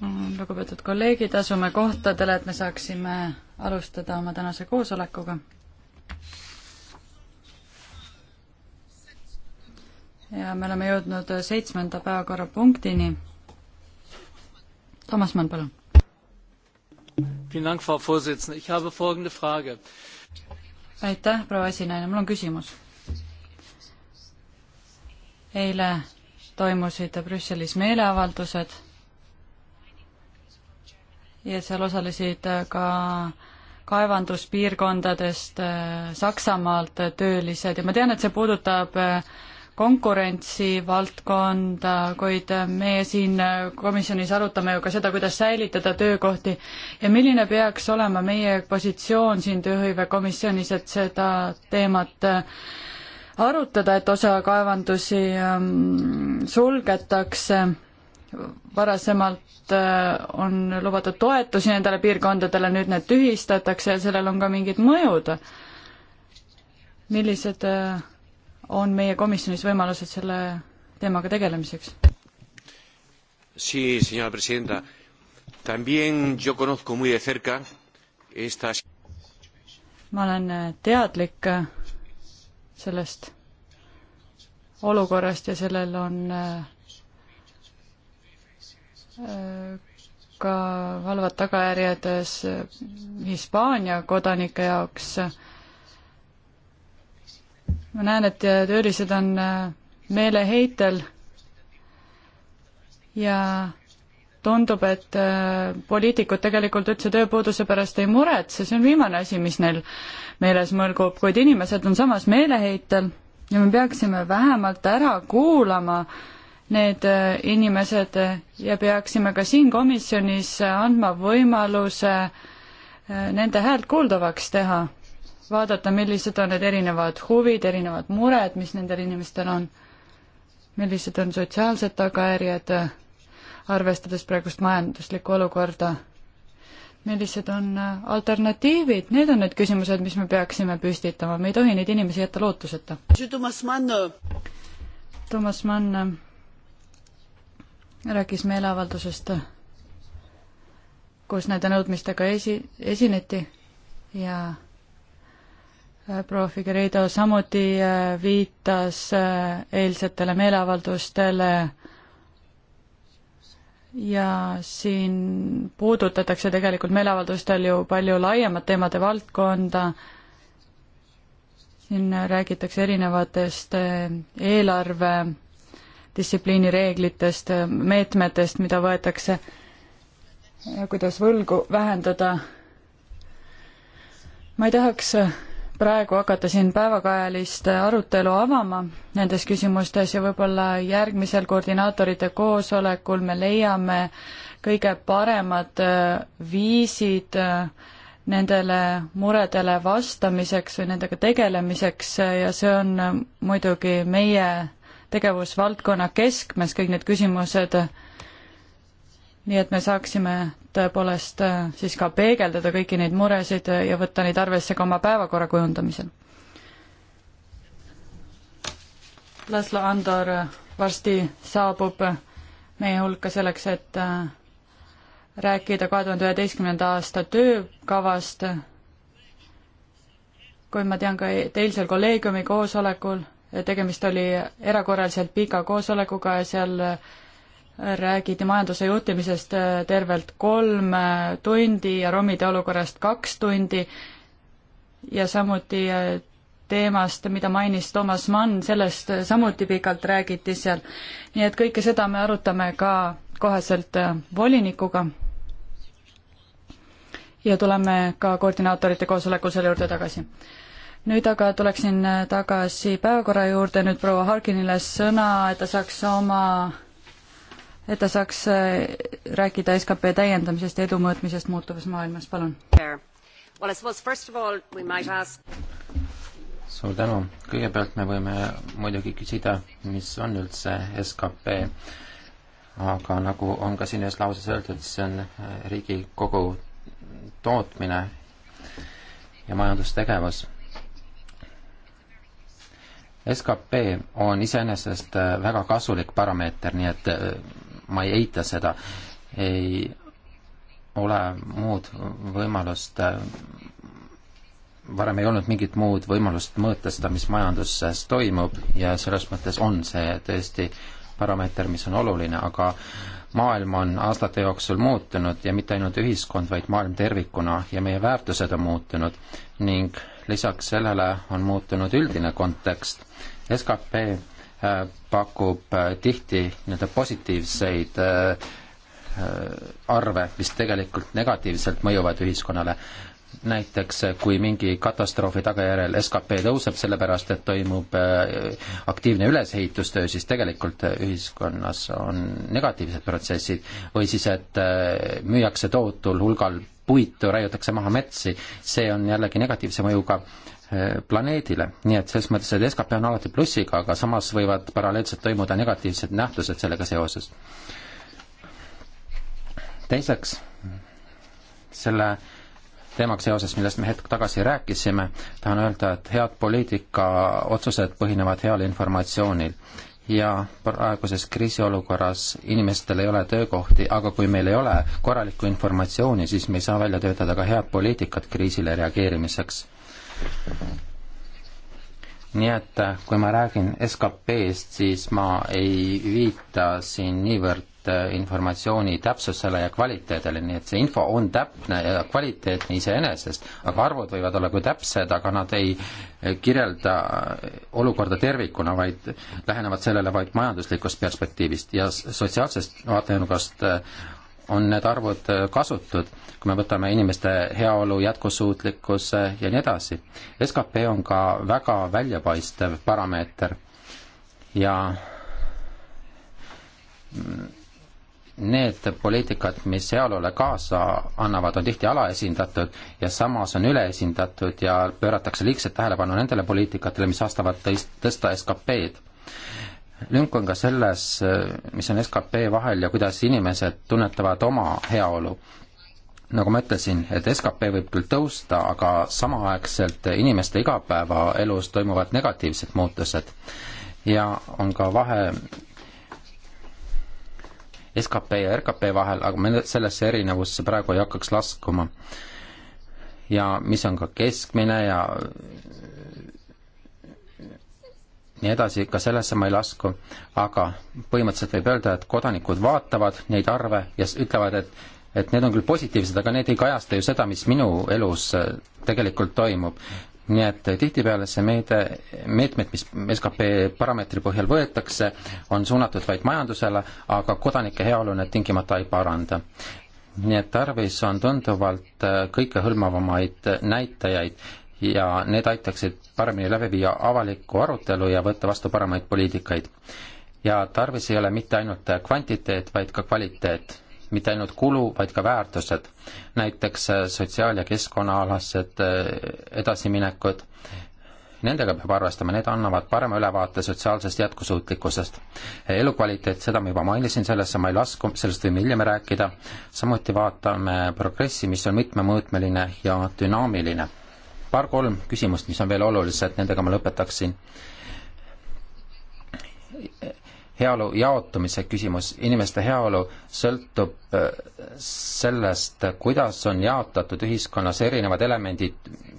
Mm, lugupeetud kolleegid, asume kohtadele, et me saaksime alustada oma tänase koosolekuga. ja me oleme jõudnud seitsmenda päevakorrapunktini. Toomas Mann, palun. aitäh, proua esinaine, mul on küsimus. eile toimusid Brüsselis meeleavaldused ja seal osalesid ka kaevanduspiirkondadest äh, Saksamaalt töölised ja ma tean, et see puudutab äh, konkurentsivaldkonda, kuid äh, meie siin komisjonis arutame ju ka seda, kuidas säilitada töökohti ja milline peaks olema meie positsioon siin tööhõivekomisjonis, et seda teemat arutada, et osa kaevandusi ähm, sulgetakse, varasemalt äh, on lubatud toetusi nendele piirkondadele, nüüd need tühistatakse ja sellel on ka mingid mõjud. millised äh, on meie komisjonis võimalused selle teemaga tegelemiseks? Sí, señora presidenta. También yo conozco muy de cerca estas ma olen äh, teadlik sellest olukorrast ja sellel on äh, ka halvad tagajärjed äh, Hispaania kodanike jaoks. ma näen, et töölised on äh, meeleheitel ja tundub, et äh, poliitikud tegelikult üldse tööpuuduse pärast ei muretse, see on viimane asi, mis neil meeles mõlgub, kuid inimesed on samas meeleheitel ja me peaksime vähemalt ära kuulama need äh, inimesed ja peaksime ka siin komisjonis andma võimaluse äh, nende häält kuuldavaks teha, vaadata, millised on need erinevad huvid, erinevad mured, mis nendel inimestel on, millised on sotsiaalsed tagajärjed arvestades praegust majanduslikku olukorda. millised on äh, alternatiivid, need on need küsimused, mis me peaksime püstitama, me ei tohi neid inimesi jätta lootuseta. Toomas Mann äh, rääkis meeleavaldusest, äh, kus nende nõudmistega esi, esineti ja proua Figueiredo samuti viitas eilsetele meeleavaldustele ja siin puudutatakse tegelikult meeleavaldustel ju palju laiemat teemade valdkonda, siin räägitakse erinevatest eh, eelarve distsipliini reeglitest, meetmetest, mida võetakse ja kuidas võlgu vähendada. ma ei tahaks praegu hakata siin päevakajalist arutelu avama nendes küsimustes ja võib-olla järgmisel koordinaatorite koosolekul me leiame kõige paremad äh, viisid äh, nendele muredele vastamiseks või nendega tegelemiseks äh, ja see on muidugi meie tegevusvaldkonna keskmes, kõik need küsimused, nii et me saaksime tõepoolest äh, siis ka peegeldada kõiki neid muresid ja võtta neid arvesse ka oma päevakorra kujundamisel. Laslo Andor varsti saabub meie hulka selleks, et äh, rääkida kahe tuhande üheteistkümnenda aasta töökavast. kui ma tean ka eilsel kolleegiumi koosolekul, tegemist oli erakorraliselt pika koosolekuga ja seal räägiti majanduse juhtimisest äh, tervelt kolm äh, tundi ja romide olukorrast kaks tundi ja samuti äh, teemast, mida mainis Toomas Mann, sellest samuti pikalt räägiti seal. nii et kõike seda me arutame ka koheselt volinikuga. ja tuleme ka koordinaatorite koosolekul selle juurde tagasi. nüüd aga tuleksin tagasi päevakorra juurde, nüüd proua Harkinile sõna, et ta saaks oma et ta saaks äh, rääkida skp täiendamisest ja edu mõõtmisest muutuvas maailmas, palun. suur tänu, kõigepealt me võime muidugi küsida, mis on üldse skp, aga nagu on ka siin ühes lauses öeldud, see on äh, riigi kogu tootmine ja majandustegevus skp on iseenesest äh, väga kasulik parameeter, nii et ma ei eita seda, ei ole muud võimalust, varem ei olnud mingit muud võimalust mõõta seda, mis majanduses toimub ja selles mõttes on see tõesti parameeter, mis on oluline, aga maailm on aastate jooksul muutunud ja mitte ainult ühiskond, vaid maailm tervikuna ja meie väärtused on muutunud ning lisaks sellele on muutunud üldine kontekst. SKP pakub äh, tihti nii-öelda positiivseid äh, äh, arve, mis tegelikult negatiivselt mõjuvad ühiskonnale. näiteks kui mingi katastroofi tagajärjel skp tõuseb sellepärast, et toimub aktiivne ülesehitustöö, siis tegelikult ühiskonnas on negatiivsed protsessid või siis, et müüakse tohutul hulgal puitu, raiutakse maha metsi, see on jällegi negatiivse mõjuga planeedile, nii et selles mõttes, et skp on alati plussiga, aga samas võivad paralleelselt toimuda negatiivsed nähtused sellega seoses. teiseks, selle teemaga seoses, millest me hetk tagasi rääkisime, tahan öelda, et head poliitikaotsused põhinevad heal informatsioonil ja praeguses kriisiolukorras inimestel ei ole töökohti, aga kui meil ei ole korralikku informatsiooni, siis me ei saa välja töötada ka head poliitikat kriisile reageerimiseks nii et äh, kui ma räägin SKP-st, siis ma ei viita siin niivõrd äh, informatsiooni täpsusele ja kvaliteedile, nii et see info on täpne ja kvaliteetne iseenesest, aga arvud võivad olla kui täpsed, aga nad ei äh, kirjelda olukorda tervikuna, vaid lähenevad sellele vaid majanduslikust perspektiivist ja sotsiaalsest vaatenurgast on need arvud äh, kasutud, kui me võtame inimeste heaolu, jätkusuutlikkuse ja nii edasi. skp on ka väga väljapaistev parameeter ja mm, need poliitikad, mis heaolule kaasa annavad, on tihti alaesindatud ja samas on üleesindatud ja pööratakse liigset tähelepanu nendele poliitikatele, mis vastavad tõst-, tõsta SKP-d lünk on ka selles, mis on skp vahel ja kuidas inimesed tunnetavad oma heaolu. nagu ma ütlesin, et skp võib küll tõusta, aga samaaegselt inimeste igapäevaelus toimuvad negatiivsed muutused. ja on ka vahe skp ja RKP vahel, aga me sellesse erinevusse praegu ei hakkaks laskuma. ja mis on ka keskmine ja nii edasi, ka sellesse ma ei lasku, aga põhimõtteliselt võib öelda, et kodanikud vaatavad neid arve ja ütlevad, et et need on küll positiivsed, aga need ei kajasta ju seda, mis minu elus äh, tegelikult toimub. nii et tihtipeale see meede, meetmed, mis skp parameetri põhjal võetakse, on suunatud vaid majandusele, aga kodanike heaolu need tingimata ei paranda nii et tarvis on tunduvalt äh, kõikehõlmavamaid äh, näitajaid ja need aitaksid paremini läbi viia avalikku arutelu ja võtta vastu paremaid poliitikaid. ja tarvis ei ole mitte ainult kvantiteet, vaid ka kvaliteet. mitte ainult kulu, vaid ka väärtused. näiteks äh, sotsiaal- ja keskkonnaalased äh, edasiminekud, nendega peab arvestama, need annavad parema ülevaate sotsiaalsest jätkusuutlikkusest. Äh, elukvaliteet, seda ma juba mainisin, sellesse ma ei lasku, sellest võime hiljem rääkida, samuti vaatame progressi, mis on mitmemõõtmeline ja dünaamiline paar-kolm küsimust, mis on veel olulised, nendega ma lõpetaksin. heaolu jaotumise küsimus, inimeste heaolu sõltub äh, sellest, kuidas on jaotatud ühiskonnas erinevad elemendid,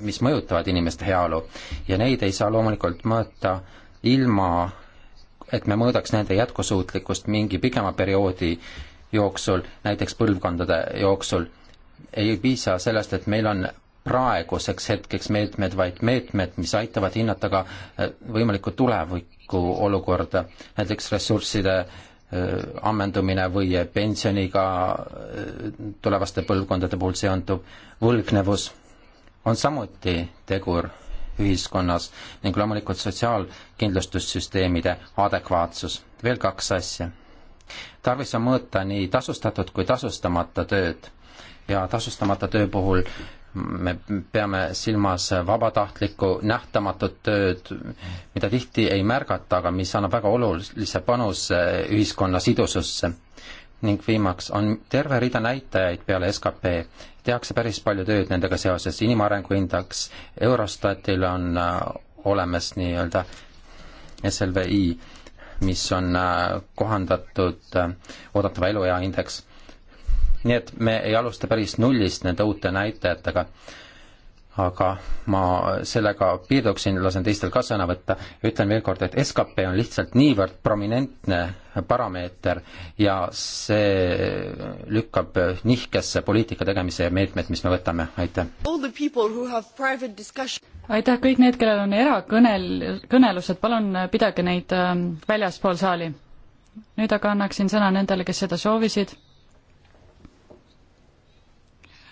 mis mõjutavad inimeste heaolu ja neid ei saa loomulikult mõõta ilma, et me mõõdaks nende jätkusuutlikkust mingi pikema perioodi jooksul, näiteks põlvkondade jooksul ei piisa sellest, et meil on praeguseks hetkeks meetmed, vaid meetmed, mis aitavad hinnata ka äh, võimalikku tuleviku olukorda, näiteks ressursside äh, ammendumine või pensioniga äh, tulevaste põlvkondade puhul seonduv võlgnevus on samuti tegur ühiskonnas ning loomulikult sotsiaalkindlustussüsteemide adekvaatsus. veel kaks asja. tarvis on mõõta nii tasustatud kui tasustamata tööd ja tasustamata töö puhul me peame silmas vabatahtlikku nähtamatut tööd, mida tihti ei märgata, aga mis annab väga olulise panuse ühiskonna sidususse. ning viimaks on terve rida näitajaid peale skp, tehakse päris palju tööd nendega seoses, inimarengu indeks, Eurostatil on äh, olemas nii-öelda SLVI, mis on äh, kohandatud äh, oodatava eluea indeks nii et me ei alusta päris nullist nende uute näitajatega. aga ma sellega piirduksin, lasen teistel ka sõna võtta, ütlen veel kord, et skp on lihtsalt niivõrd prominentne parameeter ja see lükkab nihkesse poliitika tegemise meetmed, mis me võtame, aitäh. aitäh, kõik need, kellel on erakõnel, kõnelused, palun pidage neid ähm, väljaspool saali. nüüd aga annaksin sõna nendele, kes seda soovisid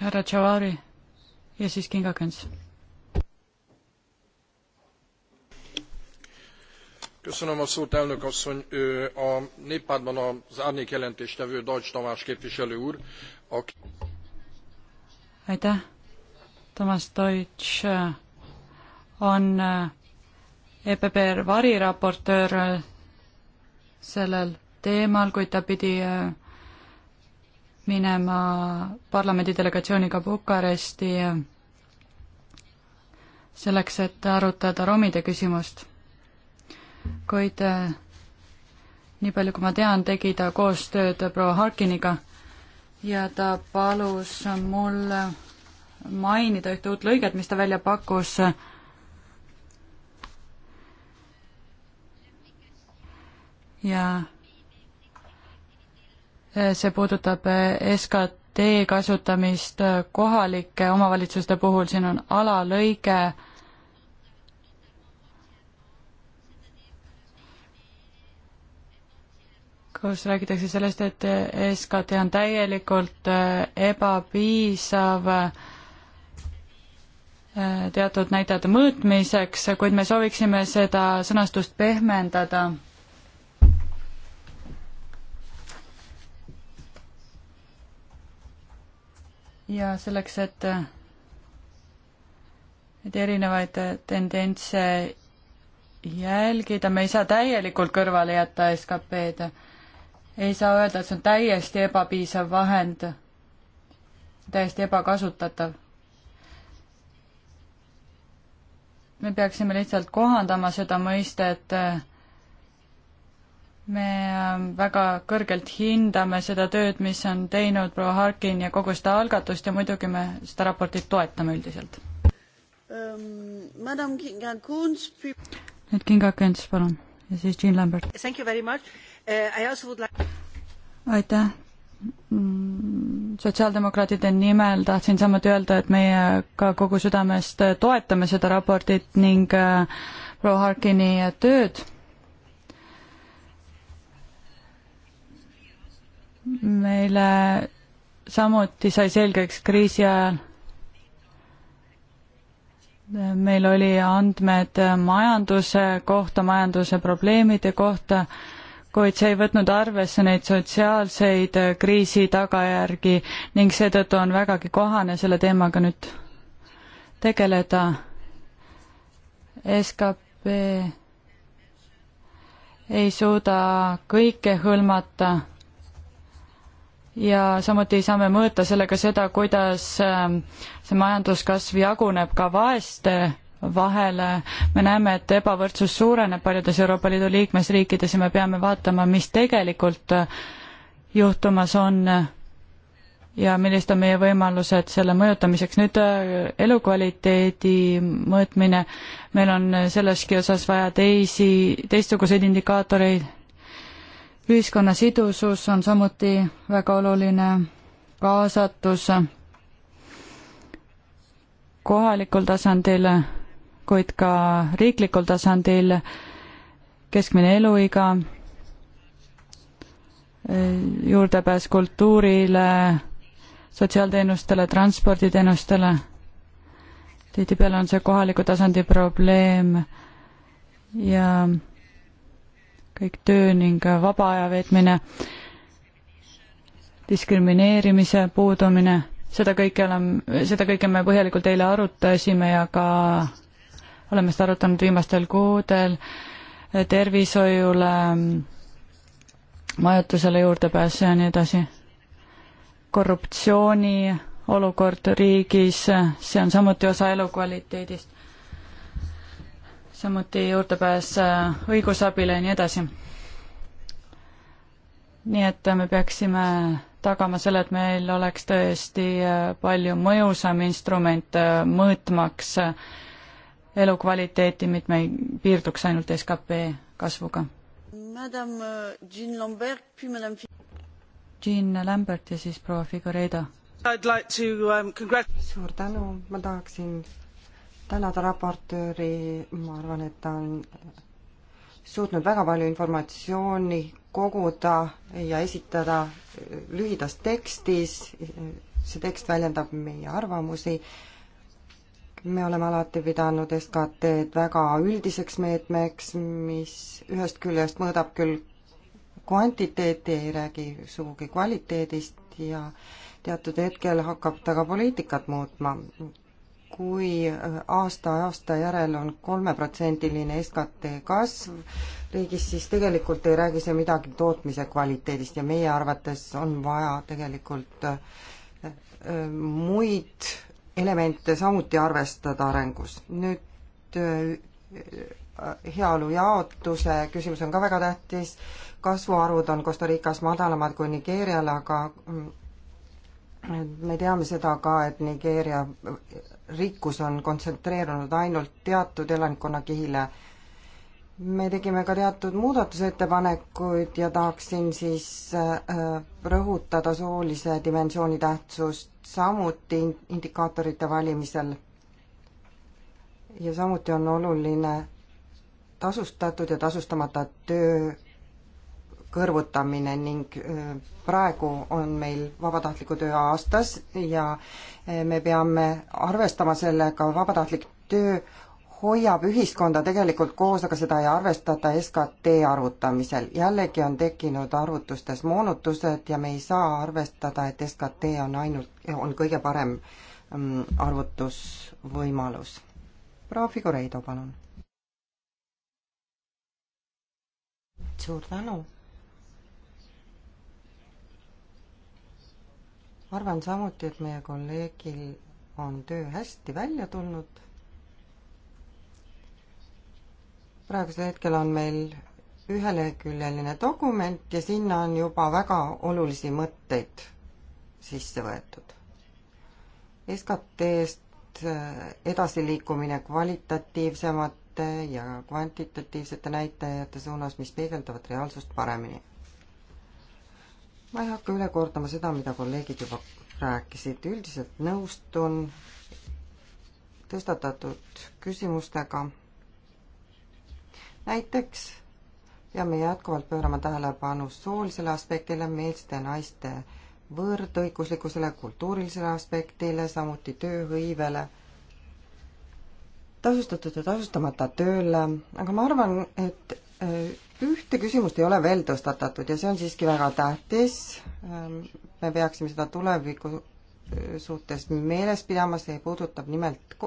härra Tšavari ja siis Kinga Köns. Köszönöm a szót, elnök asszony. A néppártban az árnyék jelentéstevő Dajcs Tamás képviselő úr, aki... Aitäh. Tamás Deutsch on EPP variraportöör sellel teemal, kuid ta pidi minema parlamendi delegatsiooniga Bukaresti selleks, et arutada romide küsimust. kuid eh, nii palju, kui ma tean, tegi ta koostööd proua Harkiniga ja ta palus mul mainida ühte uut lõiget, mis ta välja pakkus ja see puudutab eh, SKT kasutamist eh, kohalike omavalitsuste puhul, siin on alalõige kus räägitakse sellest, et eh, SKT on täielikult ebapiisav teatud näitajate mõõtmiseks, kuid me sooviksime seda sõnastust pehmendada ja selleks, et, et erinevaid tendentse jälgida, me ei saa täielikult kõrvale jätta SKP-d. ei saa öelda, et see on täiesti ebapiisav vahend, täiesti ebakasutatav. me peaksime lihtsalt kohandama seda mõistet äh, me ähm, väga kõrgelt hindame seda tööd, mis on teinud proua Harkin ja kogu seda algatust ja muidugi me seda raportit toetame üldiselt um,. nüüd Kinga Kents, palun, ja siis Jean Lambert. Uh, like... aitäh. Mm, sotsiaaldemokraatide nimel tahtsin samuti öelda, et meie ka kogu südamest toetame seda raportit ning äh, proua Harkini tööd meile samuti sai selgeks kriisi ajal. meil oli andmed majanduse kohta, majanduse probleemide kohta, kuid see ei võtnud arvesse neid sotsiaalseid kriisi tagajärgi ning seetõttu on vägagi kohane selle teemaga nüüd tegeleda. skp ei suuda kõike hõlmata ja samuti saame mõõta sellega seda, kuidas ähm, see majanduskasv jaguneb ka vaeste vahele, me näeme, et ebavõrdsus suureneb paljudes Euroopa Liidu liikmesriikides ja me peame vaatama, mis tegelikult äh, juhtumas on ja millised on meie võimalused selle mõjutamiseks. nüüd äh, elukvaliteedi mõõtmine, meil on äh, selleski osas vaja teisi, teistsuguseid indikaatoreid ühiskonna sidusus on samuti väga oluline, kaasatus kohalikul tasandil, kuid ka riiklikul tasandil, keskmine eluiga, e, juurdepääs kultuurile, sotsiaalteenustele, transporditeenustele. tihtipeale on see kohaliku tasandi probleem ja kõik töö ning vaba aja veetmine, diskrimineerimise puudumine, seda kõike oleme, seda kõike me põhjalikult eile arutasime ja ka oleme seda arutanud viimastel kuudel, tervishoiule, majutusele juurdepääs ja nii edasi. korruptsiooni olukord riigis, see on samuti osa elukvaliteedist samuti juurdepääs äh, õigusabile ja nii edasi. nii et äh, me peaksime tagama selle, et meil oleks tõesti äh, palju mõjusam instrument mõõtmaks elukvaliteeti, mitte me ei piirduks ainult skp kasvuga. Madame Jean Lambert, puis Madame Jean Lambert ja siis proua Figureido. Like um, suur tänu, ma tahaksin tänada raportööri, ma arvan, et ta on suutnud väga palju informatsiooni koguda ja esitada lühidas tekstis, see tekst väljendab meie arvamusi, me oleme alati pidanud SKT-d väga üldiseks meetmeks, mis ühest küljest mõõdab küll kvantiteeti, ei räägi sugugi kvaliteedist ja teatud hetkel hakkab ta ka poliitikat muutma kui aasta-aasta äh, järel on kolmeprotsendiline SKT kasv riigis, siis tegelikult ei räägi see midagi tootmise kvaliteedist ja meie arvates on vaja tegelikult äh, muid elemente samuti arvestada arengus. nüüd äh, heaolu jaotuse küsimus on ka väga tähtis, kasvuarvud on Costa Ricas madalamad kui Nigeerial, aga mm, me teame seda ka, et Nigeeria rikkus on kontsentreerunud ainult teatud elanikkonnakihile. me tegime ka teatud muudatusettepanekuid ja tahaksin siis äh, rõhutada soolise dimensiooni tähtsust samuti indikaatorite valimisel. ja samuti on oluline tasustatud ja tasustamata töö kõrvutamine ning praegu on meil vabatahtliku töö aastas ja me peame arvestama sellega, vabatahtlik töö hoiab ühiskonda tegelikult koos, aga seda ei arvestata SKT arvutamisel. jällegi on tekkinud arvutustes moonutused ja me ei saa arvestada, et SKT on ainult, on kõige parem mm, arvutusvõimalus. proua Figureido, palun. suur tänu arvan samuti, et meie kolleegil on töö hästi välja tulnud. praegusel hetkel on meil üheleheküljeline dokument ja sinna on juba väga olulisi mõtteid sisse võetud. SKT-st äh, edasiliikumine kvalitatiivsemate ja kvantitatiivsete näitajate suunas, mis peegeldavad reaalsust paremini ma ei hakka üle kordama seda, mida kolleegid juba rääkisid, üldiselt nõustun tõstatatud küsimustega. näiteks peame jätkuvalt pöörama tähelepanu soolisele aspektile, meeste ja naiste võõrdõiguslikkusele, kultuurilisele aspektile, samuti tööhõivele, tasustatud ja tasustamata tööle, aga ma arvan, et äh, ühte küsimust ei ole veel tõstatatud ja see on siiski väga tähtis. Ähm, me peaksime seda tuleviku äh, suhtes meeles pidama, see puudutab nimelt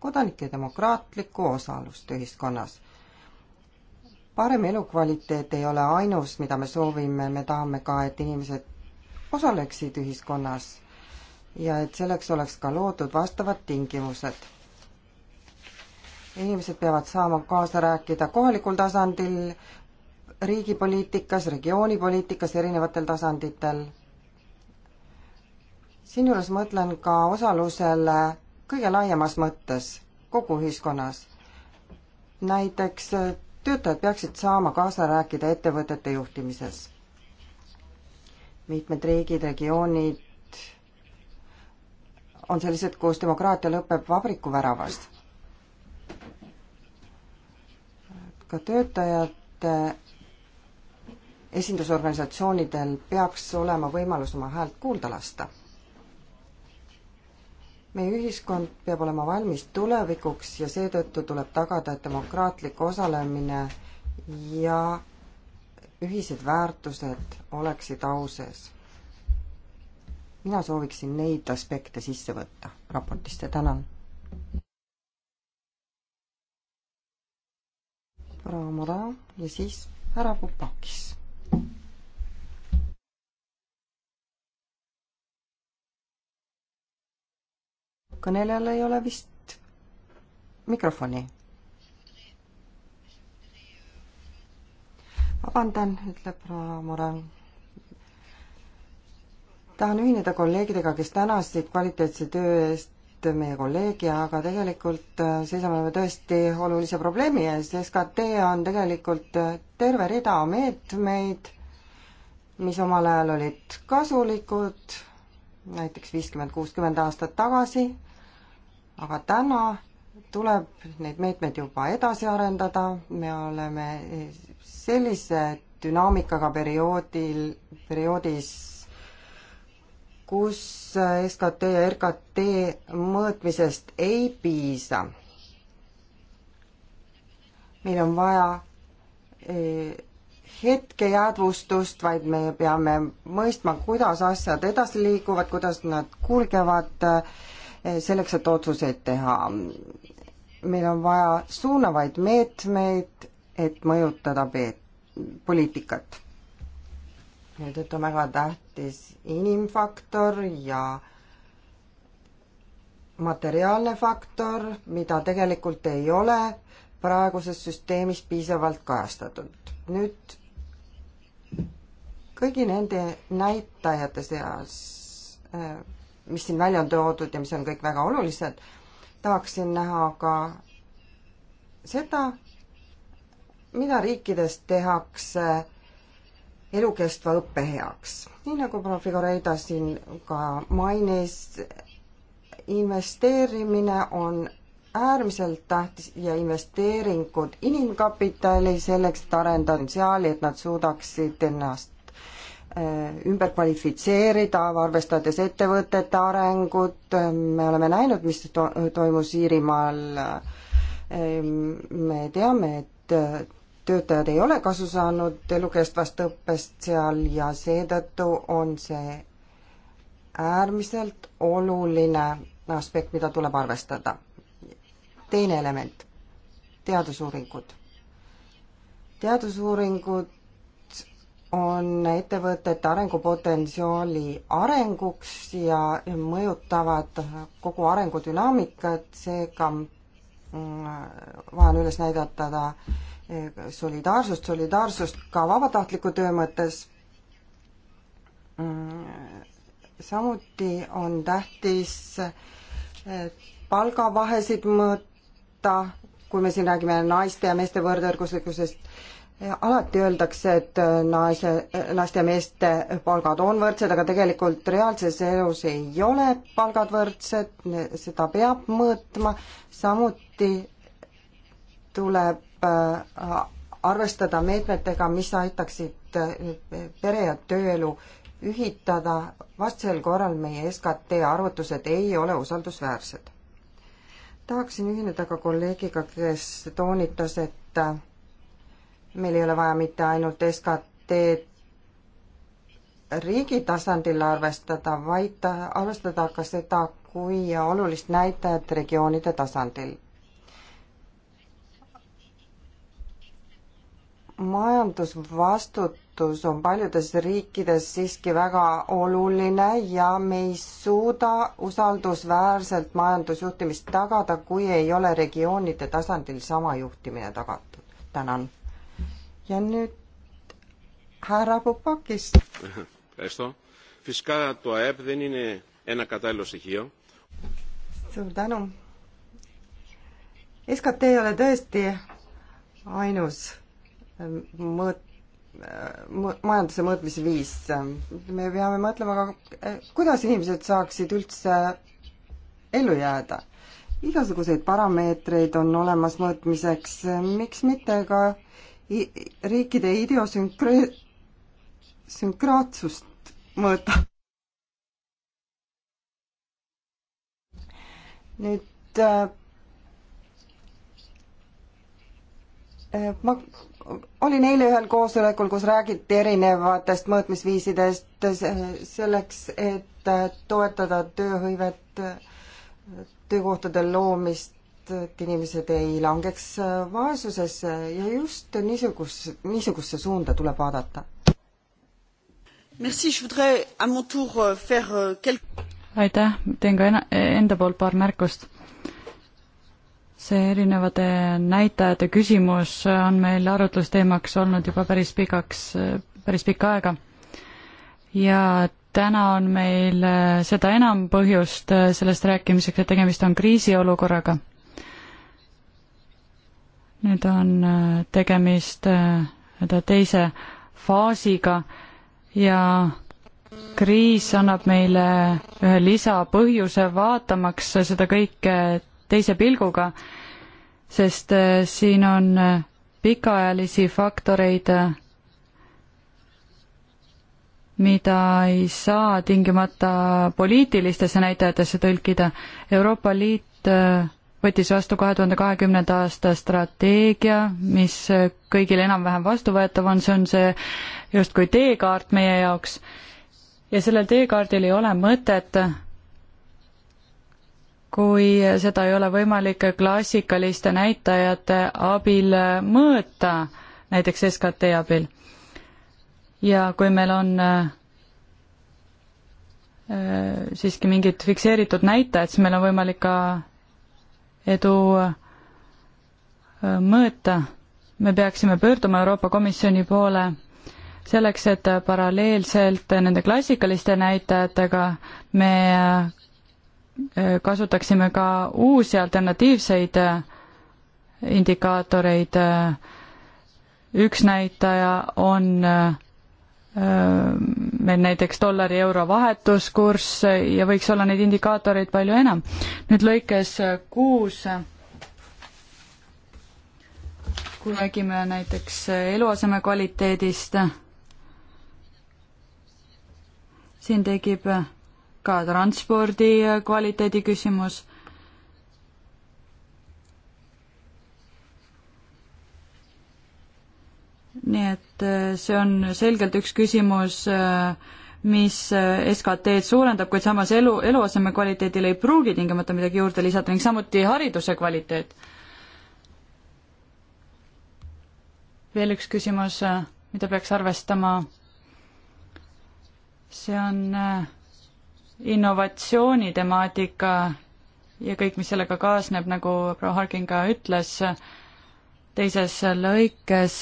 kodanike demokraatlikku osalust ühiskonnas. parem elukvaliteet ei ole ainus, mida me soovime, me tahame ka, et inimesed osaleksid ühiskonnas ja et selleks oleks ka loodud vastavad tingimused inimesed peavad saama kaasa rääkida kohalikul tasandil, riigipoliitikas, regioonipoliitikas, erinevatel tasanditel. siinjuures mõtlen ka osalusele kõige laiemas mõttes, kogu ühiskonnas. näiteks töötajad peaksid saama kaasa rääkida ettevõtete juhtimises. mitmed riigid, regioonid on sellised, kus demokraatia lõpeb vabriku väravast. ka töötajate esindusorganisatsioonidel peaks olema võimalus oma häält kuulda lasta. meie ühiskond peab olema valmis tulevikuks ja seetõttu tuleb tagada demokraatlik osalemine ja ühised väärtused oleksid au sees. mina sooviksin neid aspekte sisse võtta raportist ja tänan. proua Moda ja siis härra Pupakis kõnelejal ei ole vist mikrofoni. vabandan, ütleb proua Moran. tahan ühineda kolleegidega, kes tänasid kvaliteetse töö eest meie kolleegi, aga tegelikult äh, seisame me tõesti olulise probleemi ees. SKT on tegelikult äh, terve rida meetmeid, mis omal ajal olid kasulikud, näiteks viiskümmend, kuuskümmend aastat tagasi aga täna tuleb neid meetmeid juba edasi arendada, me oleme sellise dünaamikaga perioodil, perioodis, kus SKT ja RKT mõõtmisest ei piisa. meil on vaja eh, hetke jäädvustust, vaid me peame mõistma, kuidas asjad edasi liiguvad, kuidas nad kulgevad äh, Eh, selleks, et otsuseid teha. meil on vaja suunavaid meetmeid, et mõjutada poliitikat. nüüd on väga tähtis inimfaktor ja materiaalne faktor, mida tegelikult ei ole praeguses süsteemis piisavalt kajastatud. nüüd kõigi nende näitajate seas eh, mis siin välja on toodud ja mis on kõik väga olulised, tahaksin näha ka seda, mida riikides tehakse elukestva õppe heaks. nii nagu proua Figureida siin ka mainis, investeerimine on äärmiselt tähtis ja investeeringud inimkapitali selleks, et arendada potentsiaali, et nad suudaksid ennast Äh, ümber kvalifitseerida, arvestades ettevõtete arengut, me oleme näinud, mis to toimus Iirimaal. Ähm, me teame, et äh, töötajad ei ole kasu saanud elukestvast õppest seal ja seetõttu on see äärmiselt oluline aspekt, mida tuleb arvestada. teine element, teadusuuringud. teadusuuringud on ettevõtete arengupotentsiaali arenguks ja mõjutavad kogu arengudünaamikat, seega mm, vaja on üles näidata eh, solidaarsust, solidaarsust ka vabatahtliku töö mõttes. Mm, samuti on tähtis palgavahesid mõõta, kui me siin räägime naiste ja meeste võrdõiguslikkusest alati öeldakse, et äh, naise, äh, naiste ja meeste palgad on võrdsed, aga tegelikult reaalses elus ei ole palgad võrdsed, seda peab mõõtma, samuti tuleb äh, arvestada meetmetega, mis aitaksid pere- ja tööelu ühitada, vastasel korral meie SKT arvutused ei ole usaldusväärsed. tahaksin ühineda ka kolleegiga, kes toonitas, et meil ei ole vaja mitte ainult SKT-d riigi tasandil arvestada, vaid arvestada ka seda, kui olulist näitajat regioonide tasandil. majandusvastutus on paljudes riikides siiski väga oluline ja me ei suuda usaldusväärselt majandusjuhtimist tagada, kui ei ole regioonide tasandil sama juhtimine tagatud. tänan ja nüüd härra Popakist. Φυσικά το ΑΕΠ δεν είναι ένα κατάλληλο στοιχείο. Suur tänu. SKT ei ole tõesti ainus ähm, mõõt-, äh, mõ-, majanduse mõõtmise viis. me peame mõtlema ka, äh, kuidas inimesed saaksid üldse ellu jääda. igasuguseid parameetreid on olemas mõõtmiseks, miks mitte ka riikide ideosünkre-, sünkraatsust mõõta. nüüd äh, ma olin eile ühel koosolekul, kus räägiti erinevatest mõõtmisviisidest selleks, et toetada tööhõivet, töökohtade loomist, sellest, et inimesed ei langeks äh, vaesusesse ja just niisugust, niisugusesse suunda tuleb vaadata. Euh, euh, aitäh, teen ka enda poolt paar märkust. see erinevate näitajate küsimus on meil arutlusteemaks olnud juba päris pikaks, päris pikka aega. ja täna on meil äh, seda enam põhjust äh, sellest rääkimiseks, et tegemist on kriisiolukorraga nüüd on äh, tegemist nii-öelda äh, teise faasiga ja kriis annab meile ühe lisapõhjuse vaatamaks seda kõike teise pilguga, sest äh, siin on pikaajalisi faktoreid, mida ei saa tingimata poliitilistesse näitajatesse tõlkida. Euroopa Liit võttis vastu kahe tuhande kahekümnenda aasta strateegia, mis kõigile enam-vähem vastuvõetav on, see on see justkui teekaart meie jaoks. ja sellel teekaardil ei ole mõtet, kui seda ei ole võimalik klassikaliste näitajate abil mõõta, näiteks SKT abil. ja kui meil on äh, siiski mingid fikseeritud näitajad, siis meil on võimalik ka edu äh, mõõta. me peaksime pöörduma Euroopa Komisjoni poole selleks, et paralleelselt nende klassikaliste näitajatega me äh, kasutaksime ka uusi alternatiivseid äh, indikaatoreid. üks näitaja on meil näiteks dollari-euro vahetuskurss ja võiks olla neid indikaatoreid palju enam. nüüd lõikes kuus, kui räägime näiteks eluaseme kvaliteedist, siin tekib ka transpordi kvaliteedi küsimus nii et äh, see on selgelt üks küsimus, äh, mis äh, SKT-d suurendab, kuid samas elu, eluaseme kvaliteedile ei pruugi tingimata midagi juurde lisada ning samuti hariduse kvaliteet. veel üks küsimus, mida peaks arvestama, see on innovatsiooni temaatika ja kõik, mis sellega kaasneb, nagu proua Harkin ka ütles teises lõikes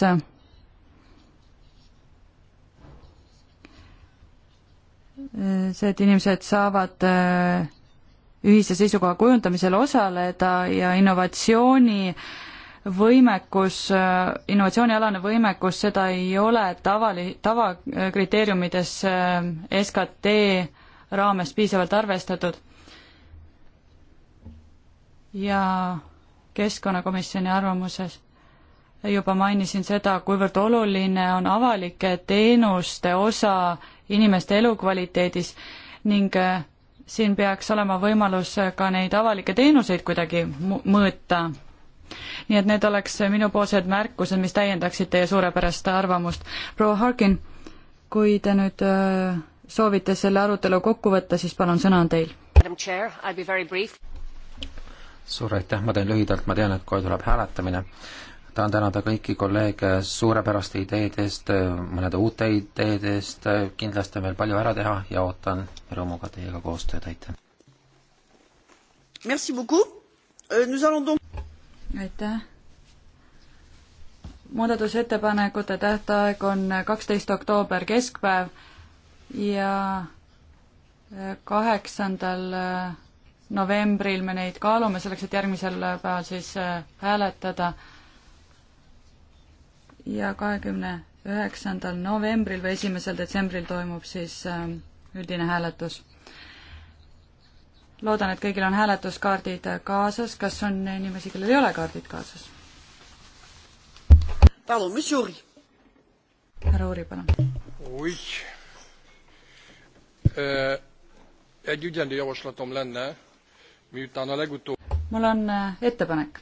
Äh, see, et inimesed saavad äh, ühise seisukoha kujundamisel osaleda ja innovatsiooni võimekus, äh, innovatsioonialane võimekus, seda ei ole tavali-, tavakriteeriumides SKT raames piisavalt arvestatud. ja keskkonnakomisjoni arvamuses juba mainisin seda, kuivõrd oluline on avalike teenuste osa inimeste elukvaliteedis ning äh, siin peaks olema võimalus äh, ka neid avalikke teenuseid kuidagi mõõta. nii et need oleks äh, minupoolsed märkused, mis täiendaksid teie suurepärast arvamust. proua Harkin, kui te nüüd soovite selle arutelu kokku võtta, siis palun, sõna on teil. suur aitäh, ma teen lühidalt, ma tean, et kohe tuleb hääletamine tahan tänada kõiki kolleege suurepäraste ideede eest, mõnede uute ideede eest, kindlasti on veel palju ära teha ja ootan rõõmuga teiega koostööd, aitäh! Merci beaucoup, euh, nous allons donc aitäh! muudatusettepanekute tähtaeg on kaksteist oktoober keskpäev ja kaheksandal novembril me neid kaalume selleks, et järgmisel päeval siis äh, hääletada äh, ja kahekümne üheksandal novembril või esimesel detsembril toimub siis äh, üldine hääletus. loodan, et kõigil on hääletuskaardid kaasas, kas on inimesi, kellel ei ole kaardid kaasas? Pardon, monsieur Uri. härra Uri, palun. oih. Egy ügyelő javaslatom lenne, miután a legutóbb... Mul on äh, ettepanek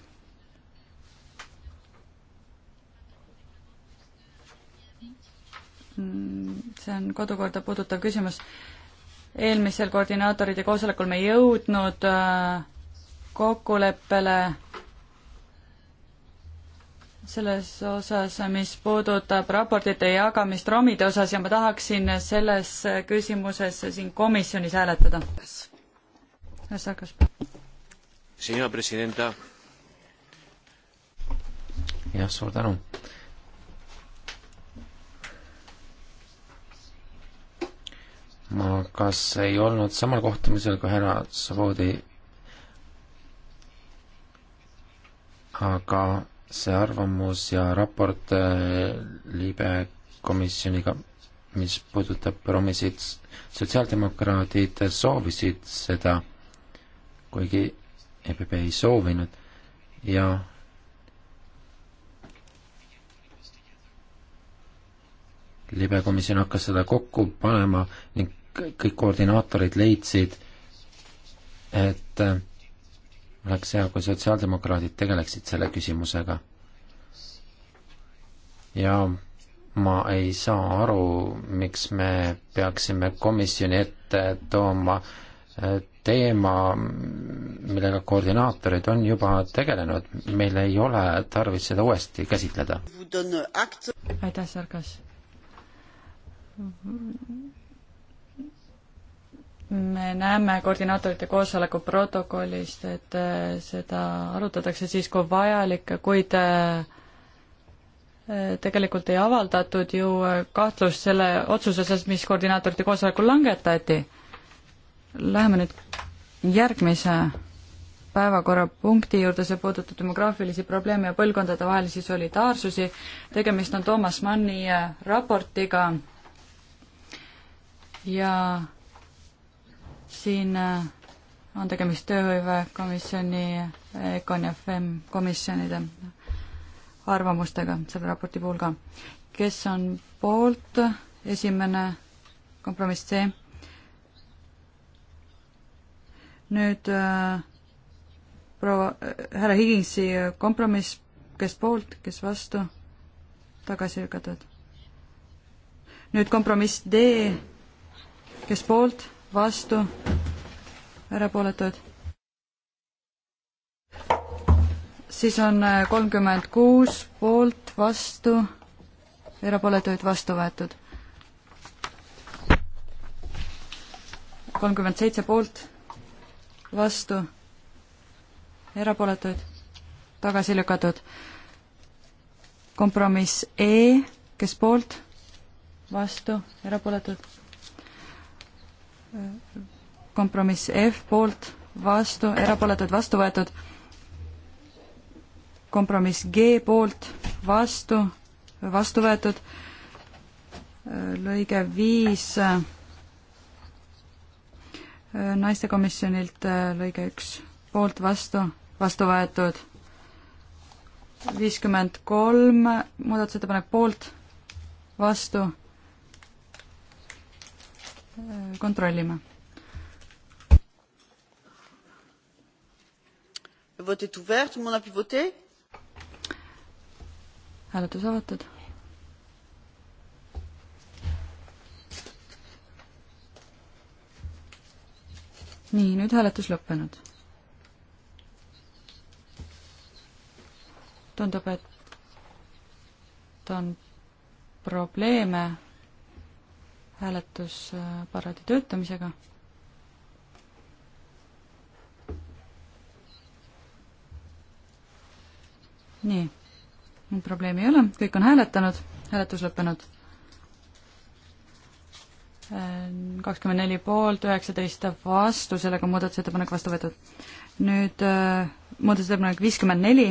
Mm, see on kodukorda puudutav küsimus. eelmisel koordinaatoride koosolekul me ei jõudnud äh, kokkuleppele selles osas, mis puudutab raportite jagamist ROM-ide osas ja ma tahaksin selles küsimuses siin komisjonis hääletada. jah, suur tänu ma kas ei olnud samal kohtumisel kui härra Svoboodi, aga see arvamus ja raport eh, libe komisjoniga, mis puudutab romisid, sotsiaaldemokraadid soovisid seda, kuigi EPP ei soovinud ja libekomisjon hakkas seda kokku panema ning kõik koordinaatorid leidsid, et äh, oleks hea, kui sotsiaaldemokraadid tegeleksid selle küsimusega. ja ma ei saa aru, miks me peaksime komisjoni ette tooma äh, teema, millega koordinaatorid on juba tegelenud, meil ei ole tarvis seda uuesti käsitleda. aitäh, Sarkas! me näeme koordinaatorite koosoleku protokollist, et äh, seda arutatakse siis, kui vajalik, kuid äh, tegelikult ei avaldatud ju äh, kahtlust selle otsuse osas, mis koordinaatorite koosolekul langetati. Läheme nüüd järgmise päevakorrapunkti juurde, see puudutab demograafilisi probleeme ja põlvkondadevahelisi solidaarsusi. tegemist on Toomas Manni raportiga ja siin äh, on tegemist tööhõivekomisjoni, EKON ja FEM komisjonide arvamustega selle raporti puhul ka. kes on poolt, esimene kompromiss C. nüüd äh, proua äh,, härra Higinsi kompromiss, kes poolt, kes vastu, tagasi lükatud. nüüd kompromiss D, kes poolt vastu, erapooletud. siis on äh, kolmkümmend kuus poolt, vastu, erapooletuid vastu võetud. kolmkümmend seitse poolt, vastu, erapooletuid, tagasi lükatud. kompromiss E, kes poolt, vastu, erapooletud kompromiss F poolt, vastu, erapooletud, vastu võetud. kompromiss G poolt, vastu, vastu võetud. lõige viis naistekomisjonilt, lõige üks poolt, vastu, vastu võetud. viiskümmend kolm muudatusettepanek poolt, vastu kontrollime. hääletus avatud. nii, nüüd hääletus lõppenud. tundub, et on probleeme hääletusaparaadi äh, töötamisega. nii, nüüd probleemi ei ole, kõik on hääletanud, hääletus lõppenud. Äh, kakskümmend neli poolt, üheksateist vastu, sellega on muudatusettepanek vastu võetud. nüüd äh, muudatusettepanek viiskümmend neli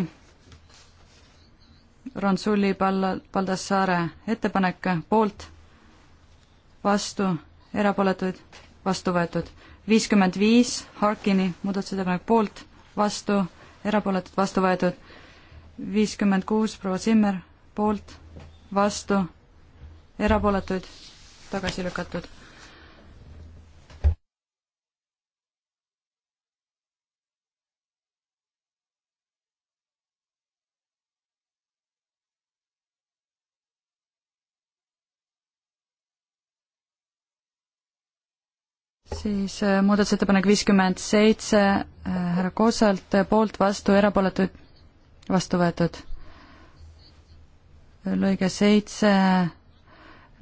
Ron Sulli, Pal-, Paldassaare ettepanek poolt, vastu, erapooletuid, vastu võetud. viiskümmend viis Harkini muudatusettepanek poolt, vastu, erapooletud, vastu võetud. viiskümmend kuus proua Zimmer poolt, vastu, erapooletuid, tagasi lükatud siis äh, muudatusettepanek viiskümmend seitse äh, härra Kossalt äh, poolt, vastu, erapooletuid, vastu võetud. lõige seitse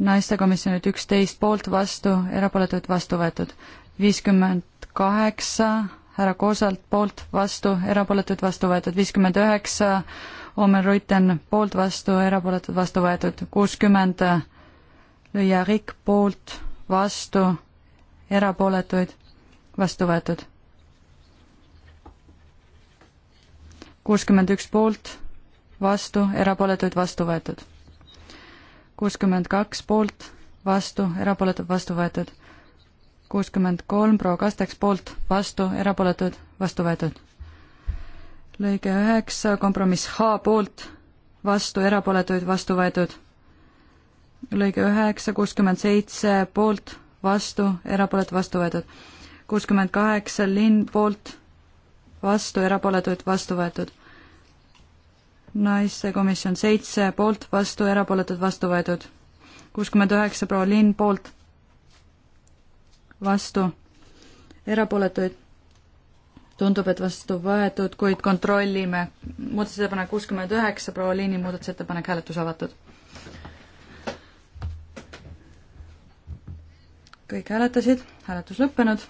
naistekomisjonilt üksteist poolt, vastu, erapooletuid, vastu võetud. viiskümmend kaheksa härra Kossalt poolt, vastu, erapooletuid, vastu võetud. viiskümmend üheksa Omen Ruiten poolt, vastu, erapooletuid, vastu võetud. kuuskümmend Le Jarik poolt, vastu erapooletuid, vastu võetud. kuuskümmend üks poolt, vastu, erapooletuid, vastu võetud. kuuskümmend kaks poolt, vastu, erapooletud, vastu võetud. kuuskümmend kolm proua Kasteks poolt, vastu, erapooletud, vastu võetud. lõige üheksa, kompromiss H poolt, vastu, erapooletuid, vastu võetud. lõige üheksa, kuuskümmend seitse poolt, vastu, erapooletu vastu võetud. kuuskümmend kaheksa linn poolt, vastu, erapooletuid vastu võetud. naistekomisjon seitse poolt, vastu, erapooletud vastu võetud. kuuskümmend üheksa proua linn poolt, vastu, erapooletuid tundub, et vastu võetud, kuid kontrollime. muudatusettepanek kuuskümmend üheksa, proua Liini muudatusettepanek, hääletus avatud kõik hääletasid, hääletus lõppenud.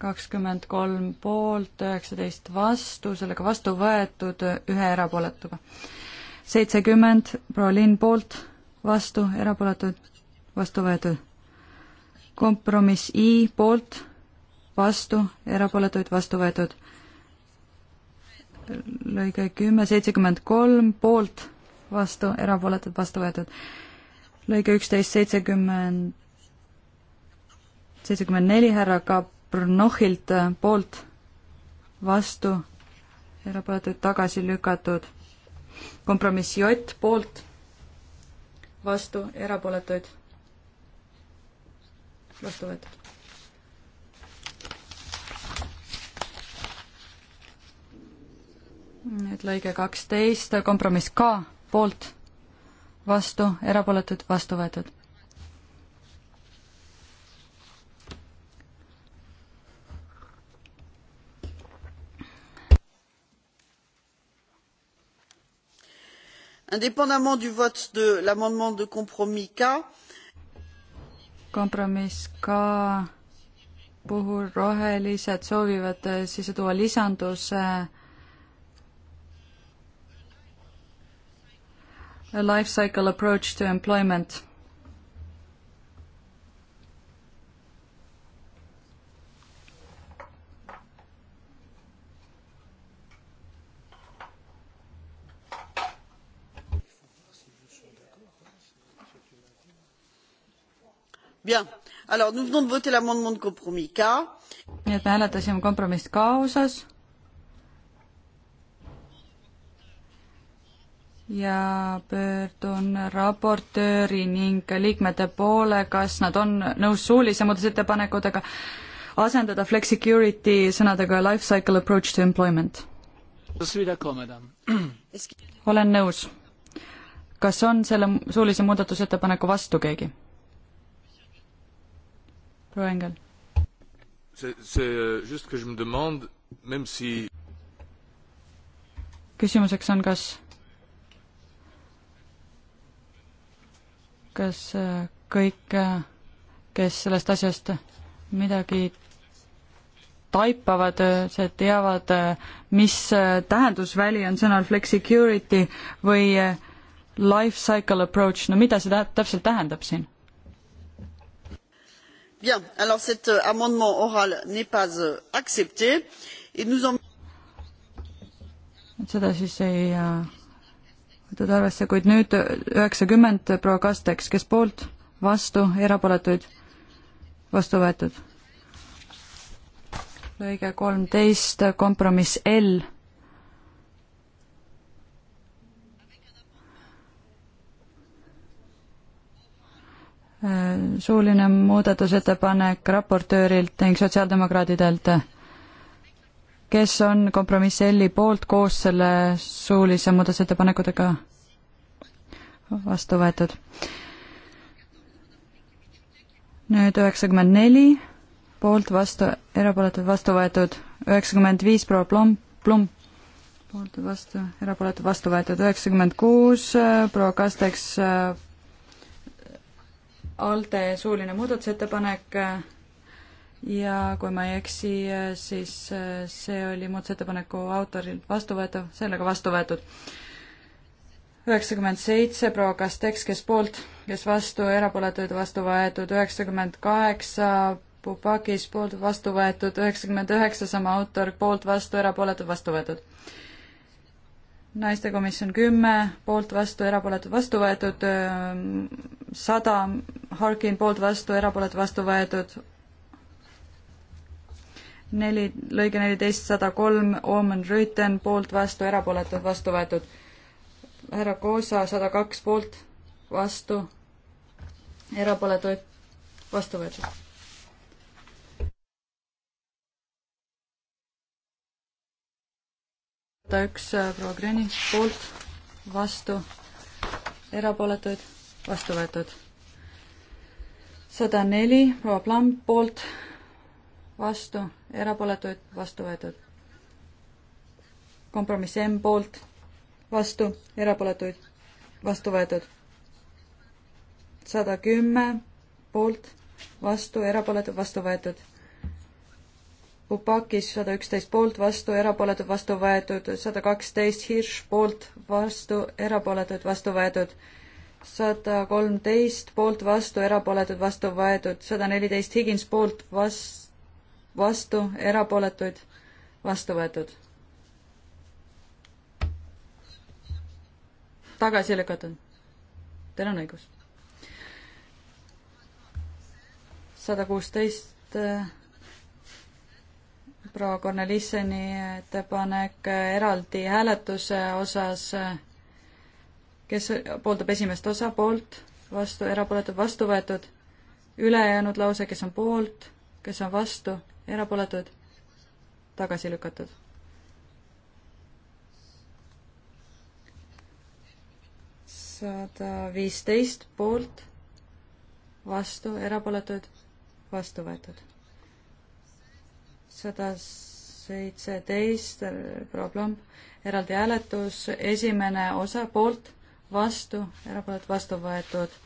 kakskümmend kolm poolt, üheksateist vastu, sellega vastu võetud ühe erapooletuga. seitsekümmend proua Linn poolt, vastu, erapooletud, vastu võetud. kompromiss I poolt, vastu, erapooletuid, vastu võetud. lõige kümme, seitsekümmend kolm poolt, vastu, erapooletud, vastu võetud lõige üksteist seitsekümmend, seitsekümmend neli härra Kaprnohhilt äh, poolt, vastu, erapooletud tagasi lükatud. kompromiss J poolt, vastu, erapooletuid, vastu võetud. nüüd lõige kaksteist, kompromiss K poolt vastu, erapooletud, vastu võetud. indépendamment du vote de l'amendement de compromis K, kompromiss ka puhul rohelised soovivad sisse tuua lisanduse a life cycle approach to employment. Bien. Alors, nous venons de voter l'amendement de compromis K. nii et me hääletasime kompromiss K osas ja pöördun raportööri ning liikmete poole, kas nad on nõus suulise muudatusettepanekutega asendada flexicurity sõnadega life cycle approach to employment. olen nõus. kas on selle suulise muudatusettepaneku vastu keegi? proua Engel. Äh, küsimuseks on, kas kas äh, kõik, äh, kes sellest asjast midagi taipavad, äh, see teavad, mis tähendusväli on sõnal flexicurity või life cycle approach, no mida see täpselt tähendab siin? Bien, alors cet euh, amendement oral n'est pas euh, accepté et nous en... seda siis ei äh, võetud arvesse, kuid nüüd üheksakümmend proua Kasteks, kes poolt, vastu, erapooletuid, vastu võetud. lõige kolmteist, kompromiss L. suuline muudatusettepanek raportöörilt ning sotsiaaldemokraadidelt kes on kompromiss L-i poolt koos selle suulise muudatusettepanekutega vastu võetud? nüüd üheksakümmend neli poolt vastu, erapooletud vastu võetud, üheksakümmend viis proua Plom-, Plom-, poolt vastu, erapooletud vastu võetud, üheksakümmend kuus äh, proua Kasteks, äh, ALDE suuline muudatusettepanek äh, ja kui ma ei eksi, siis äh, see oli muudatusettepaneku autoril vastu võetav, sellega vastu võetud. üheksakümmend seitse proua Kasteks, kes poolt, kes vastu, erapooletuid vastu võetud, üheksakümmend kaheksa Pupakis poolt vastu võetud, üheksakümmend üheksa sama autor poolt vastu, erapooletud vastu võetud. naistekomisjon kümme poolt vastu, erapooletud vastu võetud, sada Harkin poolt vastu, erapooletu vastu võetud, neli, lõige neliteist, sada kolm, Omen Rüüten poolt, vastu, erapooletud, vastu võetud. härra Koosa, sada kaks poolt, vastu, erapooletuid, vastu võetud. sada üks äh, proua Greni poolt, vastu, erapooletuid, vastu võetud. sada neli proua Plamm poolt, vastu erapooletuid, vastu võetud. kompromiss M poolt, vastu, erapooletuid, vastu võetud. sada kümme poolt, vastu, erapooletud, vastu võetud. Upakis sada üksteist poolt, vastu, erapooletud, vastu võetud, sada kaksteist Hirš poolt, vastu, erapooletud, vastu võetud sada kolmteist poolt vastu, erapooletud vastu võetud, sada neliteist Higins poolt vastu, vastu, erapooletuid, vastu võetud. tagasi lükatud. Teil on õigus. sada kuusteist eh, proua Cornelisseni ettepanek eh, eraldi hääletuse osas, eh, kes pooldab esimest osa, poolt, vastu, erapooletud, vastu võetud, ülejäänud lause, kes on poolt, kes on vastu erapooletud, tagasi lükatud. sada viisteist poolt, vastu, erapooletud, vastu võetud. sada seitseteist, proua Plomb, eraldi hääletus, esimene osa poolt, vastu, erapooletud, vastu võetud.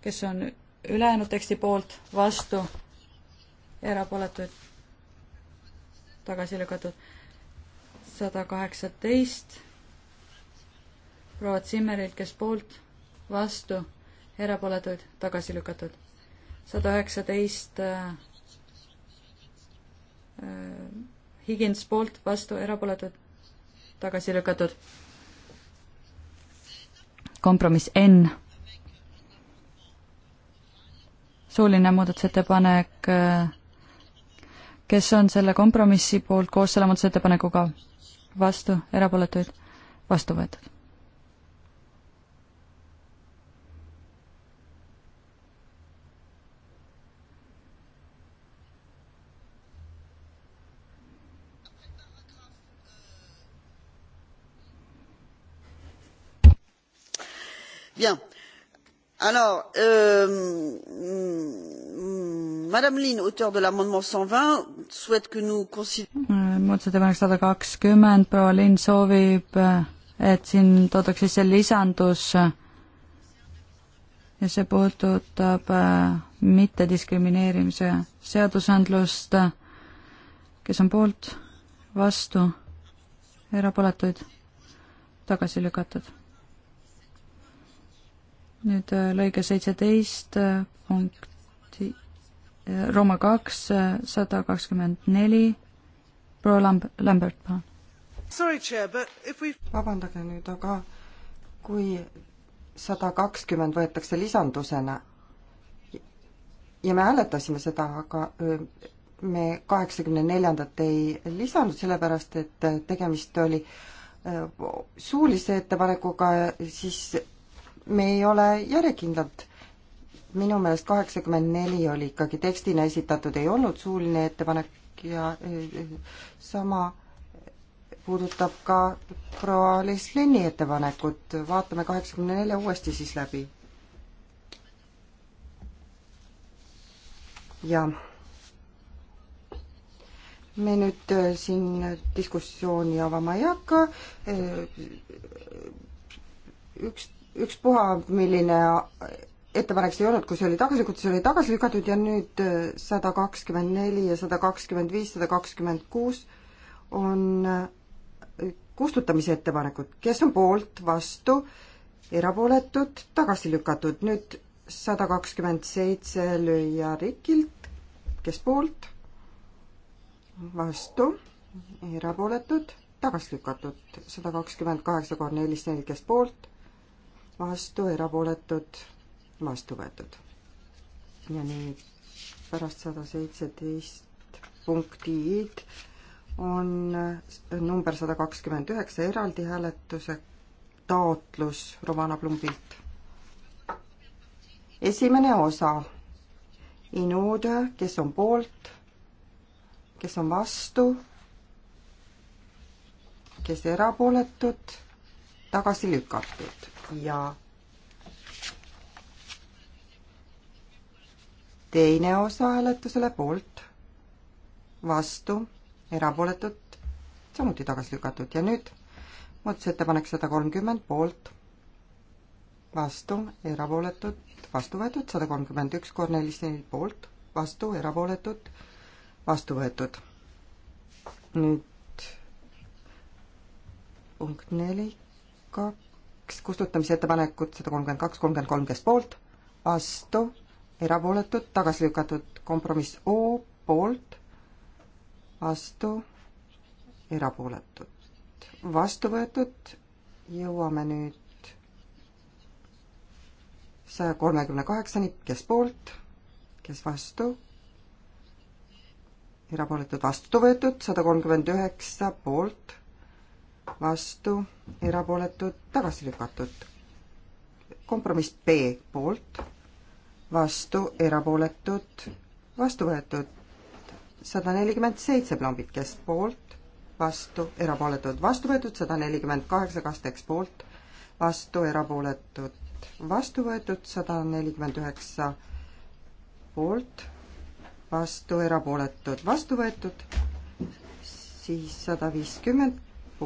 kes on ülejäänud teksti poolt, vastu, erapooletuid tagasi lükatud. sada kaheksateist proua Zimmerilt, kes poolt, vastu, erapooletuid tagasi lükatud. sada üheksateist äh, äh, Higins poolt, vastu, erapooletud, tagasi lükatud. kompromiss N. suuline muudatusettepanek äh, kes on selle kompromissi poolt koos selle muudatusettepanekuga vastu, erapooletuid vastu võetud. Bien. Alors, euh, Madame Lin, auteur de l'amendement 120, souhaite que nous considérions... Äh, muudatusettepanek sada kakskümmend, proua Linn soovib, äh, et siin toodaks sisse lisandus äh, ja see puudutab mittediskrimineerimise seadusandlust, kes on poolt, vastu, erapooletuid, tagasi lükatud nüüd äh, lõige seitseteist äh, punkti, äh, Rooma kaks, sada kakskümmend neli, proua Lamb-, Lambert, palun. vabandage nüüd, aga kui sada kakskümmend võetakse lisandusena ja me hääletasime seda, aga me kaheksakümne neljandat ei lisanud, sellepärast et tegemist oli suulise ettepanekuga, siis me ei ole järjekindlad. minu meelest kaheksakümmend neli oli ikkagi tekstina esitatud, ei olnud suuline ettepanek ja eh, eh, sama puudutab ka proua Alice Lenni ettepanekut, vaatame kaheksakümne nelja uuesti siis läbi. ja me nüüd eh, siin diskussiooni avama ei hakka. üks ükspuha, milline ettepanek see ei olnud, kui see oli tagasi lükatud, see oli tagasi lükatud ja nüüd äh, sada kakskümmend neli ja sada kakskümmend viis, sada kakskümmend kuus on äh, kustutamise ettepanekud, kes on poolt, vastu, erapooletud, tagasi lükatud, nüüd sada kakskümmend seitse lüüa rikilt, kes poolt, vastu, erapooletud, tagasi lükatud, sada kakskümmend kaheksa korda neliteist nelikümmend poolt vastu, erapooletud, vastu võetud. ja nüüd pärast sada seitseteist punktid on number sada kakskümmend üheksa eraldi hääletuse taotlus Romana Plumbilt. esimene osa. Inude, kes on poolt, kes on vastu, kes erapooletud, tagasi lükatud ja teine osa hääletusele poolt, vastu, erapooletud, samuti tagasi lükatud ja nüüd muudatusettepanek sada kolmkümmend poolt, vastu, erapooletud, vastu võetud, sada kolmkümmend üks Kornelisteni poolt, vastu, erapooletud, vastu võetud. nüüd punkt neli, kaks kaks kustutamise ettepanekut, sada kolmkümmend kaks, kolmkümmend kolm, kes poolt, vastu, erapooletud, tagasi lükatud, kompromiss O poolt, vastu, erapooletud. vastu võetud, jõuame nüüd saja kolmekümne kaheksani, kes poolt, kes vastu, erapooletud vastu võetud, sada kolmkümmend üheksa poolt vastu, erapooletud, tagasi lükatud. kompromiss B poolt, vastu, erapooletud, vastu võetud sada nelikümmend seitse plombit keskpoolt, vastu, erapooletud, vastu võetud sada nelikümmend kaheksa kasteks poolt, vastu, erapooletud, vastu võetud sada nelikümmend üheksa poolt, vastu, erapooletud, vastu võetud, siis sada viiskümmend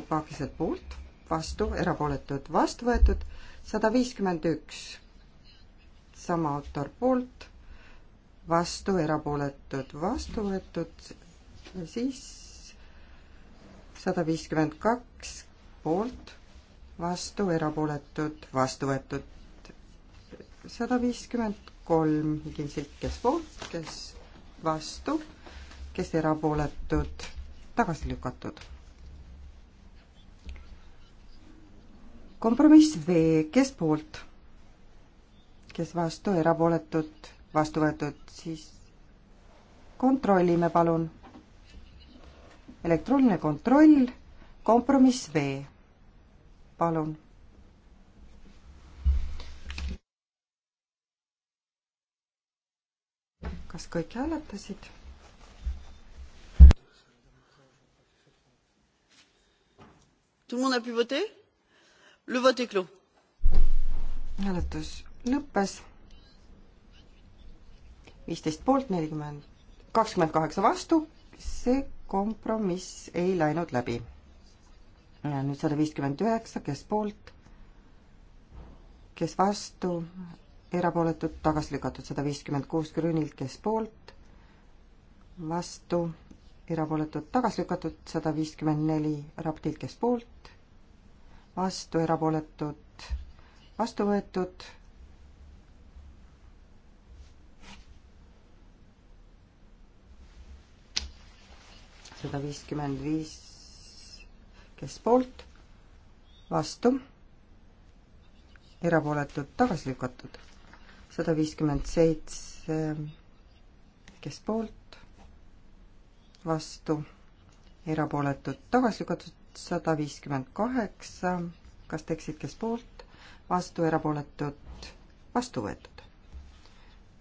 pakilised poolt, vastu, erapooletud, vastu võetud, sada viiskümmend üks. sama autor poolt, vastu, erapooletud, vastu võetud, siis sada viiskümmend kaks poolt, vastu, erapooletud, vastu võetud, sada viiskümmend kolm kindlalt, kes poolt, kes vastu, kes erapooletud, tagasi lükatud kompromiss V, kes poolt? kes vastu, erapooletud, vastu võetud, siis kontrollime palun. elektrooniline kontroll, kompromiss V, palun. kas kõik hääletasid? Tout le monde a pu voter? hääletus lõppes. viisteist poolt, nelikümmend, kakskümmend kaheksa vastu, see kompromiss ei läinud läbi. nüüd sada viiskümmend üheksa, kes poolt, kes vastu, erapooletud, tagasi lükatud sada viiskümmend kuus Grünilt, kes poolt, vastu, erapooletud, tagasi lükatud sada viiskümmend neli Raptilt, kes poolt vastu, erapooletud, vastu võetud. sada viiskümmend viis, kes poolt, vastu, erapooletud, tagasi lükatud. sada viiskümmend seitse, kes poolt, vastu erapooletud tagasi lükatud sada viiskümmend kaheksa, kas tekstid, kes poolt, vastu, erapooletud, vastu võetud.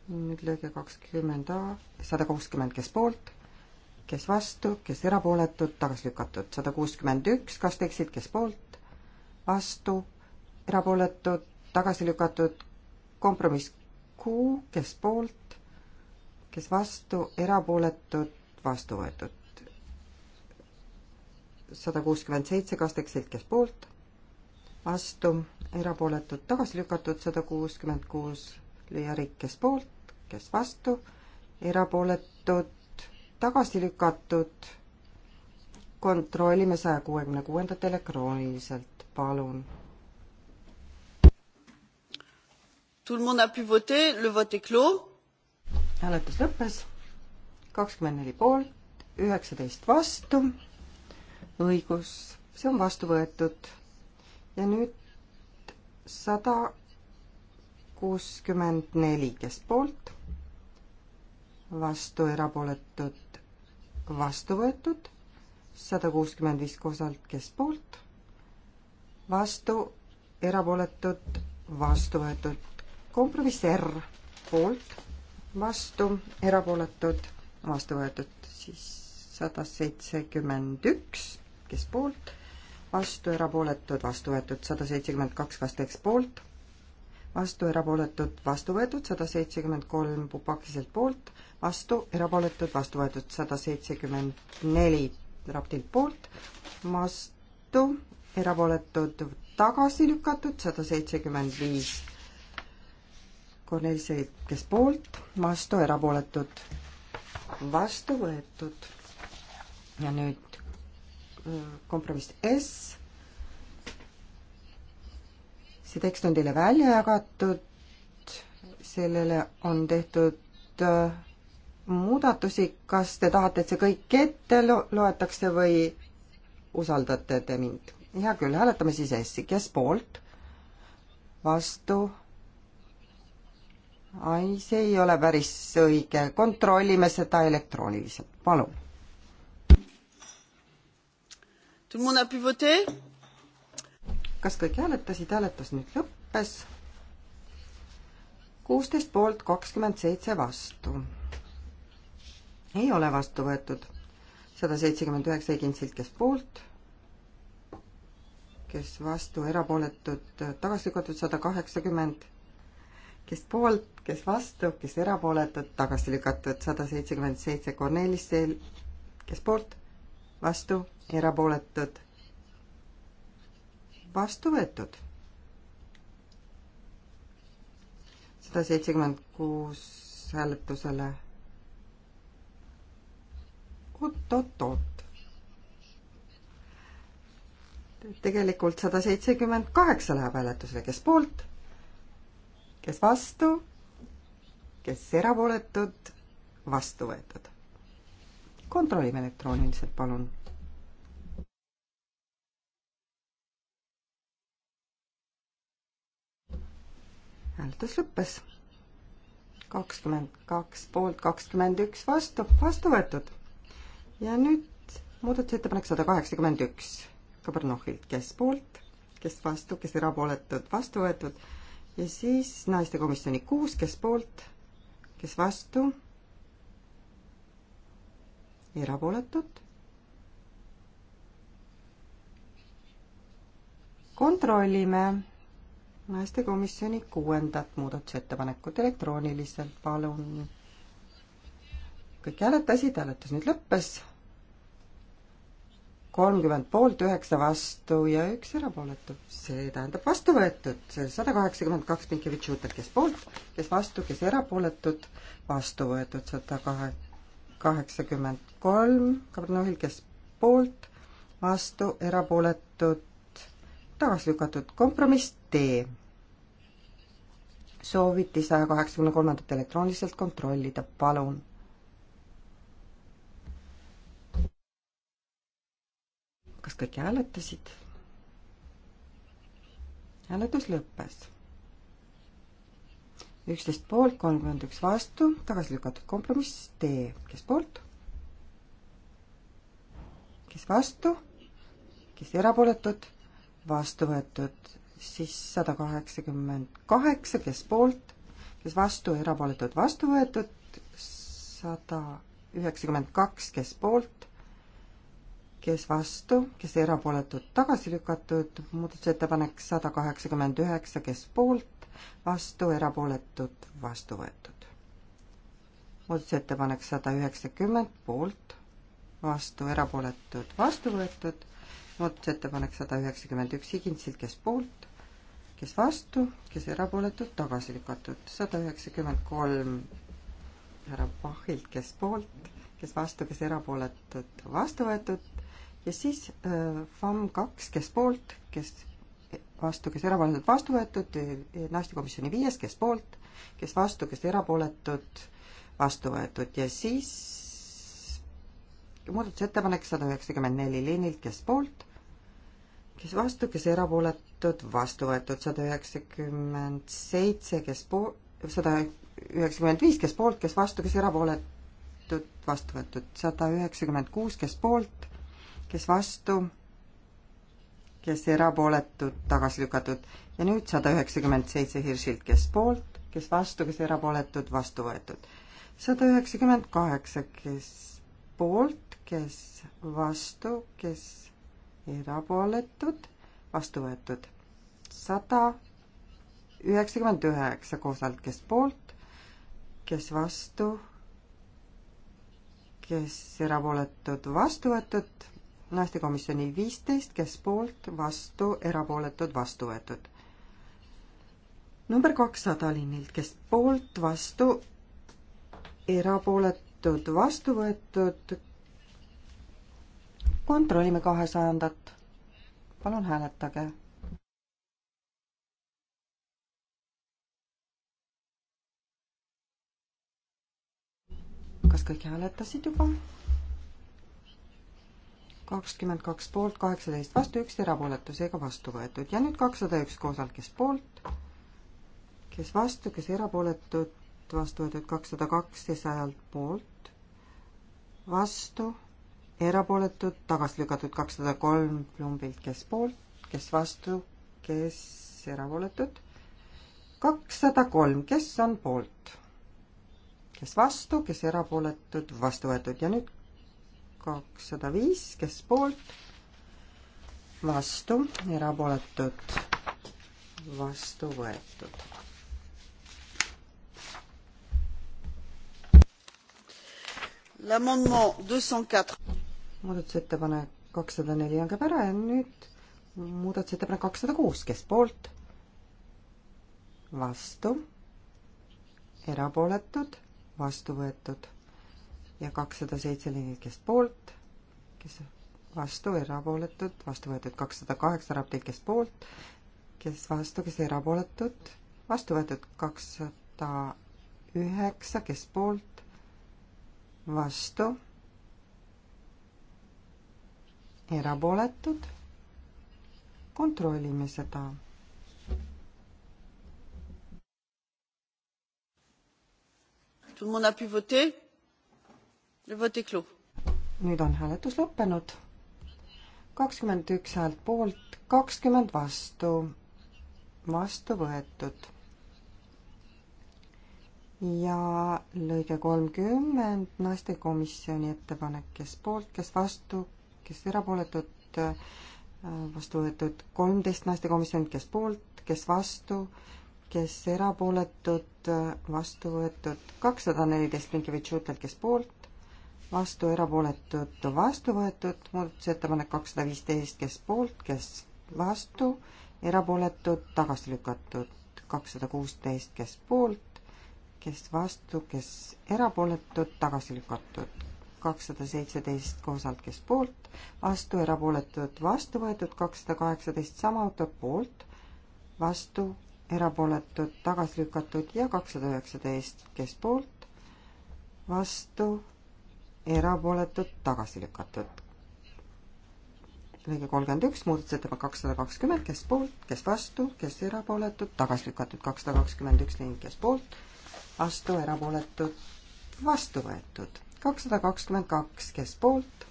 nüüd lõige kakskümmend A, sada kuuskümmend, kes poolt, kes vastu, kes erapooletud, tagasi lükatud, sada kuuskümmend üks, kas tekstid, kes poolt, vastu, erapooletud, tagasi lükatud, kompromiss Q, kes poolt, kes vastu, erapooletud, vastu võetud sada kuuskümmend seitse kasteks selkes poolt, vastu, erapooletud tagasi lükatud sada kuuskümmend kuus lüüarik, kes poolt, kes vastu, erapooletud tagasi lükatud, kontrollime saja kuuekümne kuuendat elektrooniliselt, palun. hääletus lõppes, kakskümmend neli poolt, üheksateist vastu õigus, see on vastu võetud. ja nüüd sada kuuskümmend neli, kes poolt, vastu erapooletud, vastu võetud, sada kuuskümmend viis kosalt, kes poolt, vastu erapooletud, vastu võetud, kompromiss R poolt, vastu erapooletud, vastu võetud siis sada seitsekümmend üks kes poolt, vastu erapooletud, vastu võetud sada seitsekümmend kaks, Kasteks poolt, vastu erapooletud, vastu võetud sada seitsekümmend kolm, Pupakiselt poolt, vastu erapooletud, vastu võetud sada seitsekümmend neli, Raptilt poolt, vastu erapooletud, tagasi lükatud sada seitsekümmend viis, Korneliselt, kes poolt, vastu erapooletud, vastu võetud. ja nüüd kompromiss S. see tekst on teile välja jagatud, sellele on tehtud äh, muudatusi, kas te tahate, et see kõik ette lo-, loetakse või usaldate te mind? hea küll, hääletame siis S-i, kes poolt? vastu? ai, see ei ole päris õige, kontrollime seda elektrooniliselt, palun tout le monde a pu voter? kas kõik hääletasid, hääletus nüüd lõppes. kuusteist poolt, kakskümmend seitse vastu. ei ole vastu võetud. sada seitsekümmend üheksa Eginsilt, kes poolt, kes vastu, erapooletud, tagasi lükatud sada kaheksakümmend, kes poolt, kes vastu, kes erapooletud, tagasi lükatud sada seitsekümmend seitse Corneliselt, kes poolt vastu, erapooletud, vastu võetud. sada seitsekümmend kuus hääletusele. oot-oot-oot. tegelikult sada seitsekümmend kaheksa läheb hääletusele, kes poolt, kes vastu, kes erapooletud, vastu võetud kontrollime elektrooniliselt, palun. hääletus lõppes. kakskümmend kaks poolt, kakskümmend üks vastu, vastu võetud. ja nüüd muudatusettepanek sada kaheksakümmend üks Kabrnohhilt, kes poolt, kes vastu, kes erapooletud, vastu võetud ja siis naistekomisjoni kuus, kes poolt, kes vastu erapooletud. kontrollime naistekomisjoni kuuendat muudatusettepanekut elektrooniliselt, palun. kõik hääletasid, hääletus nüüd lõppes. kolmkümmend poolt, üheksa vastu ja üks erapooletu. see tähendab vastu võetud, sada kaheksakümmend kaks Pinkevitš-Jutel, kes poolt, kes vastu, kes erapooletud, vastu võetud sada kahe, kaheksakümmend kolm Kabrnohil, kes poolt, vastu, erapooletud, tagasi lükatud, kompromiss D. sooviti saja kaheksakümne kolmandat elektrooniliselt kontrollida, palun. kas kõik hääletasid? hääletus lõppes üksteist poolt, kolmkümmend üks vastu, tagasi lükatud kompromiss D, kes poolt? kes vastu? kes erapooletud? vastu võetud, siis sada kaheksakümmend kaheksa, kes poolt, kes vastu, erapooletud, vastu võetud, sada üheksakümmend kaks, kes poolt, kes vastu, kes erapooletud, tagasi lükatud, muudatusettepanek sada kaheksakümmend üheksa, kes poolt, vastu, erapooletud, vastu võetud. muudatusettepanek sada üheksakümmend, poolt, vastu, erapooletud, vastu võetud. muudatusettepanek sada üheksakümmend üks, Higintsil, kes poolt, kes vastu, kes erapooletud, tagasi lükatud. sada üheksakümmend kolm härra Pahilt, kes poolt, kes vastu, kes erapooletud, vastu võetud ja siis äh, FAM kaks, kes poolt, kes vastu, kes erapooletud, vastu võetud, naistekomisjoni viies, kes poolt, kes vastu, kes erapooletud, vastu võetud ja siis muudatusettepanek sada üheksakümmend neli liinilt, kes poolt, kes vastu, kes erapooletud, vastu võetud sada üheksakümmend seitse, kes po-, sada üheksakümmend viis, kes poolt, kes vastu, kes erapooletud, vastu võetud sada üheksakümmend kuus, kes poolt, kes vastu kes erapooletud, tagasi lükatud. ja nüüd sada üheksakümmend seitse Hirschilt, kes poolt, kes vastu, kes erapooletud, vastu võetud. sada üheksakümmend kaheksa, kes poolt, kes vastu, kes erapooletud, vastu võetud. sada üheksakümmend üheksa koosalt, kes poolt, kes vastu, kes erapooletud, vastu võetud naistekomisjoni viisteist, kes poolt, vastu, erapooletud, vastu võetud. number kakssada liinilt, kes poolt, vastu, erapooletud, vastu võetud. kontrollime kahesajandat. palun hääletage. kas kõik hääletasid juba? kakskümmend kaks poolt, kaheksateist vastu, üks erapooletu, seega vastu võetud. ja nüüd kakssada üks koosalt, kes poolt, kes vastu, kes erapooletud, vastu võetud kakssada kaksteist ajalt poolt, vastu, erapooletud, tagasi lükatud kakssada kolm plumbilt, kes poolt, kes vastu, kes erapooletud, kakssada kolm, kes on poolt, kes vastu, kes erapooletud, vastu võetud ja nüüd kakssada viis, kes poolt, vastu, erapooletud, vastu võetud. muudatusettepanek kakssada neli langeb ära ja nüüd muudatusettepanek kakssada kuus, kes poolt, vastu, erapooletud, vastu võetud ja kakssada seitse liigid, kes poolt, kes vastu, erapooletud, vastu võetud kakssada kaheksa rapteid, kes poolt, kes vastu, kes erapooletud, vastu võetud kakssada üheksa, kes poolt, vastu, erapooletud, kontrollime seda tout le monde a pu voter? nüüd on hääletus lõppenud. kakskümmend üks häält poolt, kakskümmend vastu, vastu võetud. ja lõige kolmkümmend, naistekomisjoni ettepanek, kes poolt, kes vastu, kes erapooletud, vastu võetud kolmteist naistekomisjoni, kes poolt, kes vastu, kes erapooletud, vastu võetud kakssada neliteist Minkevitš-Jutelt, kes poolt, vastu, erapooletud, vastu võetud, muudatusettepanek kakssada viisteist, kes poolt, kes vastu, erapooletud, tagasi lükatud, kakssada kuusteist, kes poolt, kes vastu, kes erapooletud, tagasi lükatud, kakssada seitseteist koos alt, kes poolt, vastu, erapooletud, vastu võetud, kakssada kaheksateist sama auto poolt, vastu, erapooletud, tagasi lükatud ja kakssada üheksateist, kes poolt, vastu erapooletud, tagasi lükatud. lõige kolmkümmend üks, muudatusettepanek kakssada kakskümmend, kes poolt, kes vastu, kes erapooletud, tagasi lükatud kakssada kakskümmend üks ning kes poolt, vastu, erapooletud, vastu võetud. kakssada kakskümmend kaks, kes poolt,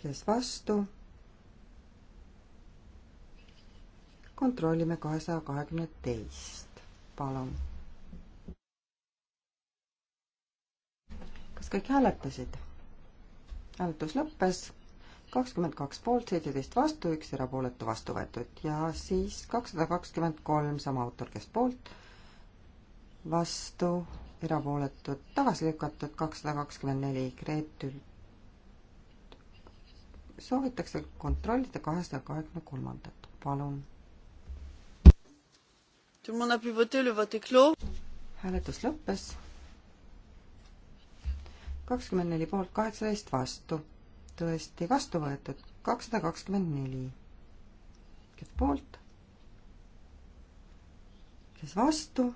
kes vastu, kontrollime kahesaja kahekümne teist, palun kas kõik hääletasid? hääletus lõppes kakskümmend kaks poolt, seitseteist vastu, üks erapooletu vastu võetud ja siis kakssada kakskümmend kolm sama autor, kes poolt, vastu, erapooletud, tagasi lükatud kakssada kakskümmend neli, Gretul soovitakse kontrollida kahesaja kahekümne kolmandat, palun. hääletus lõppes kakskümmend neli poolt, kaheksateist vastu. tõesti, vastu võetud. kakssada kakskümmend neli. kes poolt? kes vastu?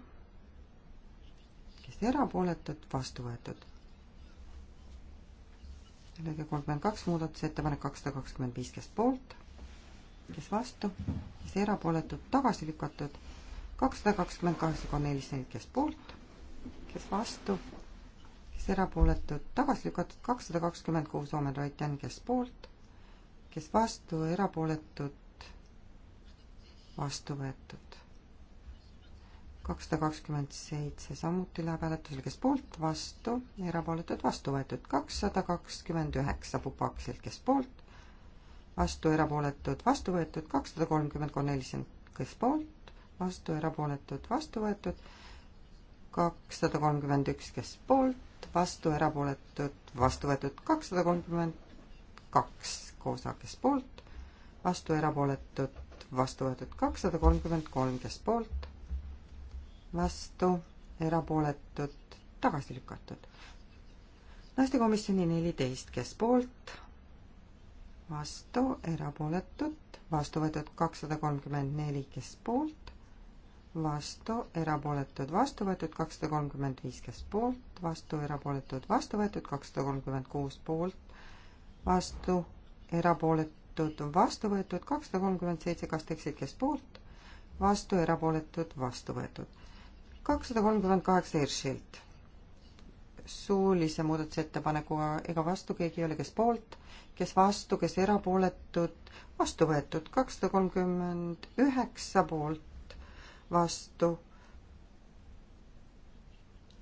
kes erapooletud? vastu võetud. lõige kolmkümmend kaks, muudatusettepanek kakssada kakskümmend viis, kes poolt? kes vastu? kes erapooletud? tagasi lükatud. kakssada kakskümmend kaheksa, kolm nelisada, kes poolt? kes vastu? kes erapooletud, tagasi lükatud kakssada kakskümmend kuus Omen Raitjan, kes poolt, kes vastu, erapooletud, vastu võetud. kakssada kakskümmend seitse samuti läheb hääletusele, kes poolt, vastu, erapooletud, vastu võetud. kakssada kakskümmend üheksa Pupaksilt, kes poolt, vastu, erapooletud, vastu võetud. kakssada kolmkümmend Cornelisen, kes poolt, vastu, erapooletud, vastu võetud kakssada kolmkümmend üks, kes poolt, vastu, erapooletud, vastu võetud kakssada kolmkümmend kaks koos A-kes poolt, vastu erapooletud, vastu võetud kakssada kolmkümmend kolm, kes poolt, vastu erapooletud, tagasi lükatud. naistekomisjoni neliteist, kes poolt, vastu erapooletud, vastu võetud kakssada kolmkümmend neli, kes poolt, vastu, erapooletud, vastu võetud kakssada kolmkümmend viis, kes poolt, vastu, erapooletud, vastu võetud kakssada kolmkümmend kuus poolt, vastu, erapooletud, vastu võetud kakssada kolmkümmend seitse, kas tekstid, kes poolt, vastu, erapooletud, vastu võetud. kakssada kolmkümmend kaheksa Hirschilt. suulise muudatusettepanekuga ega vastu keegi ei ole, kes poolt, kes vastu, kes erapooletud, vastu võetud kakssada kolmkümmend üheksa poolt, vastu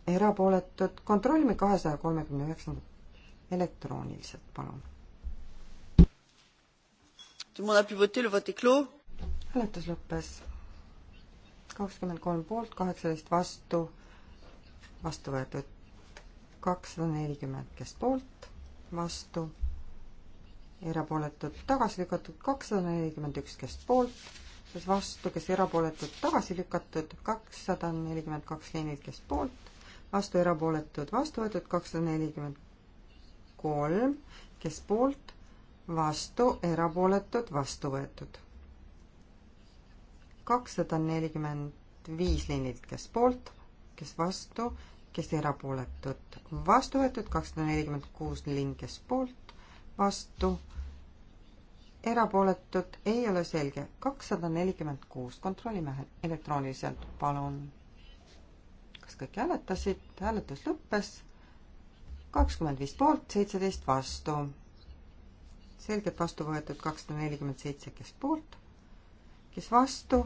erapooletud, kontrollime kahesaja kolmekümne üheksandat elektrooniliselt, palun. hääletus lõppes kakskümmend kolm poolt, kaheksateist vastu, vastu võetud kakssada nelikümmend, kes poolt, vastu, erapooletud tagasi lükatud kakssada nelikümmend üks, kes poolt hääletuses vastu, kes erapooletud, tagasi lükatud, kakssada nelikümmend kaks liinid, kes poolt, vastu erapooletud, vastu võetud kakssada nelikümmend kolm, kes poolt, vastu erapooletud, vastu võetud. kakssada nelikümmend viis liinid, kes poolt, kes vastu, kes erapooletud, vastu võetud, kakssada nelikümmend kuus liin, kes poolt, vastu erapooletud ei ole selge. kakssada nelikümmend kuus, kontrollime elektrooniliselt, palun. kas kõik hääletasid? hääletus lõppes. kakskümmend viis poolt, seitseteist vastu. selgelt vastu võetud kakssada nelikümmend seitse, kes poolt, kes vastu,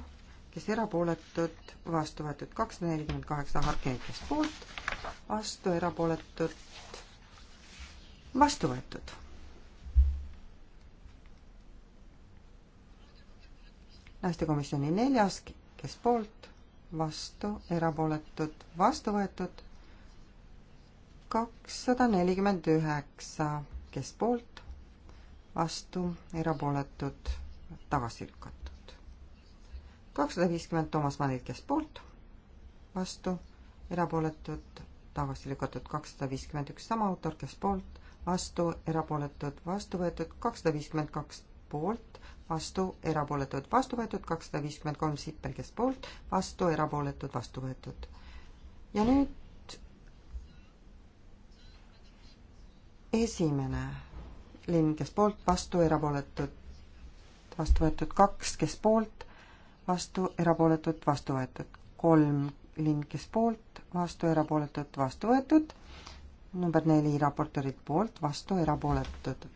kes erapooletud, vastu võetud kakssada nelikümmend kaheksa Harkini, kes poolt, vastu erapooletud, vastu võetud naistekomisjoni neljas, kes poolt, vastu, erapooletud, vastu võetud kakssada nelikümmend üheksa, kes poolt, vastu, erapooletud, tagasi lükatud. kakssada viiskümmend Toomas Manilt, kes poolt, vastu, erapooletud, tagasi lükatud, kakssada viiskümmend üks sama autor, kes poolt, vastu, erapooletud, vastu võetud, kakssada viiskümmend kaks poolt, vastu, erapooletud, vastu võetud, kakssada viiskümmend kolm Sippel, kes poolt, vastu, erapooletud, vastu võetud. ja nüüd esimene linn, kes poolt, vastu, erapooletud, vastu võetud, kaks, kes poolt, vastu, erapooletud, vastu võetud, kolm linn, kes poolt, vastu, erapooletud, vastu võetud, number neli raportöörid poolt, vastu, erapooletud,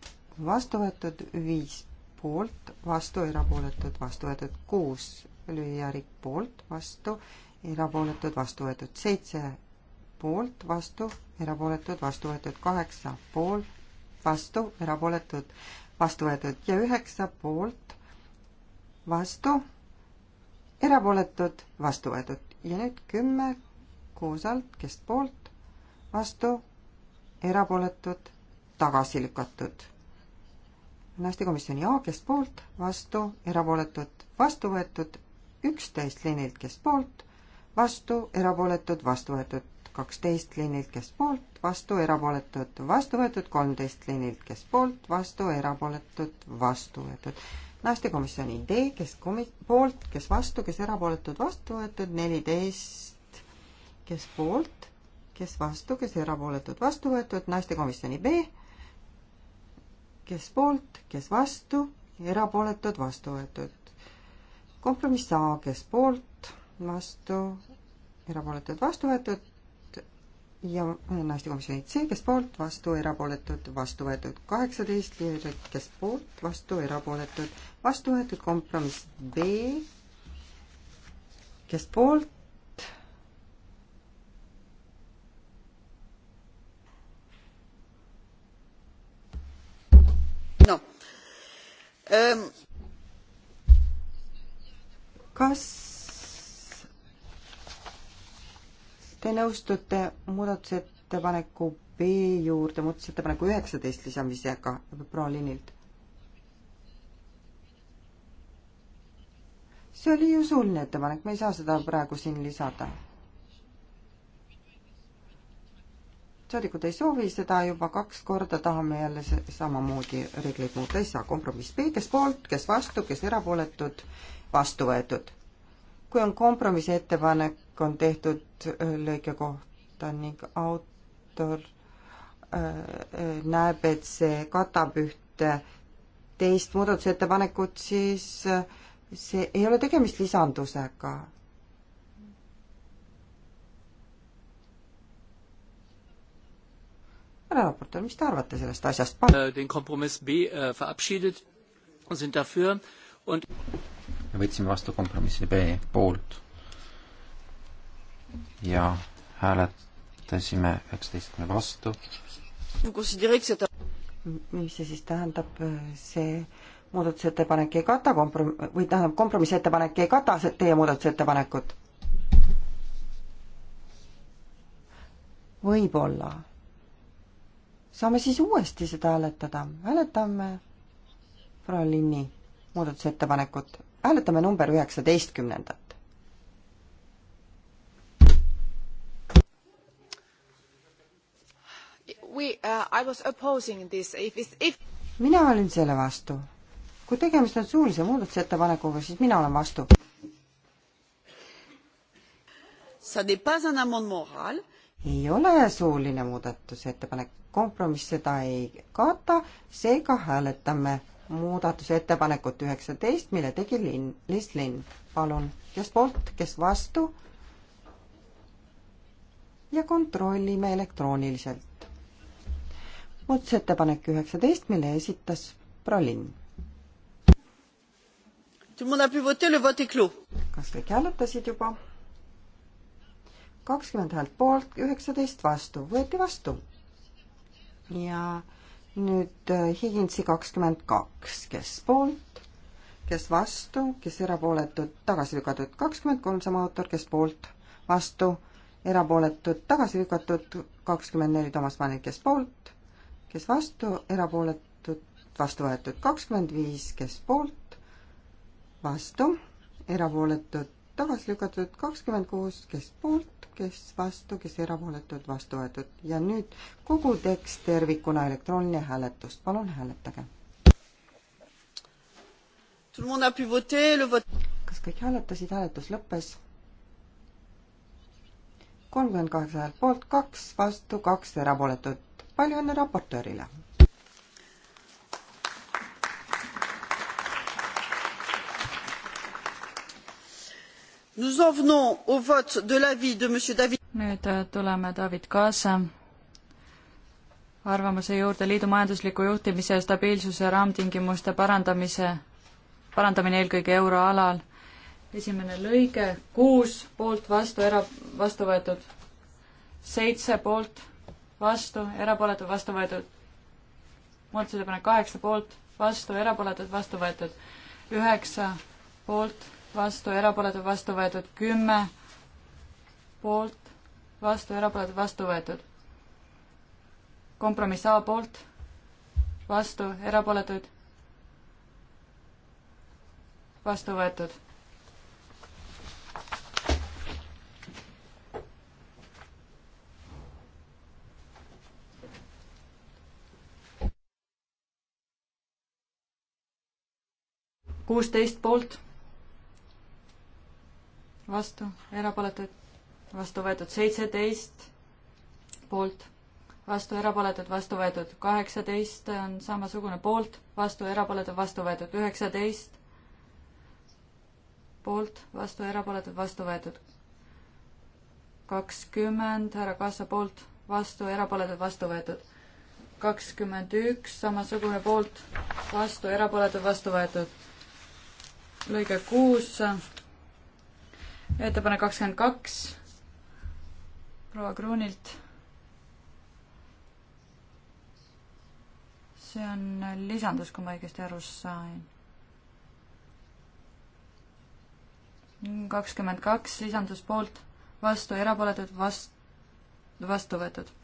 vastu võetud, viis poolt, vastu, erapooletud, vastu võetud kuus lühiärik poolt, vastu, erapooletud, vastu võetud seitse poolt, vastu, erapooletud, vastu võetud kaheksa poolt, vastu, erapooletud, vastu võetud ja üheksa poolt, vastu, erapooletud, vastu võetud ja nüüd kümme koos alt, kes poolt, vastu, erapooletud, tagasi lükatud naistekomisjoni A, kes poolt, vastu, erapooletud, vastu võetud, üksteist liinilt, kes poolt, vastu, erapooletud, vastu võetud, kaksteist liinilt, kes poolt, vastu, erapooletud, vastu võetud, kolmteist liinilt, kes poolt, vastu, erapooletud, vastu võetud. naistekomisjoni D, kes komi-, poolt, kes vastu, kes erapooletud, vastu võetud, neliteist, kes poolt, kes vastu, kes erapooletud, vastu võetud, naistekomisjoni B kes poolt, kes vastu, erapooletud, vastu võetud. kompromiss A, kes poolt, vastu, erapooletud, vastu võetud ja naistekomisjoni C, kes poolt, vastu, erapooletud, vastu võetud kaheksateist, kes poolt, vastu, erapooletud, vastu võetud kompromiss B, kes poolt, Ähm, kas te nõustute muudatusettepaneku B juurde muudatusettepaneku üheksateist lisamisega proua Linilt? see oli ju suuline ettepanek, me ei saa seda praegu siin lisada saadikud ei soovi seda juba kaks korda, tahame jälle samamoodi reegleid muuta, ei saa kompromiss B, kes poolt, kes vastu, kes erapooletud, vastu võetud. kui on kompromissi ettepanek, on tehtud äh, lõike kohta ning autor äh, äh, näeb, et see katab ühte teist muudatusettepanekut, siis äh, see ei ole tegemist lisandusega härra raportöör, mis te arvate sellest asjast? Äh, äh, me võtsime vastu kompromissi B poolt ja hääletasime üksteistkümne vastu. mis see siis tähendab, see muudatusettepanek ei kata komprom-, või tähendab, kompromissettepanek ei kata teie muudatusettepanekut? võib-olla saame siis uuesti seda hääletada. hääletame proua Linni muudatusettepanekut. hääletame number üheksateistkümnendat. Uh, mina olin selle vastu. kui tegemist on suulise muudatusettepanekuga, siis mina olen vastu. ei ole suuline muudatusettepanek, kompromiss seda ei kata, seega hääletame muudatusettepanekut üheksateist, mille tegi linn, Liis Linn. palun, kes poolt, kes vastu? ja kontrollime elektrooniliselt. muudatusettepanek üheksateist, mille esitas proua Linn. kas kõik hääletasid juba? kakskümmend häält poolt, üheksateist vastu, võeti vastu ja nüüd äh, Higinsi kakskümmend kaks, kes poolt, kes vastu, kes erapooletud, tagasi lükatud, kakskümmend kolm sama autor, kes poolt, vastu, erapooletud, tagasi lükatud, kakskümmend neli Toomas Mann, kes poolt, kes vastu, erapooletud, vastu võetud, kakskümmend viis, kes poolt, vastu, erapooletud, tagasi lükatud, kakskümmend kuus, kes poolt, kes vastu, kes erapooletud, vastu võetud ja nüüd kogu tekst tervikuna elektrooniline hääletus, palun hääletage. kas kõik hääletasid, hääletus lõppes? kolmkümmend kaheksa häält poolt, kaks vastu, kaks erapooletut. palju õnne raportöörile! Nous en venons au vote de l'avis de monsieur David. nüüd äh, tuleme David Kaasa arvamuse juurde liidu majandusliku juhtimise ja stabiilsuse raamtingimuste parandamise, parandamine eelkõige euroalal. esimene lõige, kuus poolt vastu, era-, vastu võetud. seitse poolt vastu, erapooletud, vastu võetud. muudatusettepanek kaheksa poolt, vastu, erapooletud, vastu võetud. üheksa poolt vastu, erapooletud, vastu võetud kümme poolt, vastu, erapooletud, vastu võetud. kompromiss A poolt, vastu, erapooletuid, vastu võetud. kuusteist poolt vastu, erapooletud, vastu võetud seitseteist, poolt, vastu erapooletud, vastu võetud kaheksateist on samasugune poolt, vastu erapooletud, vastu võetud üheksateist, poolt, vastu erapooletud, vastu võetud kakskümmend, härra Kaasa poolt, vastu erapooletud, vastu võetud kakskümmend üks, samasugune poolt, vastu erapooletud, vastu võetud lõige kuus ettepanek kakskümmend kaks proua Kruunilt. see on lisandus, kui ma õigesti aru sain. kakskümmend kaks lisandus poolt, vastu, erapooletud, vast-, vastu võetud.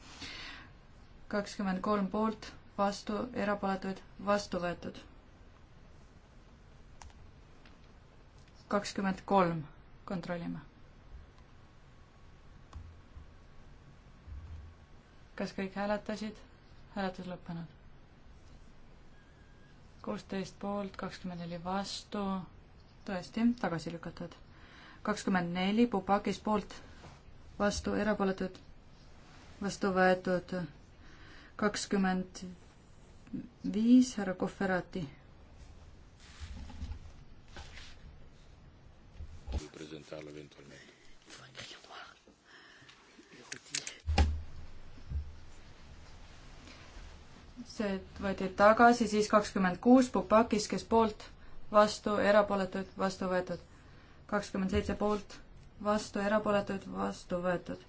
kakskümmend kolm poolt, vastu, erapooletuid, vastu võetud. kakskümmend kolm kontrollime. kas kõik hääletasid? hääletus lõppenud. kuusteist poolt, kakskümmend neli vastu, tõesti, tagasi lükatud. kakskümmend neli Pupakis poolt, vastu, erapooletud, vastu võetud kakskümmend viis härra Kohverati farlo eventualmente. see võeti tagasi, siis kakskümmend kuus Pupakis, kes poolt, vastu, erapooletuid, vastu võetud. kakskümmend seitse poolt, vastu, erapooletuid, vastu võetud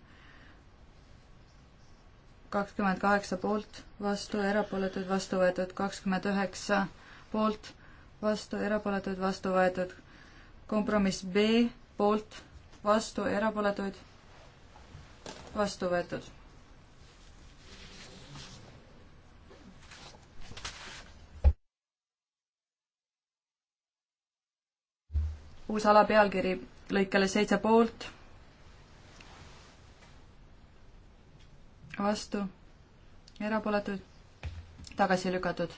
kakskümmend kaheksa poolt, vastu, erapooletuid, vastu võetud kakskümmend üheksa poolt, vastu, erapooletuid, vastu võetud. kompromiss B poolt, vastu, erapooletuid, vastu võetud. uus alapealkiri lõikele seitse poolt, vastu, erapooletuid, tagasi lükatud.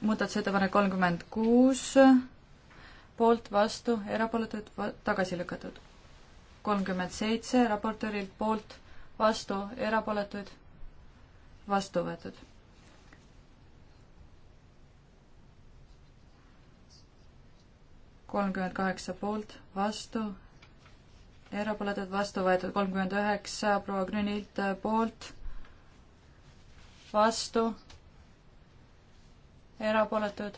muudatusettepanek kolmkümmend kuus poolt, vastu, erapooletud, tagasi lükatud. kolmkümmend seitse raportöörilt poolt, vastu, erapooletuid, vastu võetud. kolmkümmend kaheksa poolt, vastu, erapooletud, vastu võetud, kolmkümmend üheksa proua Grünilt äh, poolt, vastu, erapooletud,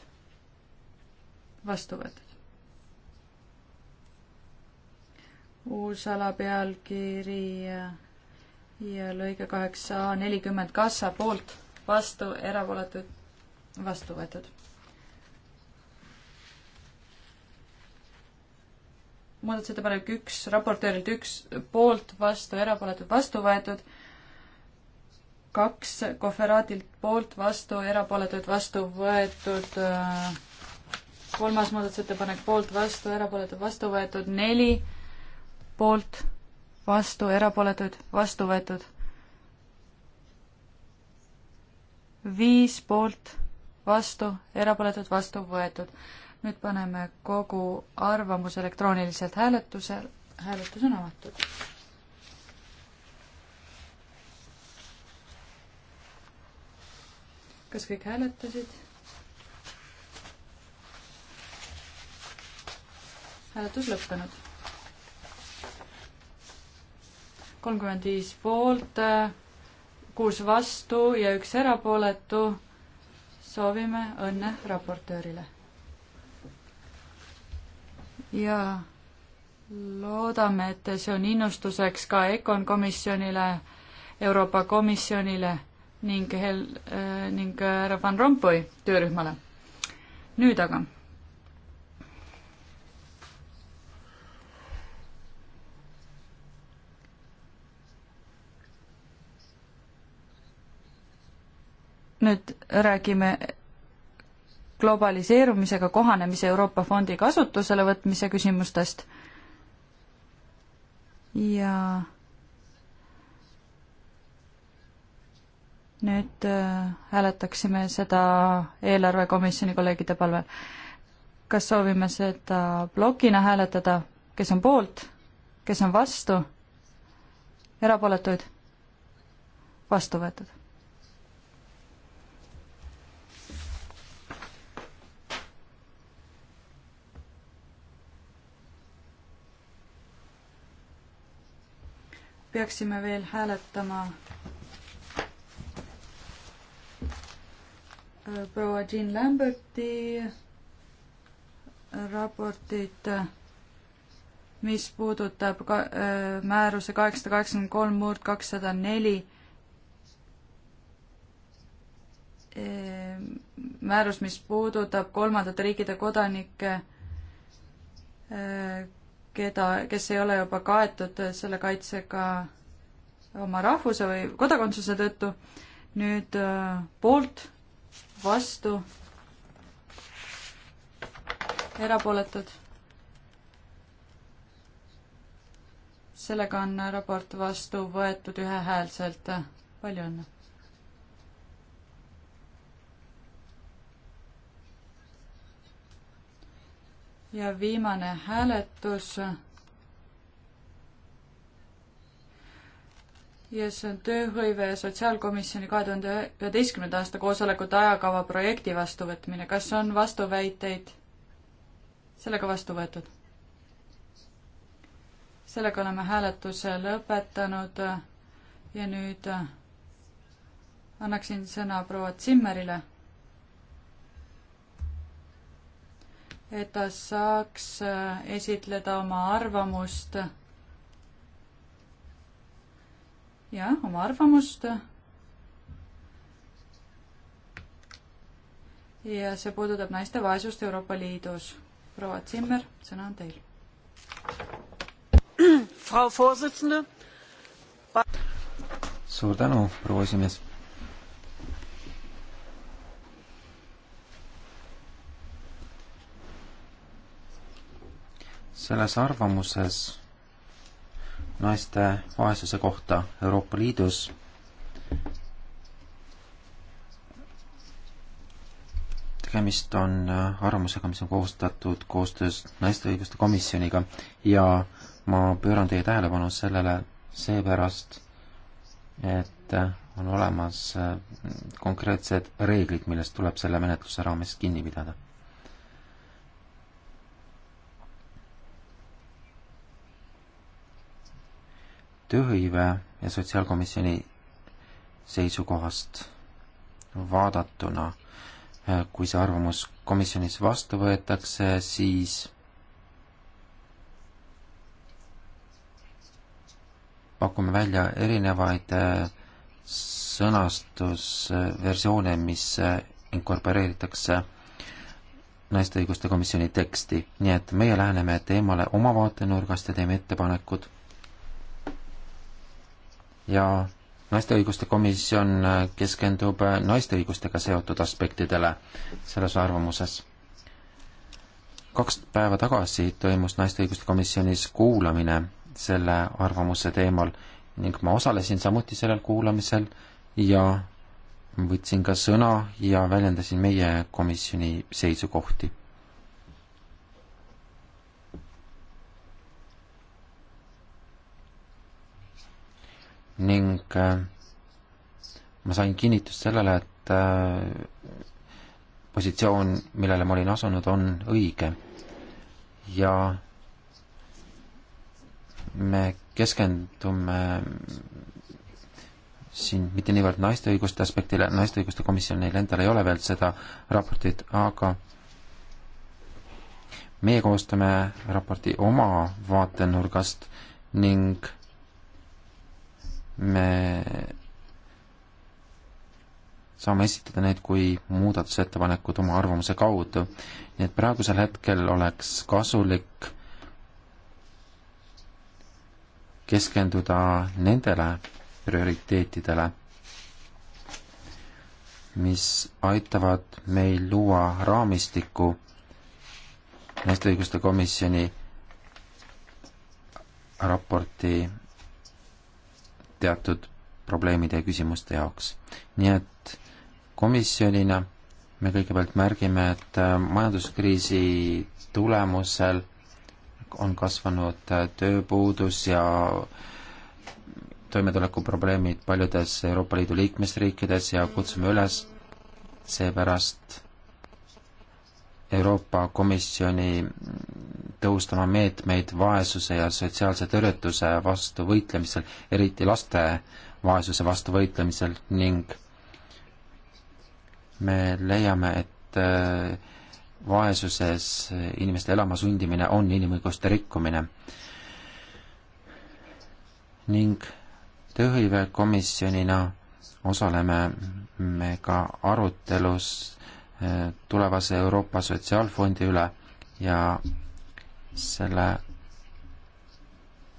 vastu võetud. uus alapealkiri ja lõige kaheksa A nelikümmend kassa poolt, vastu, erapooletud, vastu võetud. muudatusettepanek üks, raportöörilt üks, poolt, vastu, erapooletud, vastu võetud kaks Kohveratilt poolt vastu, erapooletuid vastu võetud. kolmas muudatusettepanek poolt vastu, erapooletuid vastu võetud neli poolt, vastu, erapooletuid, vastu võetud. viis poolt, vastu, erapooletuid, vastu võetud. nüüd paneme kogu arvamus elektrooniliselt hääletusel, hääletus on avatud. kas kõik hääletasid? hääletus lõppenud kolmkümmend viis poolt, kuus vastu ja üks erapooletu. soovime õnne raportöörile. ja loodame, et see on innustuseks ka EKON komisjonile, Euroopa Komisjonile ning Hel- äh,, ning härra Van Rompuy töörühmale. nüüd aga nüüd räägime globaliseerumisega kohanemise Euroopa Fondi kasutusele võtmise küsimustest ja nüüd äh, hääletaksime seda eelarvekomisjoni kolleegide palvel. kas soovime seda plokina hääletada, kes on poolt, kes on vastu, erapooletuid? vastu võetud peaksime veel hääletama äh, proua Jean Lamberti äh, raportit, äh, mis puudutab ka, äh, määruse kaheksasada kaheksakümmend kolm murd kakssada neli määrus, mis puudutab kolmandate riikide kodanike äh, keda, kes ei ole juba kaetud selle kaitsega oma rahvuse või kodakondsuse tõttu, nüüd äh, poolt, vastu, erapooletud. sellega on raport vastu võetud ühehäälselt. palju õnne! ja viimane hääletus. ja see on tööhõive sotsiaalkomisjoni kahe tuhande üheteistkümnenda aasta koosolekute ajakava projekti vastuvõtmine. kas on vastuväiteid? sellega vastu võetud. sellega oleme hääletuse lõpetanud ja nüüd annaksin sõna proua Zimmerile et ta saaks äh, esitleda oma arvamust. jah, oma arvamust. ja see puudutab naiste vaesust Euroopa Liidus. proua Zimmer, sõna on teil. Frau Vorsitzende. suur tänu, proua esimees selles arvamuses naiste vaesuse kohta Euroopa Liidus tegemist on äh, arvamusega, mis on koostatud koostöös Naiste Õiguste Komisjoniga ja ma pööran teie tähelepanu sellele seepärast, et äh, on olemas äh, konkreetsed reeglid, millest tuleb selle menetluse raames kinni pidada. tööhõive ja sotsiaalkomisjoni seisukohast vaadatuna, kui see arvamus komisjonis vastu võetakse, siis pakume välja erinevaid äh, sõnastusversioone, mis äh, inkorporeeritakse naiste õiguste komisjoni teksti, nii et meie läheneme teemale oma vaatenurgast ja teeme ettepanekud ja naiste õiguste komisjon keskendub naiste õigustega seotud aspektidele selles arvamuses. kaks päeva tagasi toimus naiste õiguste komisjonis kuulamine selle arvamuse teemal ning ma osalesin samuti sellel kuulamisel ja võtsin ka sõna ja väljendasin meie komisjoni seisukohti ning äh, ma sain kinnitust sellele, et äh, positsioon, millele ma olin asunud, on õige. ja me keskendume siin mitte niivõrd naiste õiguste aspektile, naiste õiguste komisjonil endal ei ole veel seda raportit, aga meie koostame raporti oma vaatenurgast ning me saame esitada need kui muudatusettepanekud oma arvamuse kaudu. nii et praegusel hetkel oleks kasulik keskenduda nendele prioriteetidele, mis aitavad meil luua raamistiku naiste õiguste komisjoni raporti teatud probleemide ja küsimuste jaoks. nii et komisjonina me kõigepealt märgime, et äh, majanduskriisi tulemusel on kasvanud äh, tööpuudus ja toimetulekuprobleemid paljudes Euroopa Liidu liikmesriikides ja kutsume üles seepärast Euroopa Komisjoni tõhustama meetmeid vaesuse ja sotsiaalse tõrjutuse vastu võitlemisel, eriti laste vaesuse vastu võitlemisel ning me leiame, et äh, vaesuses inimeste elama sundimine on inimõiguste rikkumine. ning tööhõivekomisjonina osaleme me ka arutelus äh, tulevase Euroopa Sotsiaalfondi üle ja selle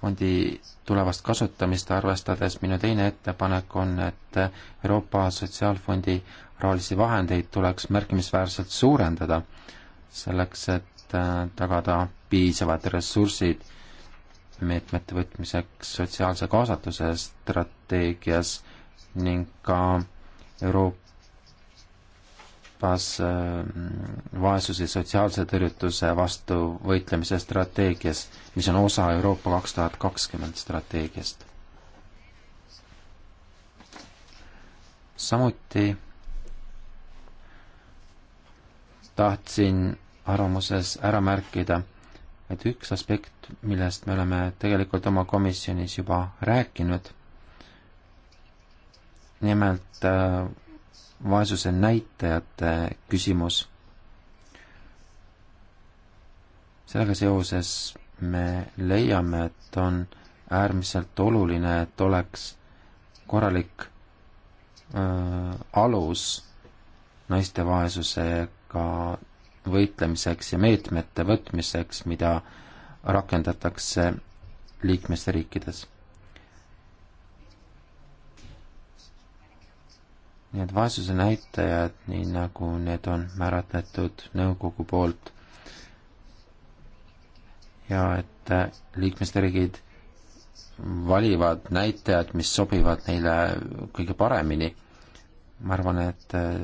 fondi tulevast kasutamist arvestades minu teine ettepanek on, et Euroopa Sotsiaalfondi rahalisi vahendeid tuleks märkimisväärselt suurendada, selleks et äh, tagada piisavad ressursid meetmete võtmiseks sotsiaalse kaasatuse strateegias ning ka Euroopa Euroopas ehm, vaesuse sotsiaalse tõrjutuse vastu võitlemise strateegias, mis on osa Euroopa kaks tuhat kakskümmend strateegiast. samuti tahtsin arvamuses ära märkida, et üks aspekt, millest me oleme tegelikult oma komisjonis juba rääkinud, nimelt äh, vaesuse näitajate küsimus. sellega seoses me leiame, et on äärmiselt oluline, et oleks korralik äh, alus naiste vaesusega võitlemiseks ja meetmete võtmiseks, mida rakendatakse liikmesriikides Need vaesuse näitajad, nii nagu need on määratletud nõukogu poolt ja et äh, liikmesriigid valivad näitajad, mis sobivad neile kõige paremini. ma arvan, et äh,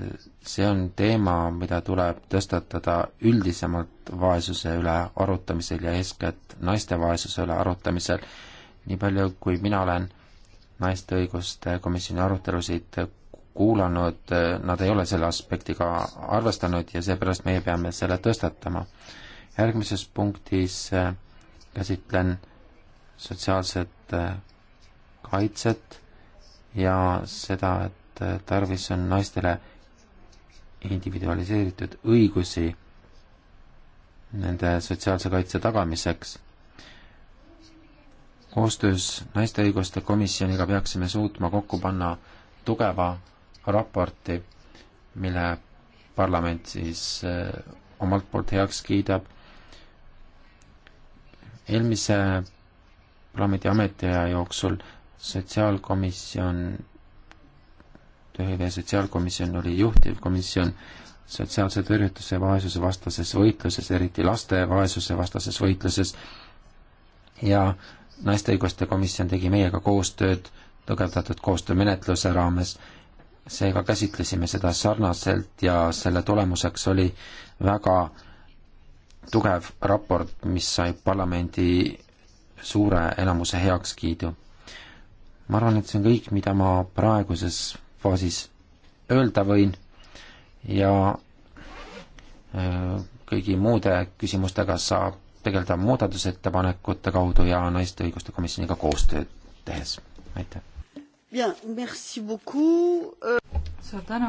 see on teema, mida tuleb tõstatada üldisemalt vaesuse üle arutamisel ja eeskätt naiste vaesuse üle arutamisel. nii palju, kui mina olen naiste õiguste komisjoni arutelusid kuulanud, nad ei ole selle aspektiga arvestanud ja seepärast meie peame selle tõstatama. järgmises punktis äh, käsitlen sotsiaalset äh, kaitset ja seda, et äh, tarvis on naistele individualiseeritud õigusi nende sotsiaalse kaitse tagamiseks. koostöös Naiste Õiguste Komisjoniga peaksime suutma kokku panna tugeva raporti, mille parlament siis äh, omalt poolt heaks kiidab. eelmise parlamendi ametiaja jooksul sotsiaalkomisjon, tööhõive ja sotsiaalkomisjon oli juhtivkomisjon sotsiaalse tõrjutuse ja vaesuse vastases võitluses, eriti laste vaesuse vastases võitluses ja naiste õiguste komisjon tegi meiega koostööd tugevdatud koostöömenetluse raames seega käsitlesime seda sarnaselt ja selle tulemuseks oli väga tugev raport, mis sai parlamendi suure enamuse heakskiidu. ma arvan, et see on kõik, mida ma praeguses faasis öelda võin ja äh, kõigi muude küsimustega saab tegeleda muudatusettepanekute kaudu ja Naiste Õiguste Komisjoniga koostööd tehes, aitäh! Bien, merci beaucoup. Euh, suur tänu.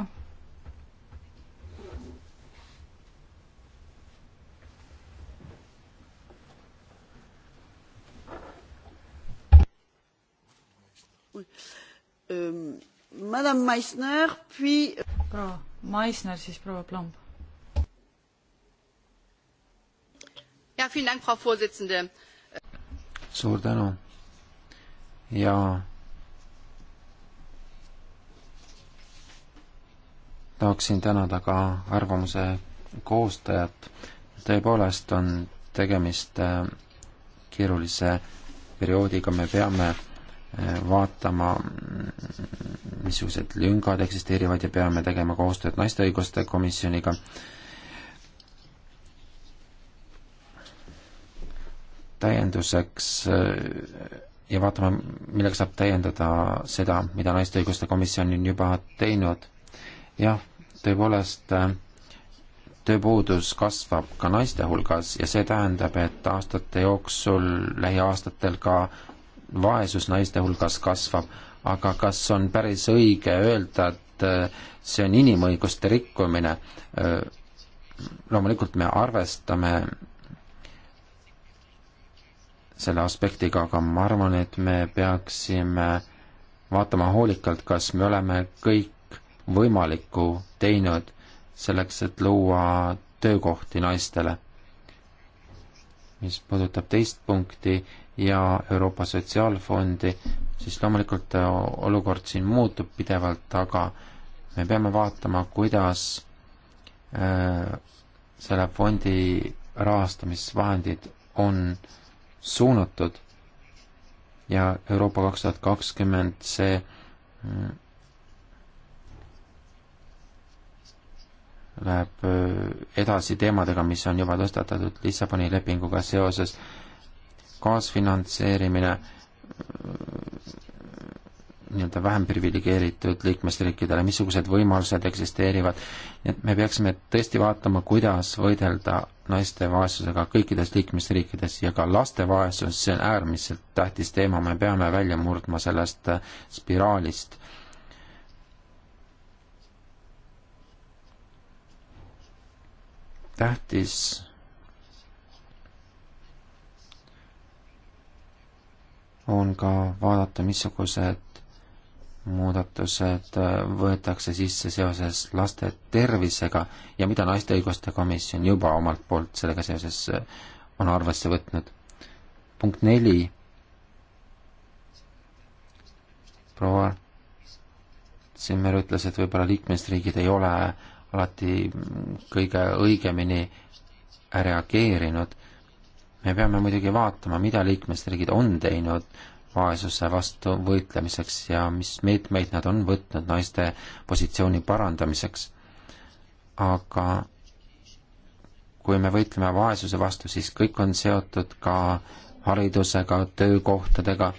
Euh, Madame Meissner, puis. Euh, proua Meissner, siis proua Plomb. suur tänu ja tahaksin tänada ka arvamuse koostajat. tõepoolest on tegemist äh, keerulise perioodiga, me peame äh, vaatama, mm, missugused lüngad eksisteerivad ja peame tegema koostööd naiste õiguste komisjoniga. täienduseks äh, ja vaatame, millega saab täiendada seda, mida naiste õiguste komisjon on juba teinud. jah, tõepoolest äh, tööpuudus kasvab ka naiste hulgas ja see tähendab, et aastate jooksul, lähiaastatel ka vaesus naiste hulgas kasvab, aga kas on päris õige öelda, et äh, see on inimõiguste rikkumine? Äh, loomulikult me arvestame selle aspektiga, aga ma arvan, et me peaksime vaatama hoolikalt, kas me oleme kõik võimaliku teinud selleks, et luua töökohti naistele. mis puudutab teist punkti ja Euroopa Sotsiaalfondi, siis loomulikult olukord siin muutub pidevalt, aga me peame vaatama, kuidas äh, selle fondi rahastamisvahendid on suunatud ja Euroopa kaks tuhat kakskümmend see mm, läheb äh, edasi teemadega, mis on juba tõstatatud Lissaboni lepinguga seoses. kaasfinantseerimine äh, nii-öelda vähem priviligeeritud liikmesriikidele, missugused võimalused eksisteerivad, nii et me peaksime tõesti vaatama, kuidas võidelda naiste vaesusega kõikides liikmesriikides ja ka laste vaesus, see on äärmiselt tähtis teema, me peame välja murdma sellest äh, spiraalist tähtis on ka vaadata, missugused muudatused võetakse sisse seoses laste tervisega ja mida Naiste Õiguste Komisjon juba omalt poolt sellega seoses on arvesse võtnud. punkt neli. proua Zimmer ütles, et võib-olla liikmesriigid ei ole äh, alati kõige õigemini reageerinud. me peame muidugi vaatama, mida liikmesriigid on teinud vaesuse vastu võitlemiseks ja mis meetmeid nad on võtnud naiste positsiooni parandamiseks. aga kui me võitleme vaesuse vastu, siis kõik on seotud ka haridusega, töökohtadega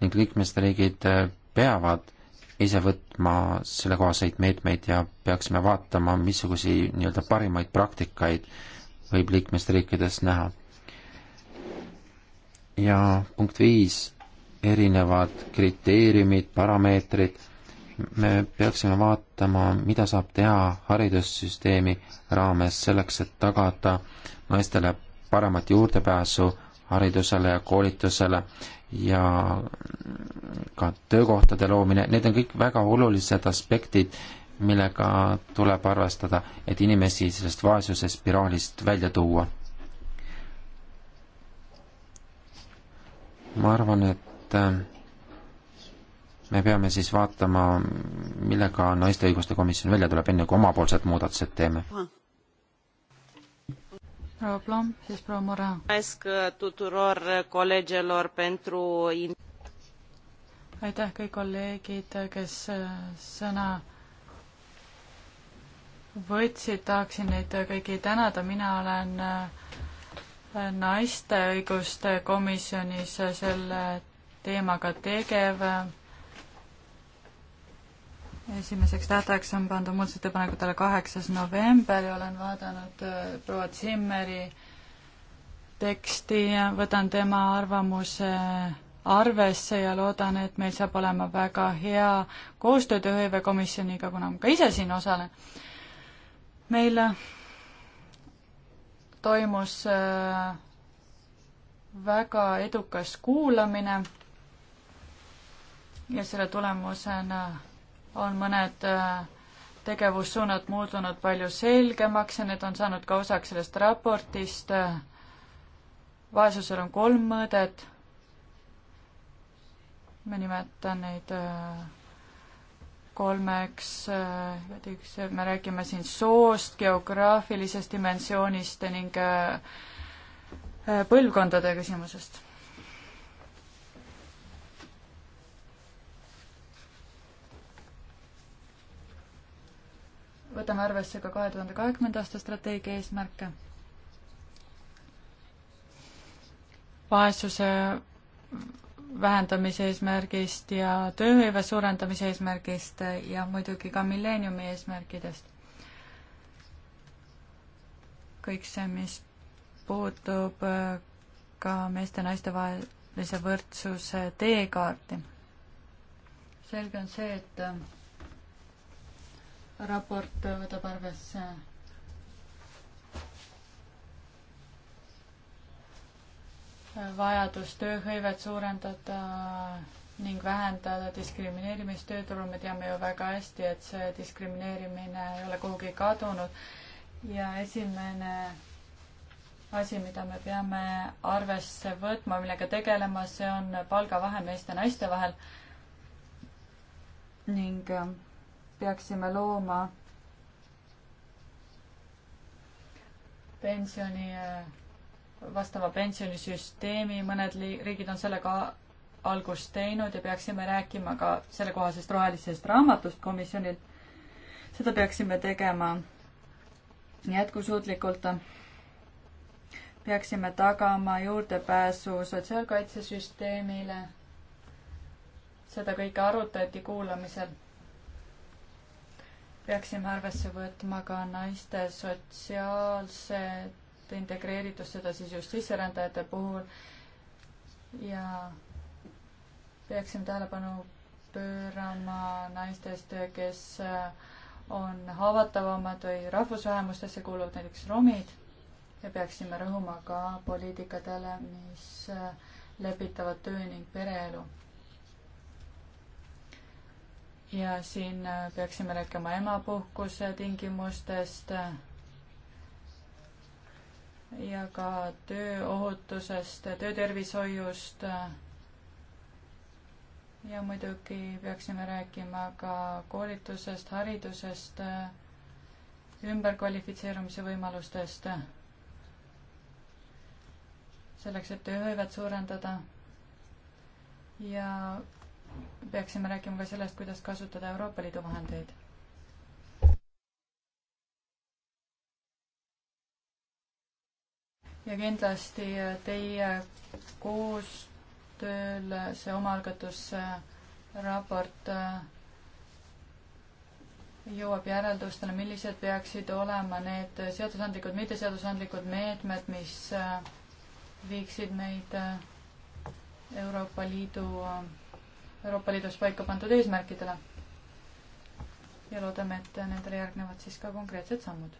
ning liikmesriigid peavad ise võtma sellekohaseid meetmeid ja peaksime vaatama, missugusi nii-öelda parimaid praktikaid võib liikmesriikides näha. ja punkt viis, erinevad kriteeriumid, parameetrid, me peaksime vaatama, mida saab teha haridussüsteemi raames selleks, et tagada naistele paremat juurdepääsu haridusele ja koolitusele ja ka töökohtade loomine, need on kõik väga olulised aspektid, millega tuleb arvestada, et inimesi sellest vaesuse spiraalist välja tuua. ma arvan, et äh, me peame siis vaatama, millega naiste õiguste komisjon välja tuleb, enne kui omapoolsed muudatused teeme proua Plom, siis proua Mora. tuturor kolleegelor uh, pentru aitäh kõik kolleegid, uh, kes uh, sõna võtsid, tahaksin neid kõiki tänada, mina olen naiste õiguste komisjonis selle teemaga tegev esimeseks tähtajaks on pandud muudatusettepanekutele kaheksas november ja olen vaadanud äh, proua Zimmeri teksti, võtan tema arvamuse arvesse ja loodan, et meil saab olema väga hea koostöö tööhõivekomisjoniga, kuna ma ka ise siin osalen. meil äh, toimus äh, väga edukas kuulamine ja selle tulemusena on mõned äh, tegevussuunad muutunud palju selgemaks ja need on saanud ka osaks sellest raportist. vaesusel on kolm mõõdet. ma nimetan neid äh, kolmeks, äh, üks, me räägime siin soost, geograafilisest dimensioonist ning põlvkondade küsimusest võtame arvesse ka kahe tuhande kahekümnenda aasta strateegia eesmärke. vaesuse vähendamise eesmärgist ja tööhõive suurendamise eesmärgist ja muidugi ka milleeniumi eesmärkidest. kõik see, mis puutub äh, ka meeste-naiste vahelise võrdsuse teekaarti. selge on see, et äh, raport võtab arvesse vajadust tööhõivet suurendada ning vähendada diskrimineerimist tööturul. me teame ju väga hästi, et see diskrimineerimine ei ole kuhugi kadunud. ja esimene asi, mida me peame arvesse võtma, millega tegelema, see on palgavahe meeste ja naiste vahel. ning peaksime looma pensioni, vastava pensionisüsteemi, mõned riigid on sellega algust teinud ja peaksime rääkima ka sellekohasest rohelisest raamatust komisjonilt. seda peaksime tegema jätkusuutlikult. peaksime tagama juurdepääsu sotsiaalkaitsesüsteemile. seda kõike arutati kuulamisel peaksime arvesse võtma ka naiste sotsiaalset integreeritust, seda siis just sisserändajate puhul ja peaksime tähelepanu pöörama naistest, kes äh, on haavatavamad või rahvusvähemustesse kuuluvad, näiteks romid ja peaksime rõhuma ka poliitikatele, mis äh, läbitavad töö ning pereelu ja siin äh, peaksime rääkima emapuhkuse tingimustest ja ka tööohutusest, töötervishoiust. ja muidugi peaksime rääkima ka koolitusest, haridusest, äh, ümberkvalifitseerumise võimalustest selleks, et tööhõivet suurendada ja peaksime rääkima ka sellest, kuidas kasutada Euroopa Liidu vahendeid. ja kindlasti teie koostööl see omaalgatusraport äh, jõuab järeldustele, millised peaksid olema need seadusandlikud, mitteseadusandlikud meetmed, mis äh, viiksid meid äh, Euroopa Liidu Euroopa Liidus paika pandud eesmärkidele. ja loodame, et nendele järgnevad siis ka konkreetsed sammud.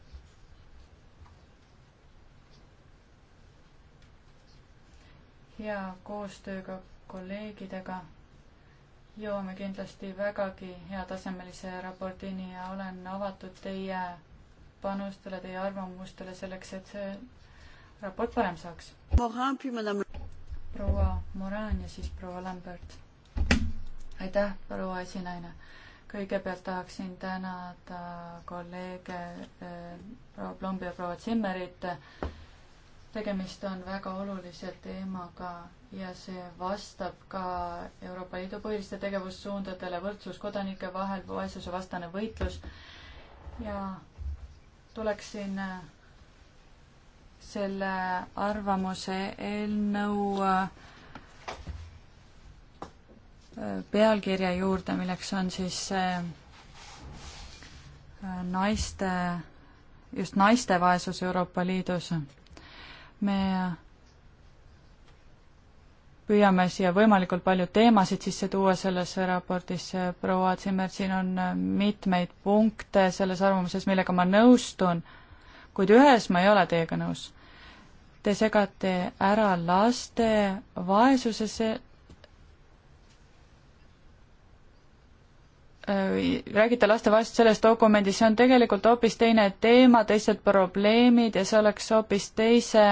hea koostööga kolleegidega jõuame kindlasti vägagi heatasemelise raportini ja olen avatud teie panustele, teie arvamustele selleks, et see raport parem saaks. proua Moran ja siis proua Lambert aitäh, proua esinaine. kõigepealt tahaksin tänada kolleege eh, proua Plumbi ja proua Zimmerit. tegemist on väga olulise teemaga ja see vastab ka Euroopa Liidu põhiliste tegevussuundadele võrdsus kodanike vahel, vaesusevastane võitlus ja tuleksin eh, selle arvamuse eelnõu äh, pealkirja juurde, milleks on siis äh, naiste, just naiste vaesus Euroopa Liidus. me püüame siia võimalikult palju teemasid sisse tuua sellesse raportisse, proua Zimmer, siin on äh, mitmeid punkte selles arvamuses, millega ma nõustun, kuid ühes ma ei ole teiega nõus. Te segate ära laste vaesusesse Äh, räägite laste vaest selles dokumendis, see on tegelikult hoopis teine teema, teised probleemid ja see oleks hoopis teise,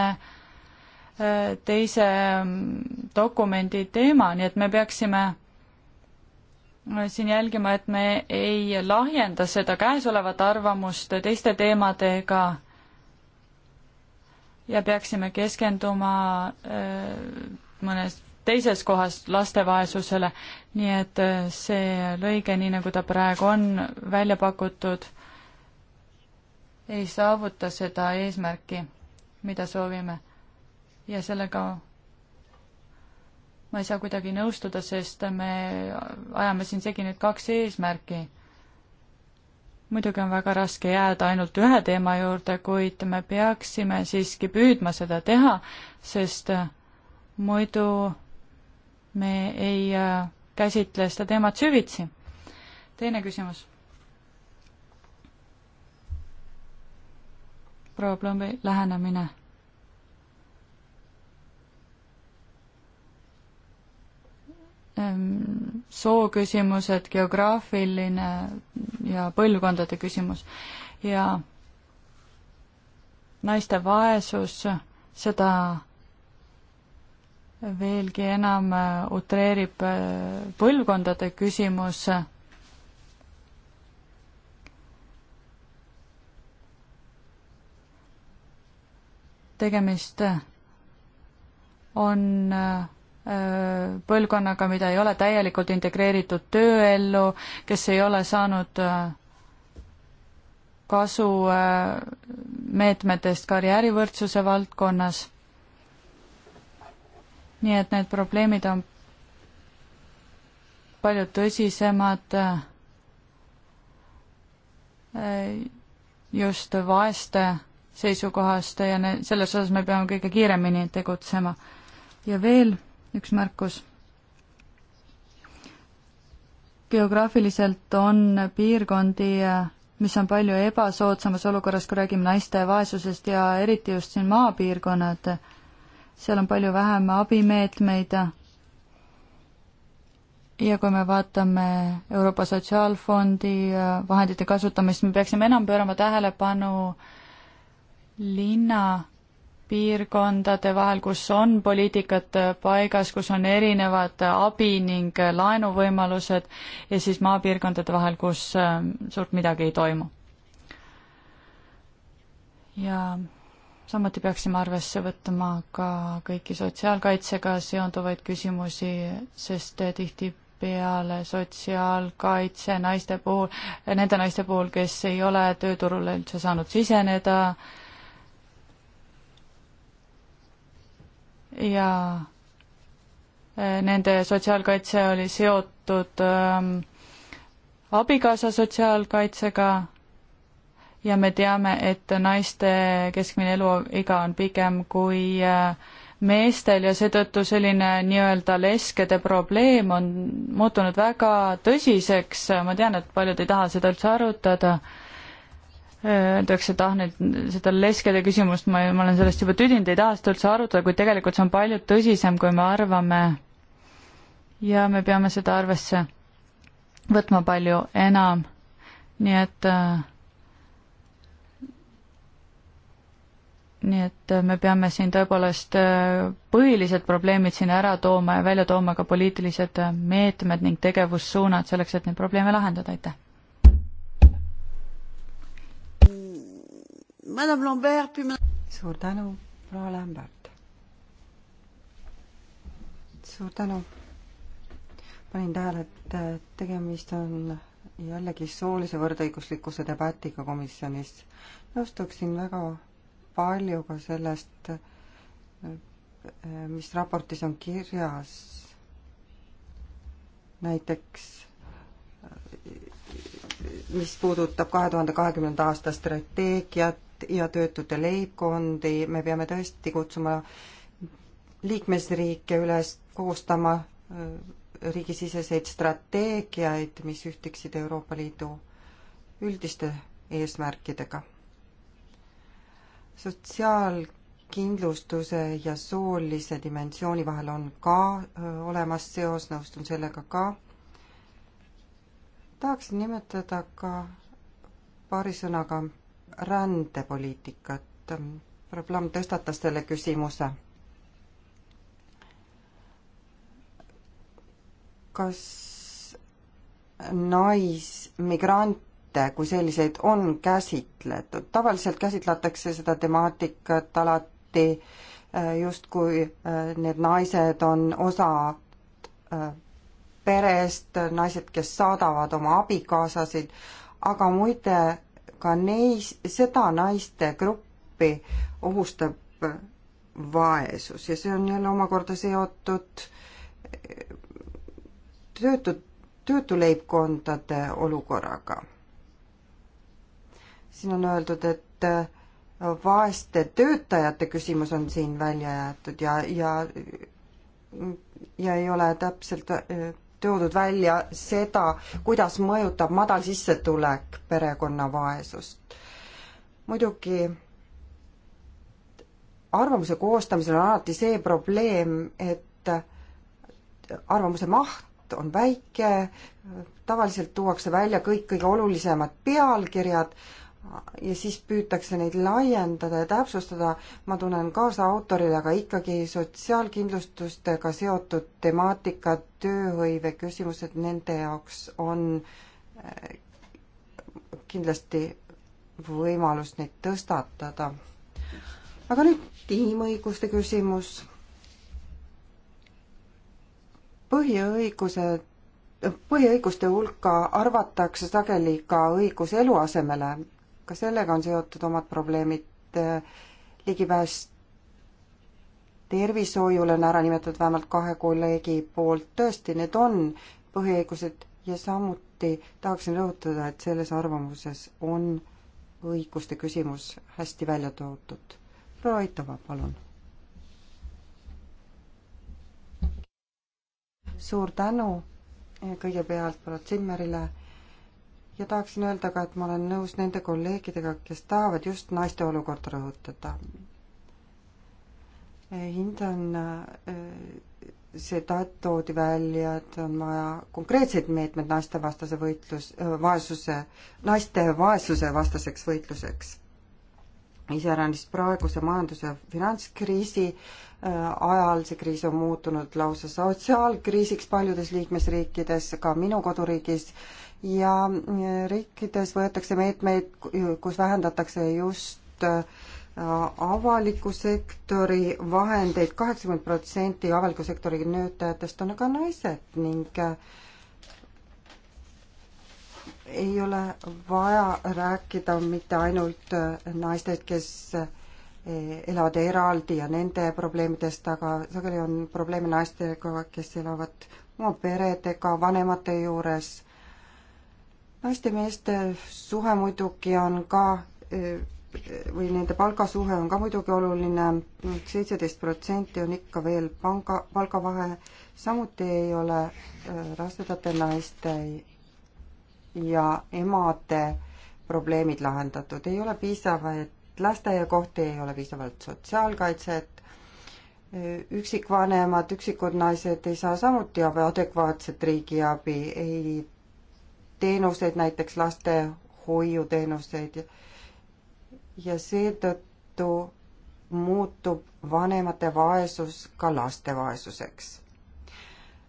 äh, teise mm, dokumendi teema, nii et me peaksime äh, siin jälgima, et me ei lahjenda seda käesolevat arvamust teiste teemadega ja peaksime keskenduma mõnes teises kohas laste vaesusele, nii et äh, see lõige, nii nagu ta praegu on välja pakutud, ei saavuta seda eesmärki, mida soovime. ja sellega ma ei saa kuidagi nõustuda, sest me ajame siin segi nüüd kaks eesmärki. muidugi on väga raske jääda ainult ühe teema juurde, kuid me peaksime siiski püüdma seda teha, sest muidu me ei äh, käsitle seda teemat süvitsi. teine küsimus. proua Plumbi lähenemine. Ehm, sooküsimused, geograafiline ja põlvkondade küsimus ja naiste vaesus, seda veelgi enam äh, utreerib äh, põlvkondade küsimus. tegemist on äh, põlvkonnaga, mida ei ole täielikult integreeritud tööellu, kes ei ole saanud kasu meetmetest karjäärivõrdsuse valdkonnas nii et need probleemid on palju tõsisemad äh, just vaeste seisukohast ja ne-, selles osas me peame kõige kiiremini tegutsema. ja veel üks märkus. geograafiliselt on piirkondi, äh, mis on palju ebasoodsamas olukorras, kui räägime naiste vaesusest ja eriti just siin maapiirkonnad, seal on palju vähem abimeetmeid. ja kui me vaatame Euroopa Sotsiaalfondi äh, vahendite kasutamist, me peaksime enam pöörama tähelepanu linnapiirkondade vahel, kus on poliitikad äh, paigas, kus on erinevad äh, abi ning laenuvõimalused ja siis maapiirkondade vahel, kus suurt midagi ei toimu. ja samuti peaksime arvesse võtma ka kõiki sotsiaalkaitsega seonduvaid küsimusi, sest tihtipeale sotsiaalkaitse naiste puhul, nende naiste puhul, kes ei ole tööturule üldse saanud siseneda, ja nende sotsiaalkaitse oli seotud ähm, abikaasa sotsiaalkaitsega ja me teame, et naiste keskmine eluiga on pikem kui äh, meestel ja seetõttu selline nii-öelda leskede probleem on muutunud väga tõsiseks, ma tean, et paljud ei taha seda üldse arutada, äh, öeldakse, et ah, nüüd seda leskede küsimust ma, ma olen sellest juba tüdinud, ei taha seda üldse arutada, kuid tegelikult see on palju tõsisem, kui me arvame. ja me peame seda arvesse võtma palju enam. nii et äh, nii et äh, me peame siin tõepoolest äh, põhilised probleemid siin ära tooma ja välja tooma ka poliitilised äh, meetmed ning tegevussuunad selleks, et neid probleeme lahendada, aitäh. suur tänu, proua Lämbert. suur tänu. panin tähele, et tegemist on jällegi soolise võrdõiguslikkuse debatiga komisjonis. nõustuksin väga palju ka sellest, mis raportis on kirjas. näiteks mis puudutab kahe tuhande kahekümnenda aasta strateegiat ja töötute leibkondi, me peame tõesti kutsuma liikmesriike üles koostama äh, riigisiseseid strateegiaid, mis ühtiksid Euroopa Liidu üldiste eesmärkidega sotsiaalkindlustuse ja soolise dimensiooni vahel on ka olemas seos, nõustun sellega ka. tahaksin nimetada ka paari sõnaga rändepoliitikat. probleem tõstatas selle küsimuse. kas naismigrant mitte kui selliseid on käsitletud. tavaliselt käsitletakse seda temaatikat alati äh, justkui äh, need naised on osa äh, perest, naised, kes saadavad oma abikaasasid, aga muide, ka neis, seda naiste gruppi ohustab vaesus ja see on jälle omakorda seotud töötud, töötu leibkondade olukorraga siin on öeldud, et äh, vaeste töötajate küsimus on siin välja jäetud ja, ja ja ei ole täpselt äh, toodud välja seda, kuidas mõjutab madal sissetulek perekonna vaesust. muidugi arvamuse koostamisel on alati see probleem, et äh, arvamuse maht on väike, tavaliselt tuuakse välja kõik kõige olulisemad pealkirjad, ja siis püütakse neid laiendada ja täpsustada. ma tunnen kaasa autorile, aga ikkagi sotsiaalkindlustustega seotud temaatikad, tööhõive küsimused, nende jaoks on äh, kindlasti võimalus neid tõstatada. aga nüüd inimõiguste küsimus. põhiõigused põhiõiguste hulka arvatakse sageli ka õigus eluasemele, ka sellega on seotud omad probleemid, ligipääs tervishoiule on ära nimetatud vähemalt kahe kolleegi poolt, tõesti, need on põhiõigused ja samuti tahaksin rõhutada, et selles arvamuses on õiguste küsimus hästi välja toodud. proua Aitova, palun. suur tänu kõigepealt proua Zimmerile ja tahaksin öelda ka, et ma olen nõus nende kolleegidega, kes tahavad just naiste olukorda rõhutada. Eh, hindan eh, seda, et toodi välja, et on vaja konkreetseid meetmeid naistevastase võitlus, eh, vaesuse, naiste vaesuse vastaseks võitluseks. iseäranis praeguse majandus- ja finantskriisi ajal, see kriis on muutunud lausa sotsiaalkriisiks paljudes liikmesriikides, ka minu koduriigis, ja riikides võetakse meetmeid, kus vähendatakse just äh, avaliku sektori vahendeid, kaheksakümmend protsenti avaliku sektori töötajatest on aga naised ning äh, ei ole vaja rääkida mitte ainult äh, naistest, kes elavad eraldi ja nende probleemidest, aga sageli on probleeme naistega, kes elavad oma peredega, vanemate juures naiste-meeste suhe muidugi on ka või nende palgasuhe on ka muidugi oluline, seitseteist protsenti on ikka veel panga, palgavahe, samuti ei ole rasedate äh, naiste ja emade probleemid lahendatud, ei ole piisavalt lasteaiakohti, ei ole piisavalt sotsiaalkaitset, äh, üksikvanemad, üksikud naised ei saa samuti adekvaatset riigiabi, ei teenuseid, näiteks lastehoiuteenuseid ja seetõttu muutub vanemate vaesus ka laste vaesuseks.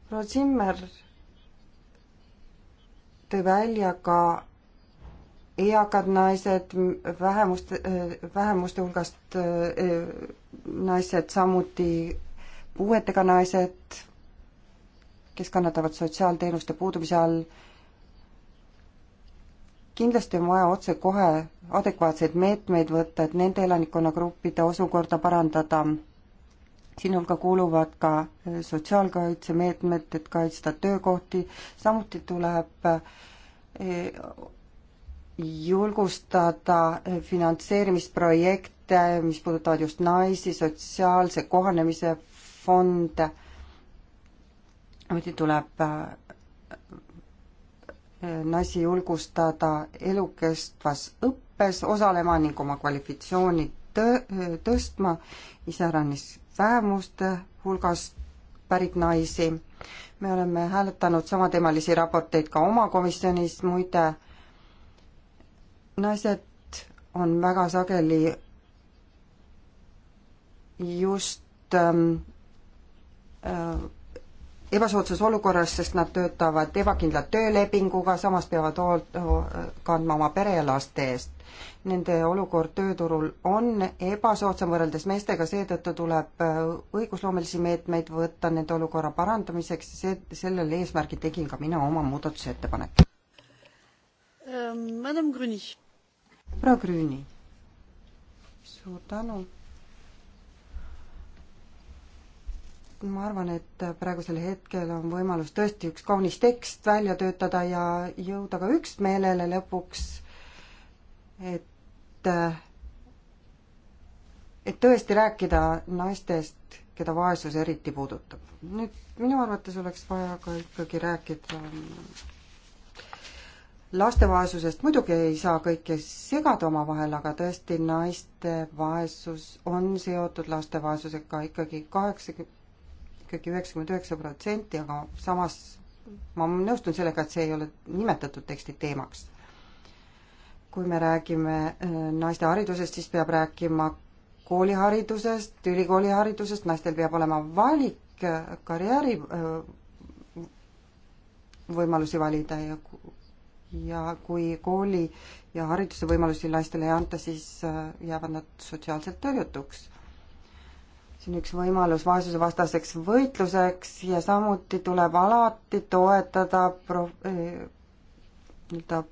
proua Zimmer tõi välja ka eakad naised, vähemuste, vähemuste hulgast äh, naised, samuti puuetega naised, kes kannatavad sotsiaalteenuste puudumise all kindlasti on vaja otsekohe adekvaatseid meetmeid võtta, et nende elanikkonnagruppide osukorda parandada. sinulga kuuluvad ka äh, sotsiaalkaitsemeetmed, et kaitsta töökohti, samuti tuleb äh, julgustada äh, finantseerimisprojekte, mis puudutavad just naisi, sotsiaalse kohanemise fonde. muidu tuleb naisi julgustada elukestvas õppes osalema ning oma kvalifikatsiooni tõ-, tõstma, iseäranis vähemuste hulgast pärit naisi. me oleme hääletanud samateemalisi raporteid ka oma komisjonis, muide naised on väga sageli just ähm, äh, ebasoodsas olukorras, sest nad töötavad ebakindla töölepinguga, samas peavad hoolt kandma oma pere ja laste eest. Nende olukord tööturul on ebasoodsam võrreldes meestega, seetõttu tuleb äh, õigusloomelisi meetmeid võtta nende olukorra parandamiseks ja see, sellel eesmärgil tegin ka mina oma muudatusettepaneku ähm,. Madame Grüni. proua Grüni, suur tänu ma arvan, et praegusel hetkel on võimalus tõesti üks kaunis tekst välja töötada ja jõuda ka üksmeelele lõpuks, et et tõesti rääkida naistest, keda vaesus eriti puudutab. nüüd minu arvates oleks vaja ka ikkagi rääkida laste vaesusest, muidugi ei saa kõike segada omavahel, aga tõesti, naiste vaesus on seotud laste vaesusega ikkagi kaheksakümmend, ikkagi üheksakümmend üheksa protsenti, aga samas ma nõustun sellega, et see ei ole nimetatud teksti teemaks. kui me räägime äh, naiste haridusest, siis peab rääkima kooliharidusest, ülikooliharidusest, naistel peab olema valik äh, karjääri äh, võimalusi valida ja ja kui kooli ja hariduse võimalusi naistele ei anta, siis jäävad nad sotsiaalselt tõrjutuks see on üks võimalus vaesusevastaseks võitluseks ja samuti tuleb alati toetada pro-, eh, nii-öelda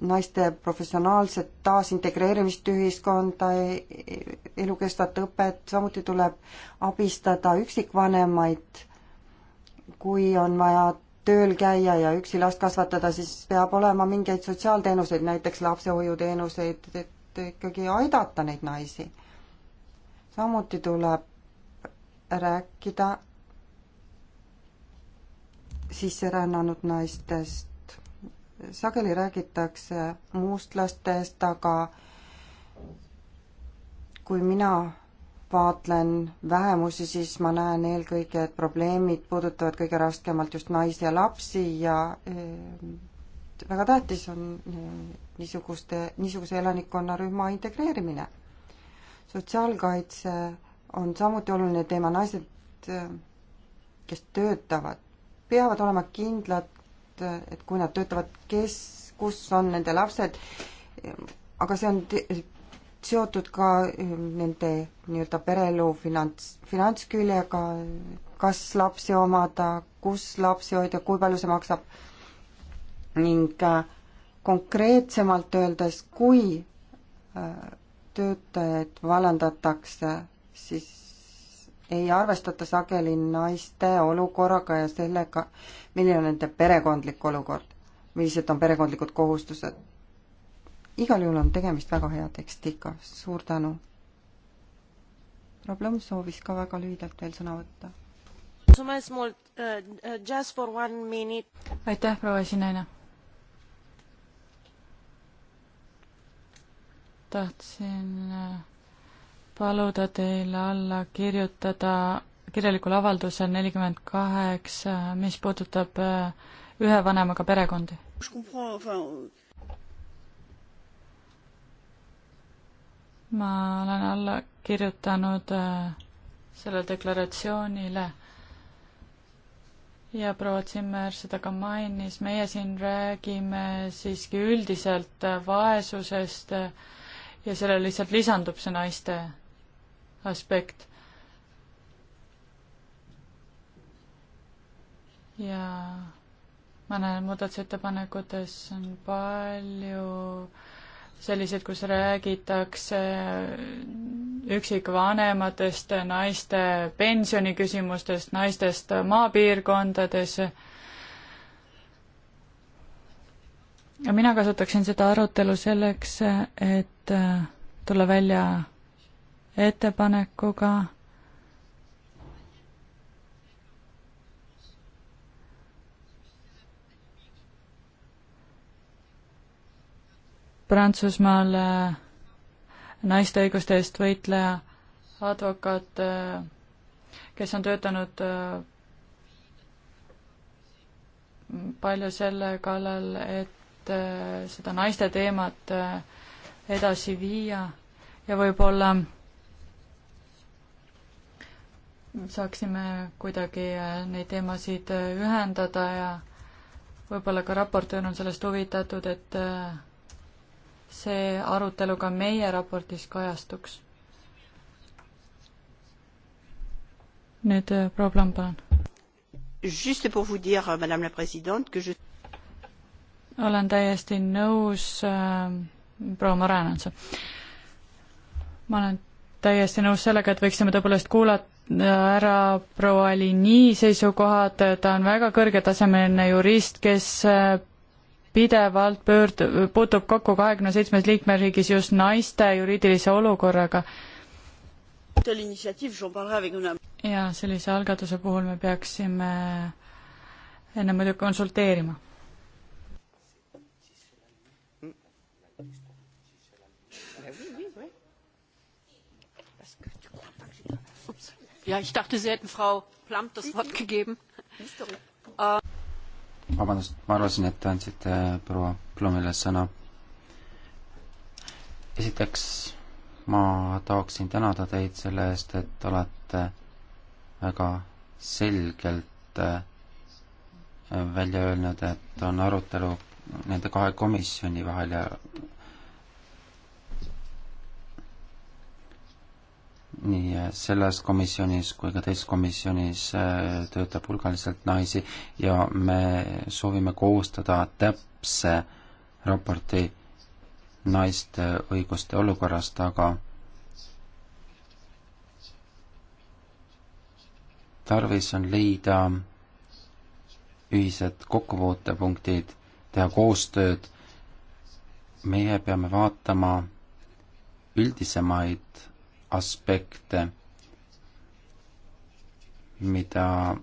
naiste professionaalset taasintegreerimist ühiskonda, e-, elukestvat õpet, samuti tuleb abistada üksikvanemaid, kui on vaja tööl käia ja üksi last kasvatada, siis peab olema mingeid sotsiaalteenuseid, näiteks lapsehoiuteenuseid, et ikkagi aidata neid naisi. samuti tuleb rääkida sisserännanud naistest. sageli räägitakse mustlastest, aga kui mina vaatlen vähemusi, siis ma näen eelkõige, et probleemid puudutavad kõige raskemalt just naisi ja lapsi ja eh, väga tähtis on eh, niisuguste, niisuguse elanikkonnarühma integreerimine. sotsiaalkaitse on samuti oluline teema, naised, äh, kes töötavad, peavad olema kindlad, äh, et kui nad töötavad, kes, kus on nende lapsed, aga see on seotud ka äh, nende nii-öelda pereelu finants, finantsküljega, kas lapsi omada, kus lapsi hoida, kui palju see maksab ning konkreetsemalt öeldes, kui töötajaid vallandatakse siis ei arvestata sageli naiste olukorraga ja sellega, milline on nende perekondlik olukord, millised on perekondlikud kohustused. igal juhul on tegemist väga hea tekstiga, suur tänu. probleem soovis ka väga lühidalt veel sõna võtta. Uh, uh, aitäh, proua esinaine. tahtsin uh, paluda teil alla kirjutada kirjalikul avaldusel nelikümmend kaheksa, mis puudutab äh, ühe vanemaga perekondi. ma olen alla kirjutanud äh, sellele deklaratsioonile ja proua Zimmer seda ka mainis, meie siin räägime siiski üldiselt äh, vaesusest ja sellele lihtsalt lisandub see naiste aspekt. ja ma näen muudatusettepanekutes on palju selliseid, kus räägitakse üksikvanematest, naiste pensioniküsimustest, naistest maapiirkondades. ja mina kasutaksin seda arutelu selleks, et tulla välja ettepanekuga Prantsusmaal äh, naiste õiguste eest võitleja advokaat, äh, kes on töötanud äh, palju selle kallal, et seda naiste teemat edasi viia ja võib-olla saaksime kuidagi äh, neid teemasid äh, ühendada ja võib-olla ka raportöör on sellest huvitatud, et äh, see arutelu ka meie raportis kajastuks. nüüd proua Plamm, palun. Juste pour vous dire, euh, madame la présidente, que je olen täiesti nõus äh, proua Maranatsa. ma olen täiesti nõus sellega, et võiksime tõepoolest kuulata ära proua Alini seisukohad, ta on väga kõrgetasemeline jurist, kes äh, pidevalt pöörd-, puutub kokku kahekümne seitsmes liikmeriigis just naiste juriidilise olukorraga. ja sellise algatuse puhul me peaksime enne muidugi konsulteerima ja, ich dachte, Sie hätten Frau Plamp das Wort gegeben. Äh, vabandust, ma arvasin, et te andsite äh, proua Plumile sõna. esiteks ma tahaksin tänada teid selle eest, et olete väga selgelt äh, välja öelnud, et on arutelu nende kahe komisjoni vahel ja nii äh, selles komisjonis kui ka teises komisjonis äh, töötab hulgaliselt naisi ja me soovime koostada täpse raporti naiste õiguste olukorrast, aga tarvis on leida ühised kokkupuutepunktid, teha koostööd. meie peame vaatama üldisemaid aspekte, mida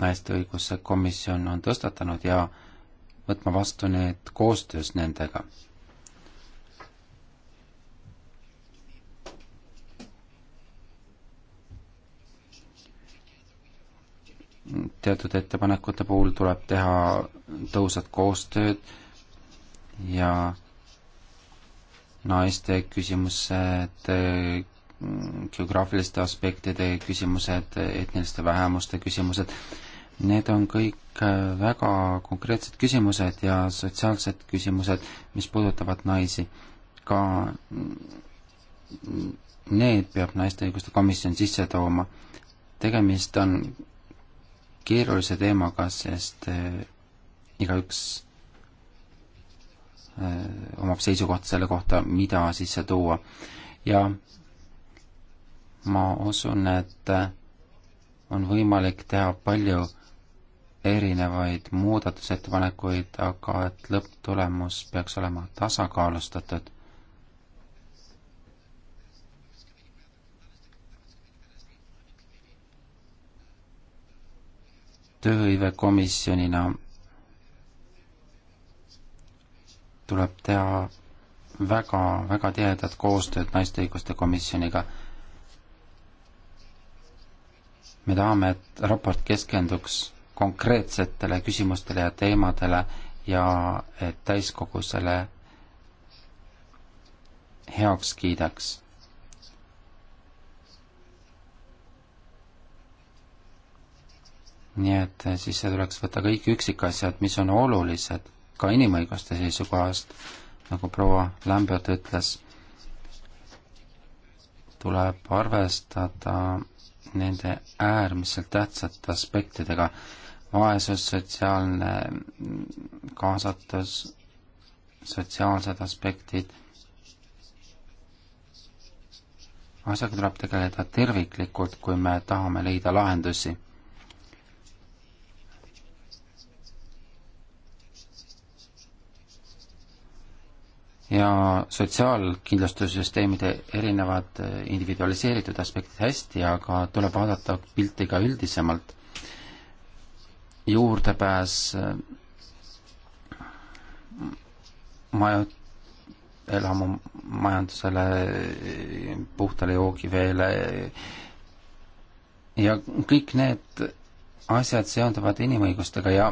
naiste õiguste komisjon on tõstatanud ja võtma vastu need koostöös nendega. teatud ettepanekute puhul tuleb teha tõhusat koostööd ja naiste küsimused Mm, geograafiliste aspektide küsimused, etniliste vähemuste küsimused, need on kõik äh, väga konkreetsed küsimused ja sotsiaalsed küsimused, mis puudutavad naisi. ka mm, need peab Naiste Õiguste Komisjon sisse tooma. tegemist on keerulise teemaga, sest äh, igaüks äh, omab seisukoht selle kohta, mida sisse tuua. ja ma usun, et on võimalik teha palju erinevaid muudatusettepanekuid, aga et lõpptulemus peaks olema tasakaalustatud. tööhõivekomisjonina tuleb teha väga, väga tihedat koostööd naiste õiguste komisjoniga me tahame, et raport keskenduks konkreetsetele küsimustele ja teemadele ja et täiskogu selle heaks kiidaks. nii et sisse tuleks võtta kõik üksikasjad, mis on olulised ka inimõiguste seisukohast, nagu proua Lämbjot ütles, tuleb arvestada nende äärmiselt tähtsate aspektidega. vaesus, sotsiaalne kaasatus, sotsiaalsed aspektid, asjaga tuleb tegeleda terviklikult, kui me tahame leida lahendusi ja sotsiaalkindlustussüsteemide erinevad äh, individualiseeritud aspektid hästi, aga tuleb vaadata pilti ka üldisemalt. juurdepääs äh, maju-, elamumajandusele, puhtale joogiveele ja kõik need asjad seonduvad inimõigustega ja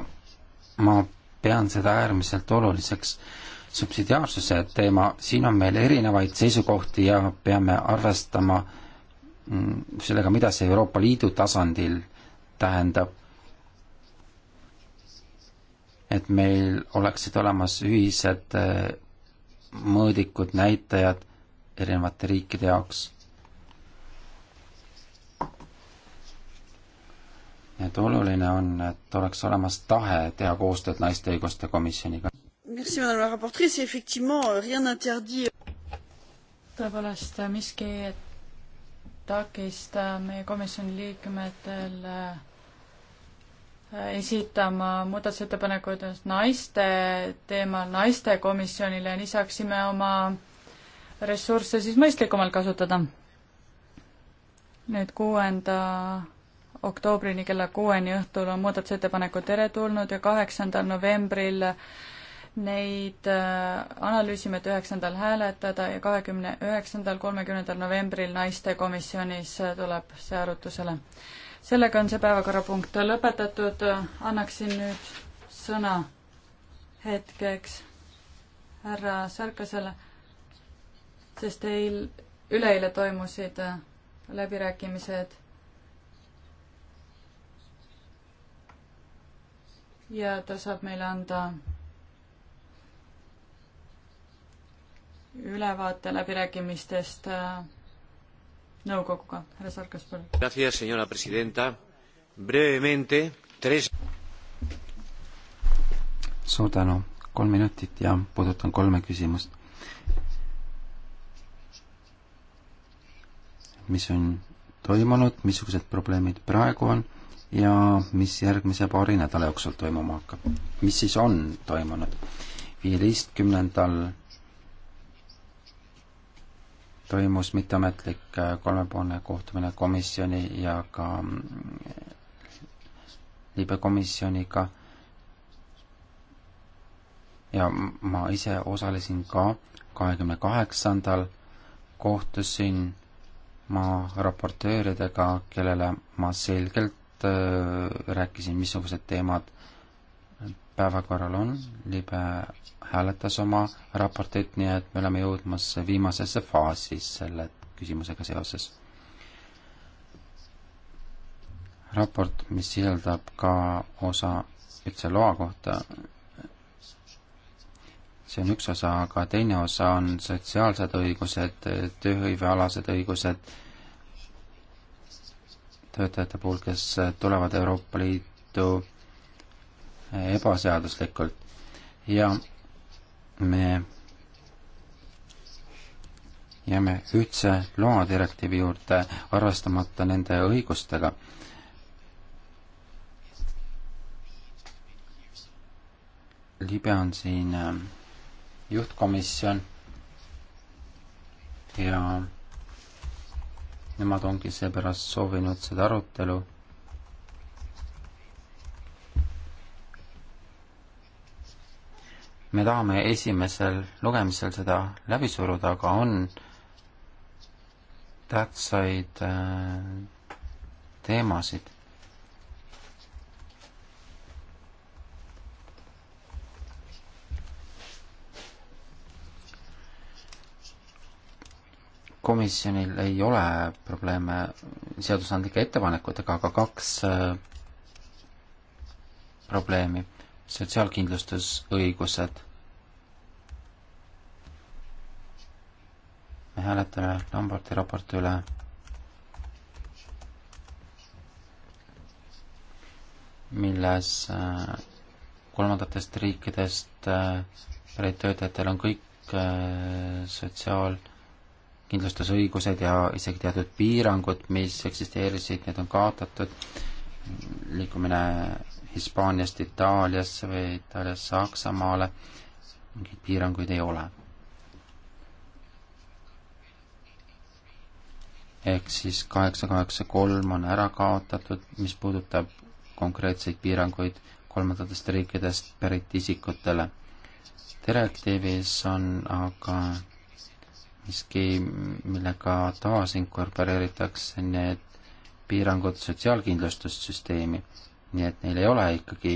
ma pean seda äärmiselt oluliseks subsidiaarsuse teema, siin on meil erinevaid seisukohti ja peame arvestama mm, sellega, mida see Euroopa Liidu tasandil tähendab. et meil oleksid olemas ühised eh, mõõdikud, näitajad erinevate riikide jaoks. et oluline on, et oleks olemas tahe teha koostööd naiste õiguste komisjoniga. Merci, madame la rapportrice. Effectivement, euh, rien n'interdit. Euh, tõepoolest äh, miski ei takista meie komisjoni liikmetel äh, äh, esitama muudatusettepanekuid naiste teemal naistekomisjonile, nii saaksime oma ressursse siis mõistlikumalt kasutada. nüüd kuuenda oktoobrini kella kuueni õhtul on muudatusettepanekud teretulnud ja kaheksandal novembril Neid äh, analüüsime, et üheksandal hääletada ja kahekümne üheksandal, kolmekümnendal novembril naistekomisjonis äh, tuleb see arutusele. sellega on see päevakorrapunkt lõpetatud, annaksin nüüd sõna hetkeks härra Särkasele, sest teil üleeile toimusid äh, läbirääkimised ja ta saab meile anda ülevaate läbirääkimistest äh, nõukoguga. härra Sarkas, palun. suur tänu, kolm minutit ja puudutan kolme küsimust. mis on toimunud, missugused probleemid praegu on ja mis järgmise paari nädala jooksul toimuma hakkab. mis siis on toimunud? viieteistkümnendal toimus mitteametlik äh, kolmepoolne kohtumine komisjoni ja ka mm, libekomisjoniga. ja ma ise osalesin ka kahekümne kaheksandal, kohtusin ma raportööridega, kellele ma selgelt äh, rääkisin, missugused teemad päevakorral on, libe hääletas oma raportit, nii et me oleme jõudmas viimasesse faasi selle küsimusega seoses. raport, mis sisaldab ka osa üldse loa kohta, see on üks osa, aga teine osa on sotsiaalsed õigused, tööhõivealased õigused töötajate puhul, kes tulevad Euroopa Liitu ebaseaduslikult ja me jääme ühtse loomadirektiivi juurde, arvestamata nende õigustega. libe on siin äh, juhtkomisjon ja nemad ongi seepärast soovinud seda arutelu me tahame esimesel lugemisel seda läbi suruda, aga on tähtsaid äh, teemasid. komisjonil ei ole probleeme seadusandlike ettepanekutega, aga kaks äh, probleemi sotsiaalkindlustusõigused. me hääletame Lamberti raporti üle. milles äh, kolmandatest riikidest äh, pärit töötajatel on kõik äh, sotsiaalkindlustusõigused ja isegi teatud piirangud, mis eksisteerisid, need on kaotatud, liikumine Hispaaniast Itaaliasse või Itaaliast Saksamaale, mingeid piiranguid ei ole. ehk siis kaheksa, kaheksa, kolm on ära kaotatud, mis puudutab konkreetseid piiranguid kolmandatest riikidest pärit isikutele. direktiivis on aga miski, millega taasinkorporeeritakse need piirangud sotsiaalkindlustussüsteemi nii et neil ei ole ikkagi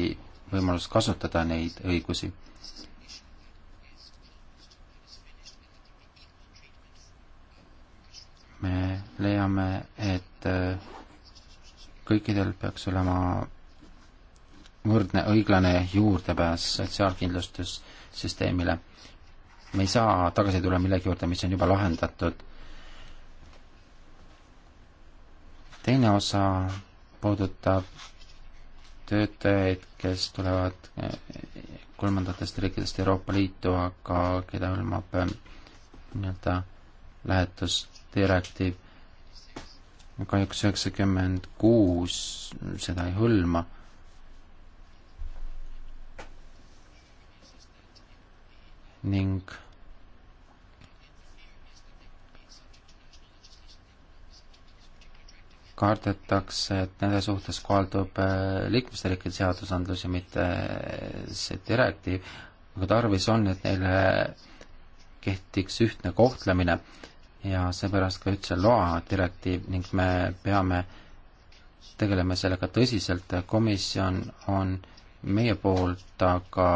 võimalust kasutada neid õigusi. me leiame, et äh, kõikidel peaks olema võrdne õiglane juurdepääs sotsiaalkindlustussüsteemile. me ei saa tagasi tulla millegi juurde, mis on juba lahendatud. teine osa puudutab töötajaid, kes tulevad eh, kolmandatest riikidest Euroopa Liitu, aga keda hõlmab eh, nii-öelda lähetusdirektiiv. kahjuks üheksakümmend kuus seda ei hõlma. ning kardetakse, et nende suhtes kohaldub äh, liikmesriikide seadusandlus ja mitte äh, see direktiiv, aga tarvis on, et neile kehtiks ühtne kohtlemine ja seepärast ka üldse loa direktiiv ning me peame, tegeleme sellega tõsiselt, komisjon on meie poolt, aga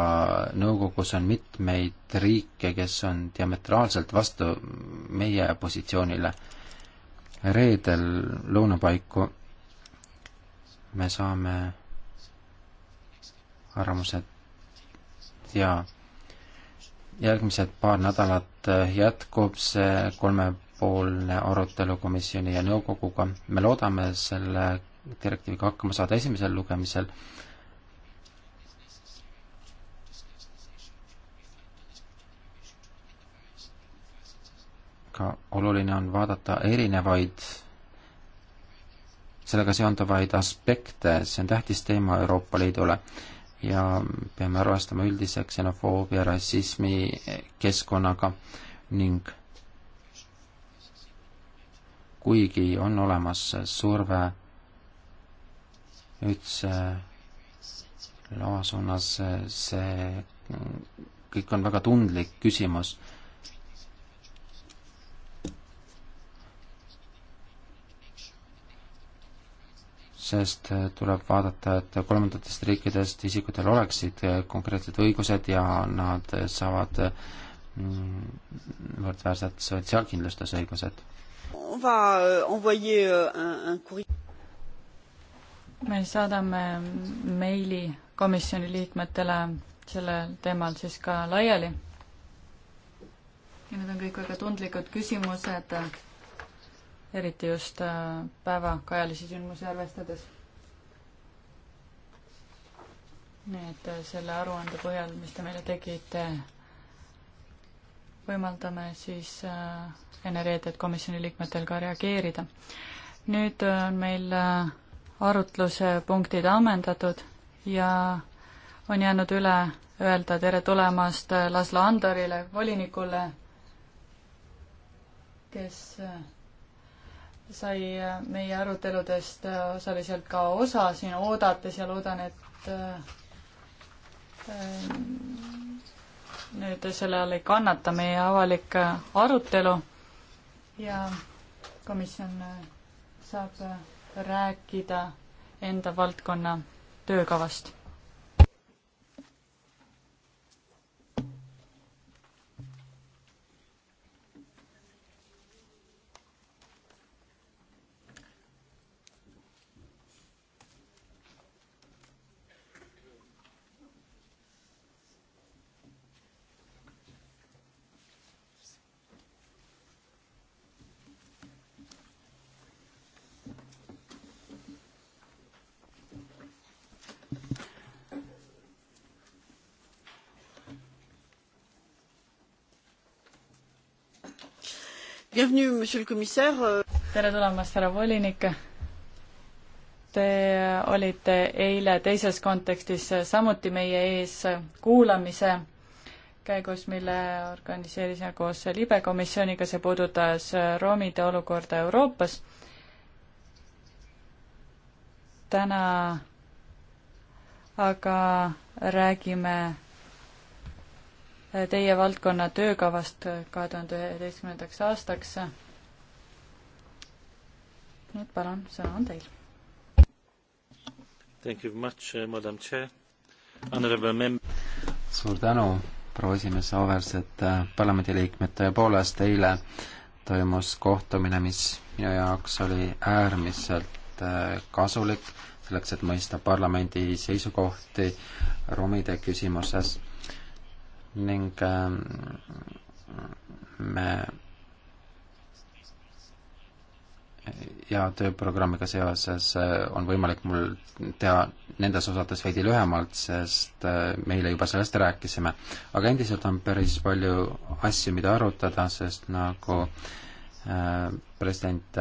nõukogus on mitmeid riike, kes on diametraalselt vastu meie positsioonile reedel lõuna paiku me saame arvamused ja järgmised paar nädalat jätkub see kolmepoolne arutelu komisjoni ja nõukoguga. me loodame selle direktiiviga hakkama saada esimesel lugemisel ka oluline on vaadata erinevaid sellega seonduvaid aspekte, see on tähtis teema Euroopa Liidule ja peame arvestama üldise ksenofoobia, rassismi keskkonnaga ning kuigi on olemas surve üldse lava suunas, see kõik on väga tundlik küsimus sest äh, tuleb vaadata, et kolmandatest riikidest isikutel oleksid äh, konkreetsed õigused ja nad äh, saavad mm, võrdväärsed sotsiaalkindlustusõigused. Euh, euh, me saadame meili komisjoni liikmetele sellel teemal siis ka laiali. ja need on kõik väga tundlikud küsimused eriti just äh, päevakajalisi sündmusi arvestades. nii et äh, selle aruande põhjal, mis te meile tegite, võimaldame siis äh, enne reedet komisjoni liikmetel ka reageerida. nüüd on meil arutluse punktid ammendatud ja on jäänud üle öelda tere tulemast Laslo Andorile, volinikule, kes sai äh, meie aruteludest äh, osaliselt ka osa siin oodates ja loodan, et äh, nüüd selle all ei kannata meie avalik arutelu ja komisjon saab rääkida enda valdkonna töökavast bienvenue, monsieur le commissaire. tere tulemast, härra volinik. Te olite eile teises kontekstis samuti meie ees kuulamise käigus, mille organiseerisime koos libe komisjoniga, see puudutas roomide olukorda Euroopas. täna aga räägime teie valdkonna töökavast kahe tuhande üheteistkümnendaks aastaks. nüüd palun, sõna on teil. Thank you much, eh, madam chair, honorable mem-. suur tänu, proua esimees, auväärsed eh, parlamendiliikmed, tõepoolest eile toimus kohtumine, mis minu jaoks oli äärmiselt eh, kasulik selleks, et mõista parlamendi seisukohti romide küsimuses ning ähm, me ja tööprogrammiga seoses äh, on võimalik mul teha nendes osades veidi lühemalt, sest äh, meile juba sellest rääkisime. aga endiselt on päris palju asju, mida arutada, sest nagu äh, president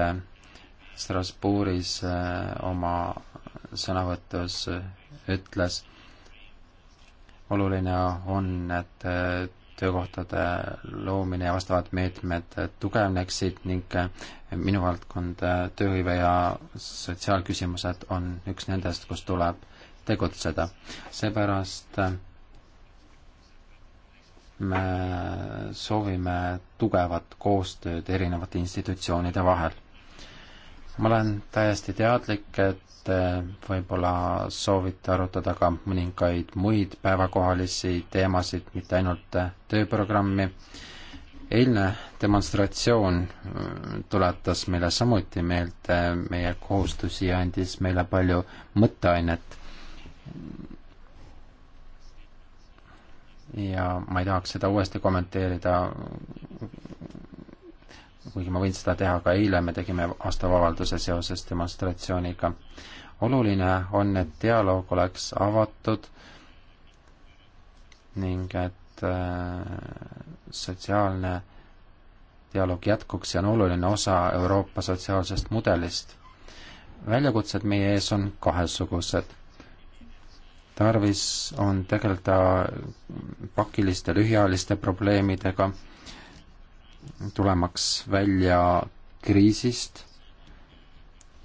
Strasbourgis oma sõnavõtus ütles, oluline on, et äh, töökohtade loomine ja vastavad meetmed tugevneksid ning äh, minu valdkond, äh, tööhõive ja sotsiaalküsimused on üks nendest, kus tuleb tegutseda. seepärast me soovime tugevat koostööd erinevate institutsioonide vahel. ma olen täiesti teadlik, et te eh, võib-olla soovite arutada ka mõningaid muid päevakohalisi teemasid, mitte ainult eh, tööprogrammi. eilne demonstratsioon eh, tuletas meile samuti meelde meie kohustusi ja andis meile palju mõtteainet. ja ma ei tahaks seda uuesti kommenteerida, kuigi ma võin seda teha ka eile, me tegime vastavavalduse seoses demonstratsiooniga oluline on, et dialoog oleks avatud ning et äh, sotsiaalne dialoog jätkuks ja on oluline osa Euroopa sotsiaalsest mudelist. väljakutsed meie ees on kahesugused. tarvis on tegeleda pakiliste lühiajaliste probleemidega, tulemaks välja kriisist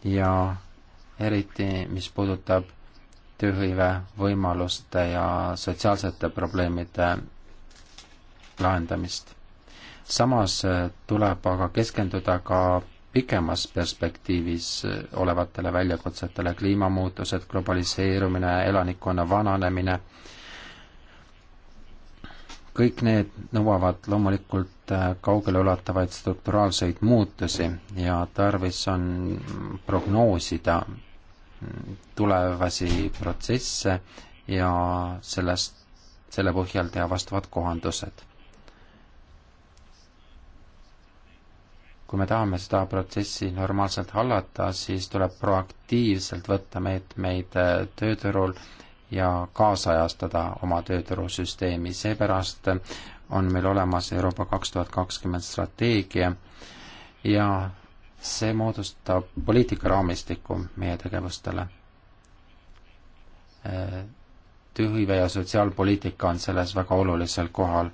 ja eriti mis puudutab tööhõive võimaluste ja sotsiaalsete probleemide lahendamist. samas tuleb aga keskenduda ka pikemas perspektiivis olevatele väljakutsetele, kliimamuutused, globaliseerumine, elanikkonna vananemine, kõik need nõuavad loomulikult äh, kaugeleulatavaid strukturaalseid muutusi ja tarvis on prognoosida tulevasi protsesse ja sellest, selle põhjal teha vastavad kohandused. kui me tahame seda protsessi normaalselt hallata, siis tuleb proaktiivselt võtta meetmeid tööturul ja kaasajastada oma tööturusüsteemi, seepärast on meil olemas Euroopa kaks tuhat kakskümmend strateegia ja see moodustab poliitikaraamistiku meie tegevustele. Äh, tööhõive ja sotsiaalpoliitika on selles väga olulisel kohal.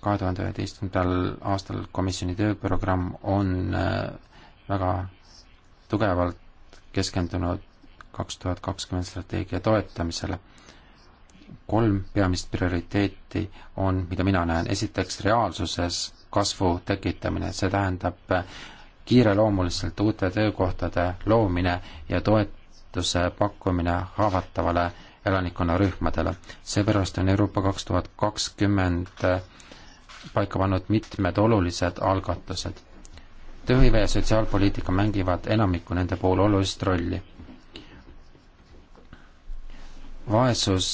kahe tuhande üheteistkümnendal aastal komisjoni tööprogramm on äh, väga tugevalt keskendunud kaks tuhat kakskümmend strateegia toetamisele kolm peamist prioriteeti on, mida mina näen, esiteks reaalsuses kasvu tekitamine, see tähendab kiireloomuliselt uute töökohtade loomine ja toetuse pakkumine haavatavale elanikkonnarühmadele. seepärast on Euroopa kaks tuhat kakskümmend paika pannud mitmed olulised algatused. tööhõive ja sotsiaalpoliitika mängivad enamiku nende puhul olulist rolli vaesus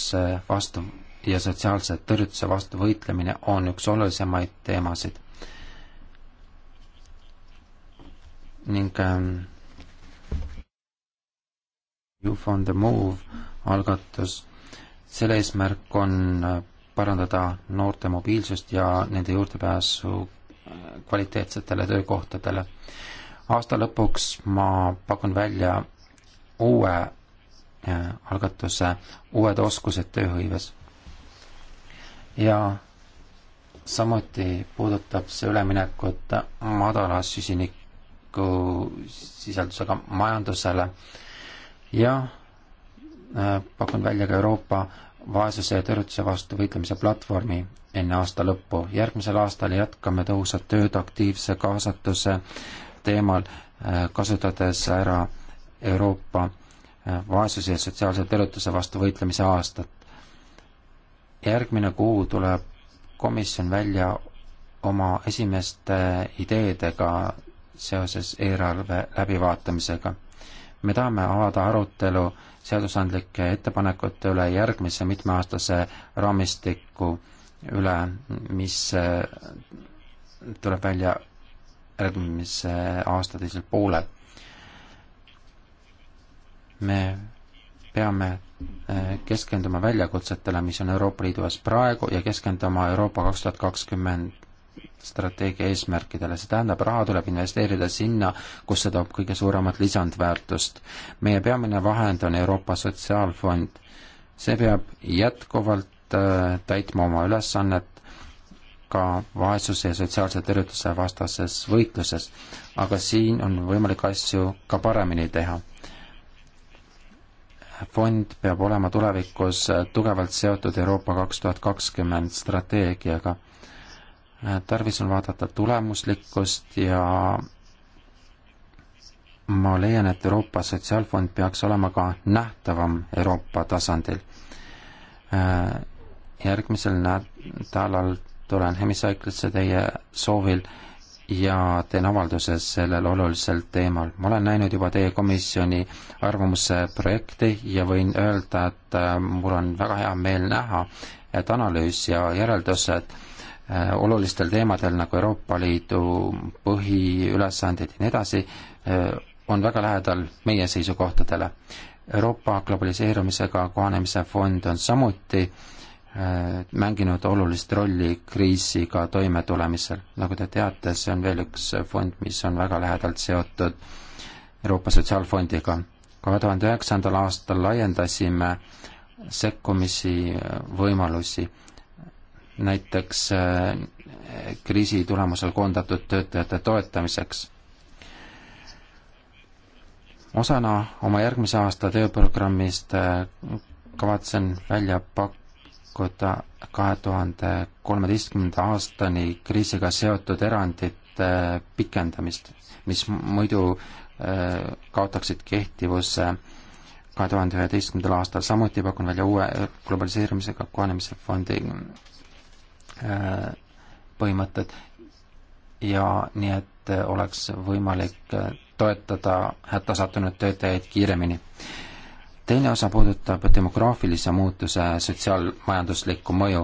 vastu ja sotsiaalse tõrjutuse vastu võitlemine on üks olulisemaid teemasid. ning ähm, Youth on the Move algatus, selle eesmärk on äh, parandada noorte mobiilsust ja nende juurdepääsu äh, kvaliteetsetele töökohtadele. aasta lõpuks ma pakun välja uue algatuse Uued oskused tööhõives. ja samuti puudutab see üleminekut madala süsiniku sisaldusega majandusele ja äh, pakun välja ka Euroopa vaesuse ja tõrjutuse vastu võitlemise platvormi enne aasta lõppu. järgmisel aastal jätkame tõhusat tööd aktiivse kaasatuse teemal, äh, kasutades ära Euroopa vaesuse ja sotsiaalse tõrjutuse vastu võitlemise aastat. järgmine kuu tuleb komisjon välja oma esimeste ideedega seoses eelarve läbivaatamisega. me tahame avada arutelu seadusandlike ettepanekute üle järgmise mitmeaastase raamistiku üle, mis äh, tuleb välja järgmise aasta teisel poolel me peame äh, keskenduma väljakutsetele, mis on Euroopa Liidu ees praegu ja keskenduma Euroopa kaks tuhat kakskümmend strateegia eesmärkidele, see tähendab, raha tuleb investeerida sinna, kus see toob kõige suuremat lisandväärtust. meie peamine vahend on Euroopa Sotsiaalfond. see peab jätkuvalt äh, täitma oma ülesannet ka vaesuse ja sotsiaalse tõrjutuse vastases võitluses, aga siin on võimalik asju ka paremini teha fond peab olema tulevikus tugevalt seotud Euroopa kaks tuhat kakskümmend strateegiaga. tarvis on vaadata tulemuslikkust ja ma leian, et Euroopa Sotsiaalfond peaks olema ka nähtavam Euroopa tasandil. järgmisel nädalal tulen hemisaiklatse teie soovil äh, ja teen avalduse sellel olulisel teemal. ma olen näinud juba teie komisjoni arvamuse projekti ja võin öelda, et äh, mul on väga hea meel näha, et analüüs ja järeldused äh, olulistel teemadel nagu Euroopa Liidu põhiülesanded ja nii edasi äh, on väga lähedal meie seisukohtadele. Euroopa globaliseerumisega kohanemise fond on samuti äh, Äh, mänginud olulist rolli kriisiga toimetulemisel. nagu te teate, see on veel üks fond, mis on väga lähedalt seotud Euroopa Sotsiaalfondiga. kahe tuhande üheksandal aastal laiendasime sekkumisi võimalusi, näiteks äh, kriisi tulemusel koondatud töötajate toetamiseks. osana oma järgmise aasta tööprogrammist äh, kavatsen välja pakkuda sekkuda kahe tuhande kolmeteistkümnenda aastani kriisiga seotud erandite pikendamist, mis muidu äh, kaotaksid kehtivuse kahe tuhande üheteistkümnendal aastal, samuti pakun välja uue globaliseerimisega kohanemise fondi äh, põhimõtted ja nii, et oleks võimalik toetada hätta sattunud töötajaid kiiremini teine osa puudutab demograafilise muutuse sotsiaalmajanduslikku mõju.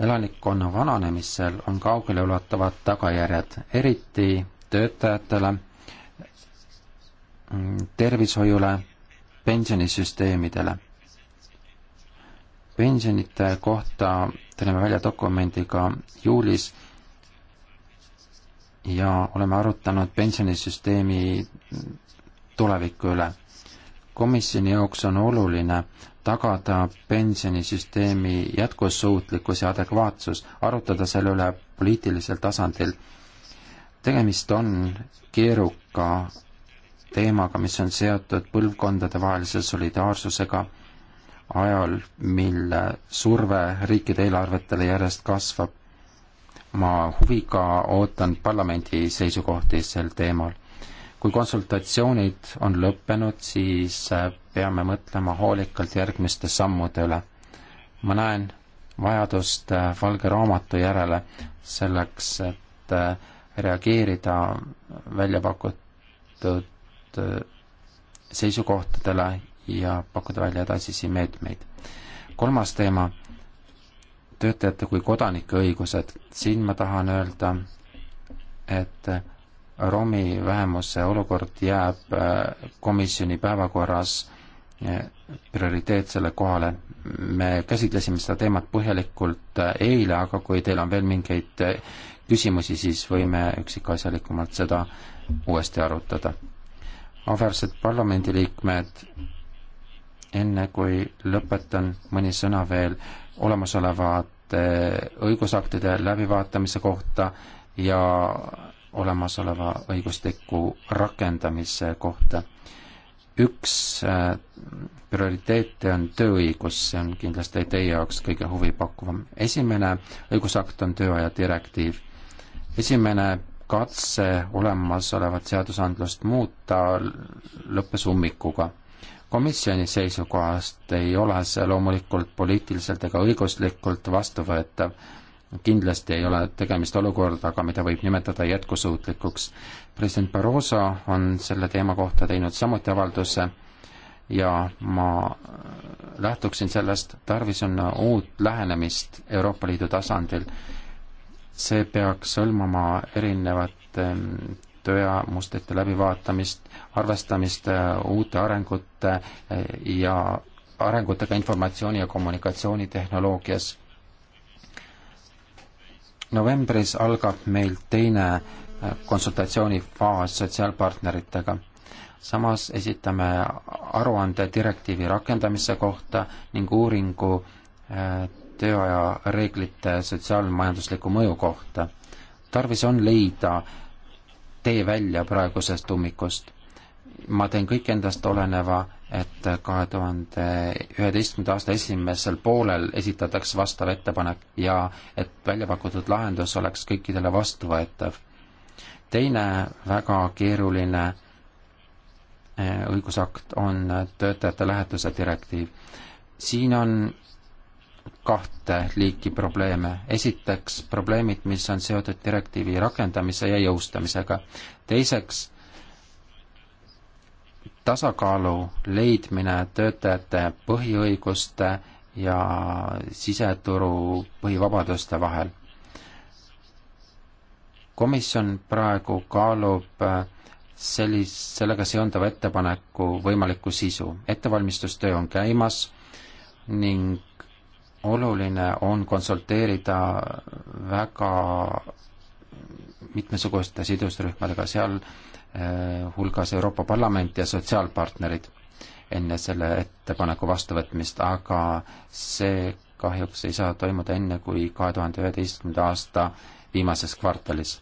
elanikkonna vananemisel on kaugeleulatuvad tagajärjed, eriti töötajatele, tervishoiule, pensionisüsteemidele. pensionite kohta tuleme välja dokumendiga juulis ja oleme arutanud pensionisüsteemi tuleviku üle komisjoni jaoks on oluline tagada pensionisüsteemi jätkusuutlikkus ja adekvaatsus, arutada selle üle poliitilisel tasandil. tegemist on keeruka teemaga, mis on seotud põlvkondadevahelise solidaarsusega ajal, mil surve riikide eelarvetele järjest kasvab. ma huviga ootan parlamendi seisukohti sel teemal kui konsultatsioonid on lõppenud, siis äh, peame mõtlema hoolikalt järgmiste sammude üle. ma näen vajadust äh, valge raamatu järele selleks, et äh, reageerida välja pakutud seisukohtadele ja pakkuda välja edasisi meetmeid. kolmas teema, töötajate kui kodanike õigused. siin ma tahan öelda, et romi vähemuse olukord jääb äh, komisjoni päevakorras äh, prioriteetsele kohale. me käsitlesime seda teemat põhjalikult äh, eile, aga kui teil on veel mingeid küsimusi, siis võime üksikasjalikumalt seda uuesti arutada. auväärsed parlamendiliikmed, enne kui lõpetan, mõni sõna veel olemasolevate õigusaktide läbivaatamise kohta ja olemasoleva õigustiku rakendamise kohta. üks äh, prioriteete on tööõigus, see on kindlasti teie jaoks kõige huvipakkuvam. esimene õigusakt on tööaja direktiiv. esimene katse olemasolevat seadusandlust muuta lõppes ummikuga. komisjoni seisukohast ei ole see loomulikult poliitiliselt ega õiguslikult vastuvõetav kindlasti ei ole tegemist olukordaga, mida võib nimetada jätkusuutlikuks. president Barroso on selle teema kohta teinud samuti avalduse ja ma lähtuksin sellest, tarvis on uut lähenemist Euroopa Liidu tasandil. see peaks hõlmama erinevate töömustrite läbivaatamist, arvestamist e, uute arengute e, ja arengutega informatsiooni- ja kommunikatsioonitehnoloogias novembris algab meil teine äh, konsultatsioonifaas sotsiaalpartneritega. samas esitame aruande direktiivi rakendamise kohta ning uuringu äh, tööaja reeglite sotsiaalmajandusliku mõju kohta. tarvis on leida tee välja praegusest ummikust. ma teen kõik endast oleneva et kahe tuhande üheteistkümnenda aasta esimesel poolel esitatakse vastav ettepanek ja et välja pakutud lahendus oleks kõikidele vastuvõetav. teine väga keeruline eh, õigusakt on töötajate lähetuse direktiiv. siin on kahte liiki probleeme. esiteks probleemid, mis on seotud direktiivi rakendamise ja jõustamisega. teiseks tasakaalu leidmine töötajate põhiõiguste ja siseturu põhivabaduste vahel. komisjon praegu kaalub äh, sellist, sellega seonduva ettepaneku võimalikku sisu. ettevalmistustöö on käimas ning oluline on konsulteerida väga mitmesuguste sidusrühmadega, seal äh, Eh, hulgas Euroopa Parlament ja sotsiaalpartnerid enne selle ettepaneku vastuvõtmist, aga see kahjuks ei saa toimuda enne kui kahe tuhande üheteistkümnenda aasta viimases kvartalis.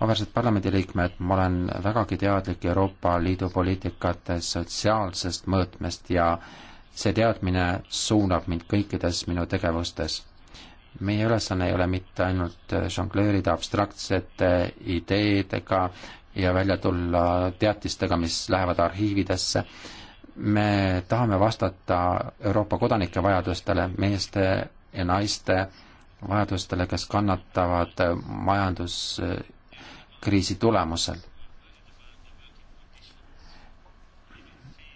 auväärsed parlamendiliikmed, ma olen vägagi teadlik Euroopa Liidu poliitikate sotsiaalsest mõõtmest ja see teadmine suunab mind kõikides minu tegevustes. meie ülesanne ei ole mitte ainult žongleerida abstraktsete ideedega ja välja tulla teatistega, mis lähevad arhiividesse. me tahame vastata Euroopa kodanike vajadustele, meeste ja naiste vajadustele, kes kannatavad majanduskriisi tulemusel.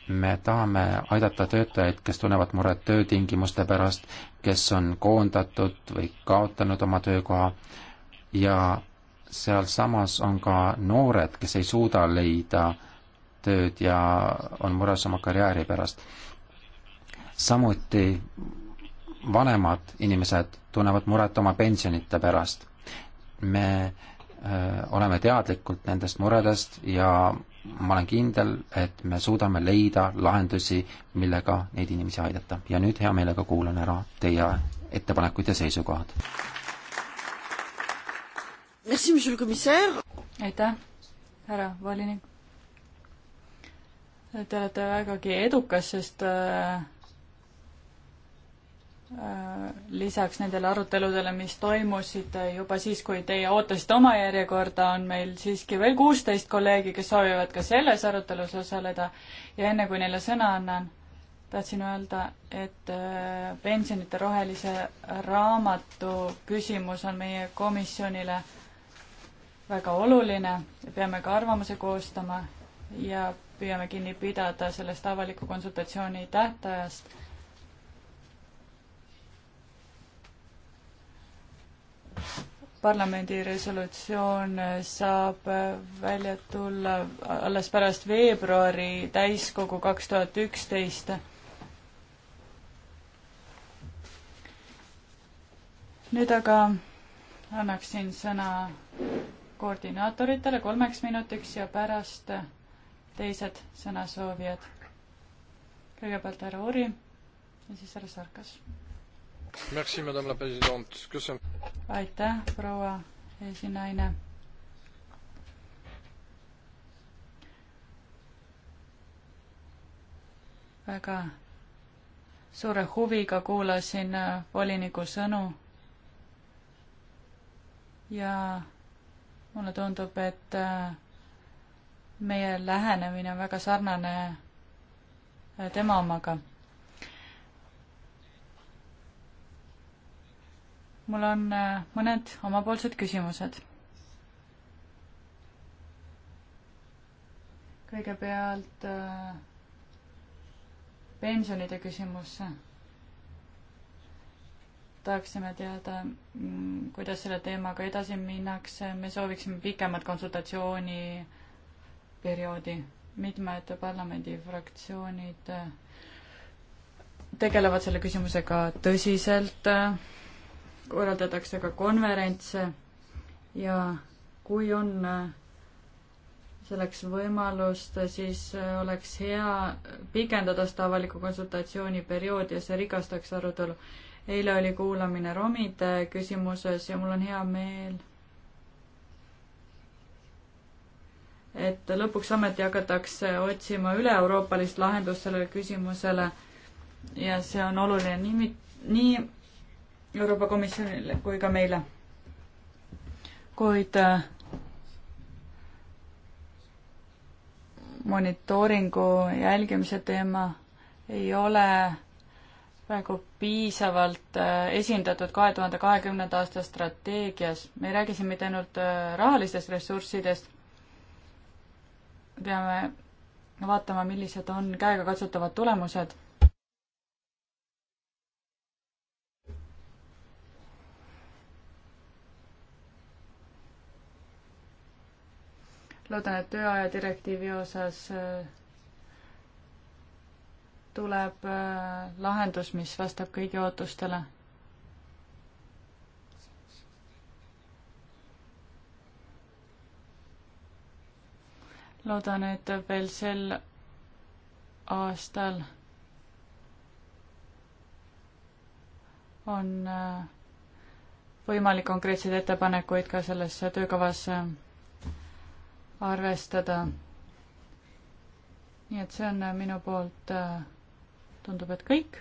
me tahame aidata töötajaid, kes tunnevad muret töötingimuste pärast, kes on koondatud või kaotanud oma töökoha ja sealsamas on ka noored, kes ei suuda leida tööd ja on mures oma karjääri pärast. samuti vanemad inimesed tunnevad muret oma pensionite pärast. me öö, oleme teadlikud nendest muredest ja ma olen kindel, et me suudame leida lahendusi, millega neid inimesi aidata ja nüüd hea meelega kuulan ära teie ettepanekuid ja seisukohad aitäh, härra volinik. Te olete vägagi edukas, sest äh, äh, lisaks nendele aruteludele, mis toimusid juba siis, kui teie ootasite oma järjekorda, on meil siiski veel kuusteist kolleegi, kes soovivad ka selles arutelus osaleda ja enne, kui neile sõna annan, tahtsin öelda, et äh, pensionite rohelise raamatu küsimus on meie komisjonile äh, väga oluline, peame ka arvamuse koostama ja püüame kinni pidada sellest avaliku konsultatsiooni tähtajast. parlamendi resolutsioon saab välja tulla alles pärast veebruari täiskogu kaks tuhat üksteist nüüd aga annaksin sõna koordinaatoritele kolmeks minutiks ja pärast teised sõnasoovijad. kõigepealt härra Uri ja siis härra Sarkas. aitäh, proua esinaine väga suure huviga kuulasin voliniku sõnu ja mulle tundub, et äh, meie lähenemine on väga sarnane äh, tema omaga. mul on äh, mõned omapoolsed küsimused. kõigepealt pensionide küsimus tahaksime teada, mm, kuidas selle teemaga edasi minnakse, me sooviksime pikemat konsultatsiooniperioodi. mitmed parlamendifraktsioonid äh, tegelevad selle küsimusega tõsiselt, korraldatakse ka konverentse ja kui on äh, selleks võimalust, siis äh, oleks hea pikendada seda avaliku konsultatsiooni perioodi ja see rikastaks arutelu eile oli kuulamine romide küsimuses ja mul on hea meel, et lõpuks ometi hakatakse otsima üle-euroopalist lahendust sellele küsimusele ja see on oluline nii, nii Euroopa Komisjonile kui ka meile. kuid äh, monitooringu jälgimise teema ei ole praegu piisavalt äh, esindatud kahe tuhande kahekümnenda aasta strateegias. me ei räägi siin mitte ainult äh, rahalistest ressurssidest, peame vaatama, millised on käegakatsutavad tulemused. loodan, et tööaja direktiivi osas äh, tuleb äh, lahendus, mis vastab kõigi ootustele. loodan, et veel sel aastal on äh, võimalik konkreetseid ettepanekuid ka selles töökavas äh, arvestada. nii et see on minu poolt äh, tundub, et kõik.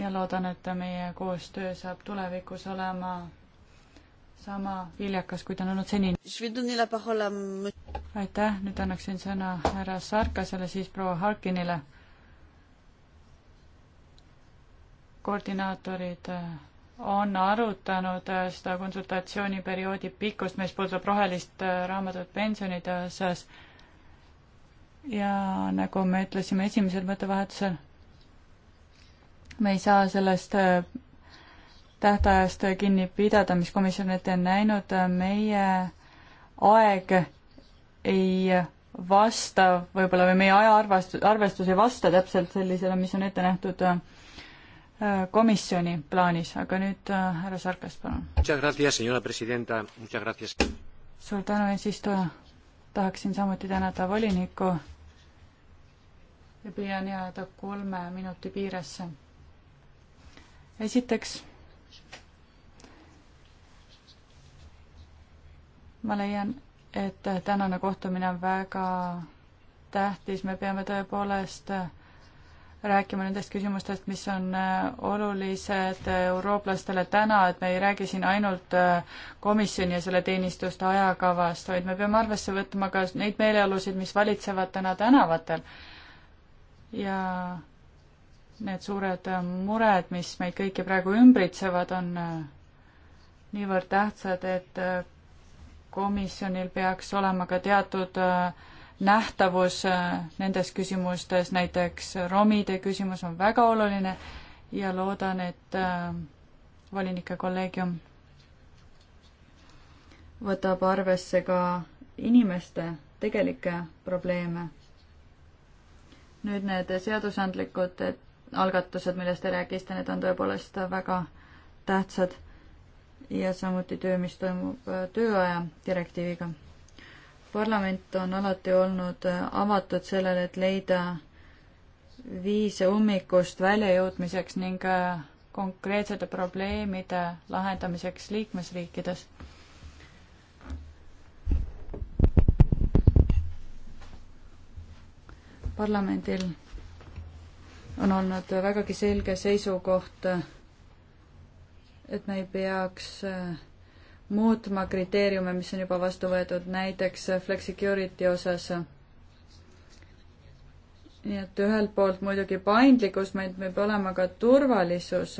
ja loodan, et meie koostöö saab tulevikus olema sama viljakas, kui ta on olnud senini. aitäh, nüüd annaksin sõna härra Sarkasele, siis proua Harkinile. koordinaatorid äh, on arutanud äh, seda konsultatsiooniperioodi pikkust, mis puudutab rohelist äh, raamatut pensionide osas ja nagu me ütlesime esimesel mõttevahetusel, me ei saa sellest äh, tähtajast kinni pidada, mis komisjon ette on näinud, meie aeg ei vasta võib-olla või meie ajaarvestus, arvestus ei vasta täpselt sellisele, mis on ette nähtud äh, komisjoni plaanis, aga nüüd äh, härra Sarkas, palun. suur tänu, eesistuja tahaksin samuti tänada volinikku ja püüan jääda kolme minuti piiresse. esiteks, ma leian, et tänane kohtumine on väga tähtis, me peame tõepoolest äh, rääkima nendest küsimustest, mis on äh, olulised äh, eurooplastele täna, et me ei räägi siin ainult äh, komisjoni ja selle teenistuste ajakavast, vaid me peame arvesse võtma ka neid meeleolusid, mis valitsevad täna tänavatel. ja need suured mured, mis meid kõiki praegu ümbritsevad, on niivõrd tähtsad, et komisjonil peaks olema ka teatud äh, nähtavus äh, nendes küsimustes, näiteks romide küsimus on väga oluline ja loodan, et äh, volinike kolleegium võtab arvesse ka inimeste tegelikke probleeme. nüüd need seadusandlikud algatused, millest te rääkisite, need on tõepoolest väga tähtsad ja samuti töö, mis toimub äh, tööaja direktiiviga parlament on alati olnud avatud sellele, et leida viise ummikust väljajõudmiseks ning äh, konkreetsete probleemide lahendamiseks liikmesriikides. parlamendil on olnud vägagi selge seisukoht, et me ei peaks äh, muutma kriteeriume, mis on juba vastu võetud, näiteks flexicurity osas. nii et ühelt poolt muidugi paindlikkus, meid peab olema ka turvalisus.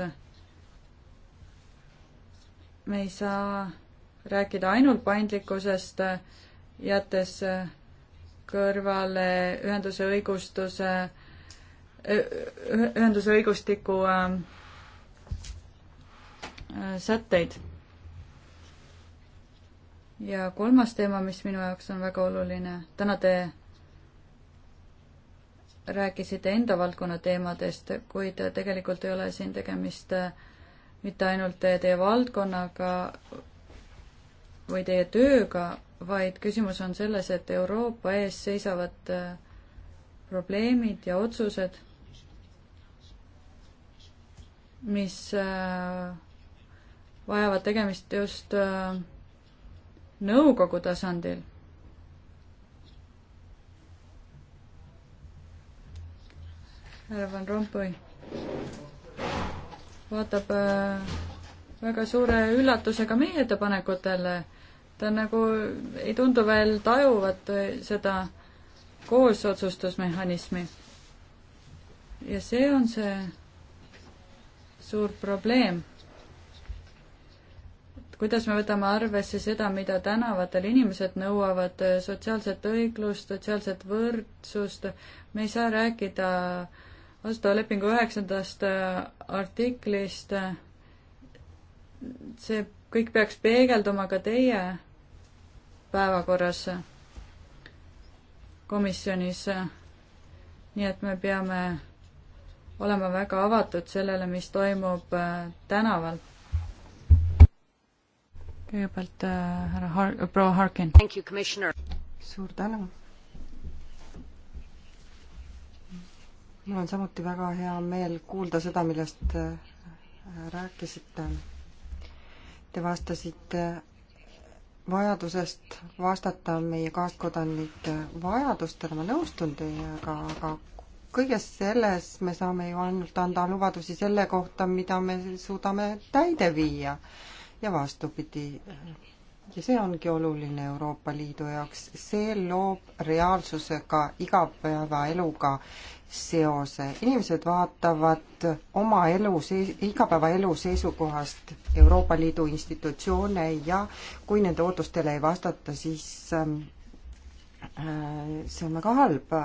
me ei saa rääkida ainult paindlikkusest, jättes kõrvale ühenduse õigustuse, ühenduse õigustiku ähm, äh, sätteid ja kolmas teema, mis minu jaoks on väga oluline, täna te rääkisite enda valdkonna teemadest, kuid tegelikult ei ole siin tegemist äh, mitte ainult teie valdkonnaga või teie tööga, vaid küsimus on selles, et Euroopa ees seisavad äh, probleemid ja otsused, mis äh, vajavad tegemist just äh, nõukogu tasandil. härra Van Rompuy vaatab äh, väga suure üllatusega meie ettepanekutele. ta nagu ei tundu veel tajuvat äh, seda koosotsustusmehhanismi. ja see on see suur probleem kuidas me võtame arvesse seda, mida tänavatel inimesed nõuavad, sotsiaalset õiglust, sotsiaalset võrdsust, me ei saa rääkida vastava lepingu üheksandast äh, artiklist, see kõik peaks peegelduma ka teie päevakorras komisjonis. nii et me peame olema väga avatud sellele, mis toimub äh, tänaval kõigepealt äh, härra äh, Har-, proua Harkin. suur tänu. mul on samuti väga hea meel kuulda seda, millest äh, rääkisite. Te vastasite vajadusest vastata meie kaaskodanike vajadustele, ma nõustun teiega, aga kõiges selles me saame ju ainult anda lubadusi selle kohta, mida me suudame täide viia ja vastupidi. ja see ongi oluline Euroopa Liidu jaoks, see loob reaalsusega, igapäevaeluga seose. inimesed vaatavad oma elu, igapäevaelu seisukohast Euroopa Liidu institutsioone ja kui nende ootustele ei vastata, siis ähm, äh, see on väga halb.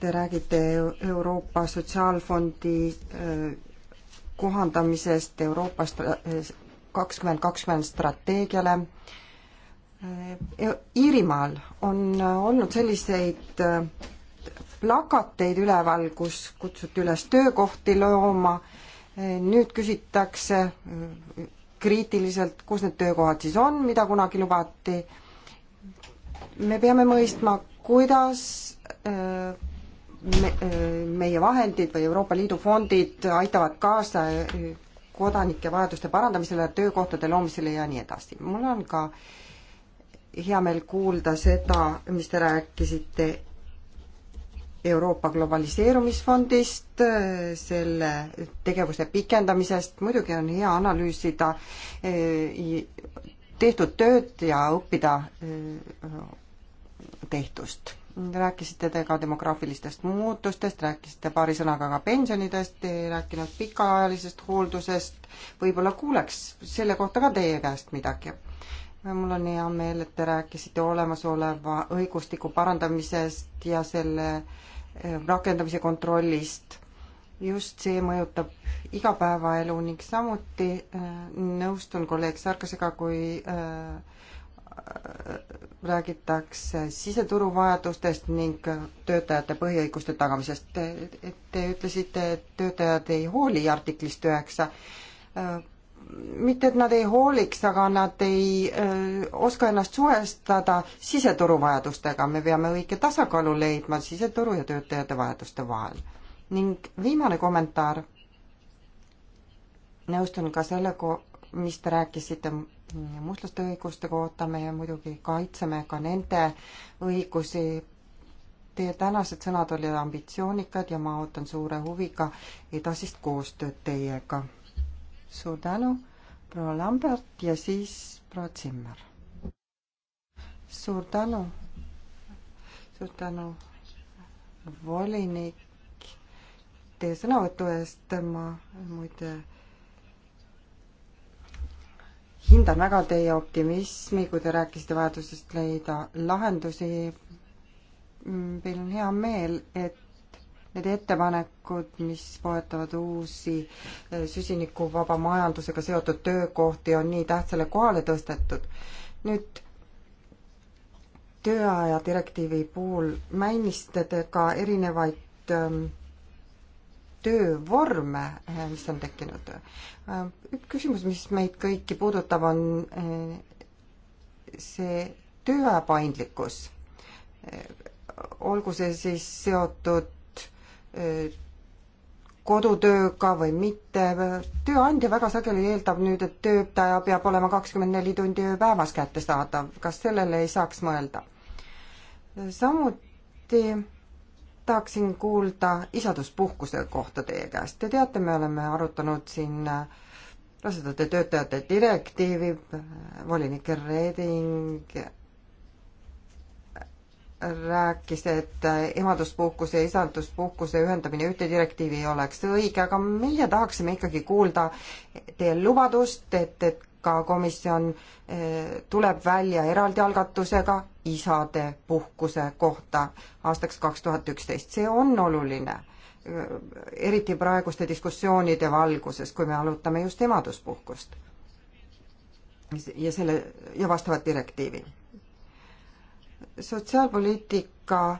Te räägite Euroopa Sotsiaalfondi äh, kohandamisest Euroopa eh, kakskümmend kakskümmend strateegiale. Eh, e-, Iirimaal on eh, olnud selliseid plakateid üleval, kus kutsuti üles töökohti looma, nüüd küsitakse kriitiliselt, kus need töökohad siis on, mida kunagi lubati. me peame mõistma, kuidas me, meie vahendid või Euroopa Liidu fondid aitavad kaasa eh, kodanike vajaduste parandamisele, töökohtade loomisele ja nii edasi. mul on ka hea meel kuulda seda, mis te rääkisite Euroopa globaliseerumisfondist, selle tegevuse pikendamisest, muidugi on hea analüüsida eh, tehtud tööd ja õppida eh, tehtust rääkisite te ka demograafilistest muutustest, rääkisite paari sõnaga ka pensionidest, ei rääkinud pikaajalisest hooldusest, võib-olla kuuleks selle kohta ka teie käest midagi. mul on hea meel, et te rääkisite olemasoleva õigustiku parandamisest ja selle eh, rakendamise kontrollist just see mõjutab igapäevaelu ning samuti äh, nõustun kolleeg Sarkasega, kui äh, räägitakse siseturu vajadustest ning töötajate põhiõiguste tagamisest. Te, te ütlesite, et töötajad ei hooli artiklist üheksa. mitte, et nad ei hooliks, aga nad ei öö, oska ennast suhestada siseturu vajadustega. me peame õige tasakaalu leidma siseturu ja töötajate vajaduste vahel. ning viimane kommentaar. nõustun ka sellega, mis te rääkisite mustlaste õiguste kohta, me muidugi kaitseme ka nende õigusi. Teie tänased sõnad olid ambitsioonikad ja ma ootan suure huviga edasist koostööd teiega. suur tänu, proua Lambert ja siis proua Zimmer. suur tänu, suur tänu, volinik, teie sõnavõtu eest ma muide hindan väga teie optimismi, kui te rääkisite vajadusest leida lahendusi. meil mm, on hea meel, et need ettepanekud, mis poetavad uusi eh, süsinikuvaba majandusega seotud töökohti, on nii tähtsale kohale tõstetud. nüüd tööaja direktiivi puhul mainisite te ka erinevaid ähm, töövorme, eh, mis on tekkinud. Eh, üks küsimus, mis meid kõiki puudutab, on eh, see tööaja paindlikkus. olgu see siis seotud kodutööga või mitte, tööandja väga sageli eeldab nüüd, et töötaja peab olema kakskümmend neli tundi ööpäevas kättesaadav, kas sellele ei saaks mõelda? samuti tahaksin kuulda isaduspuhkuse kohta teie käest. Te teate, me oleme arutanud siin rasedate töötajate direktiivi, volinik Reding rääkis, et emaduspuhkuse ja isalduspuhkuse ühendamine ühte direktiivi ei oleks õige, aga meie tahaksime ikkagi kuulda teie lubadust, et, et ka komisjon eh, tuleb välja eraldi algatusega isade puhkuse kohta aastaks kaks tuhat üksteist, see on oluline. eriti praeguste diskussioonide valguses, kui me arutame just emaduspuhkust. ja selle, ja vastavat direktiivi. sotsiaalpoliitika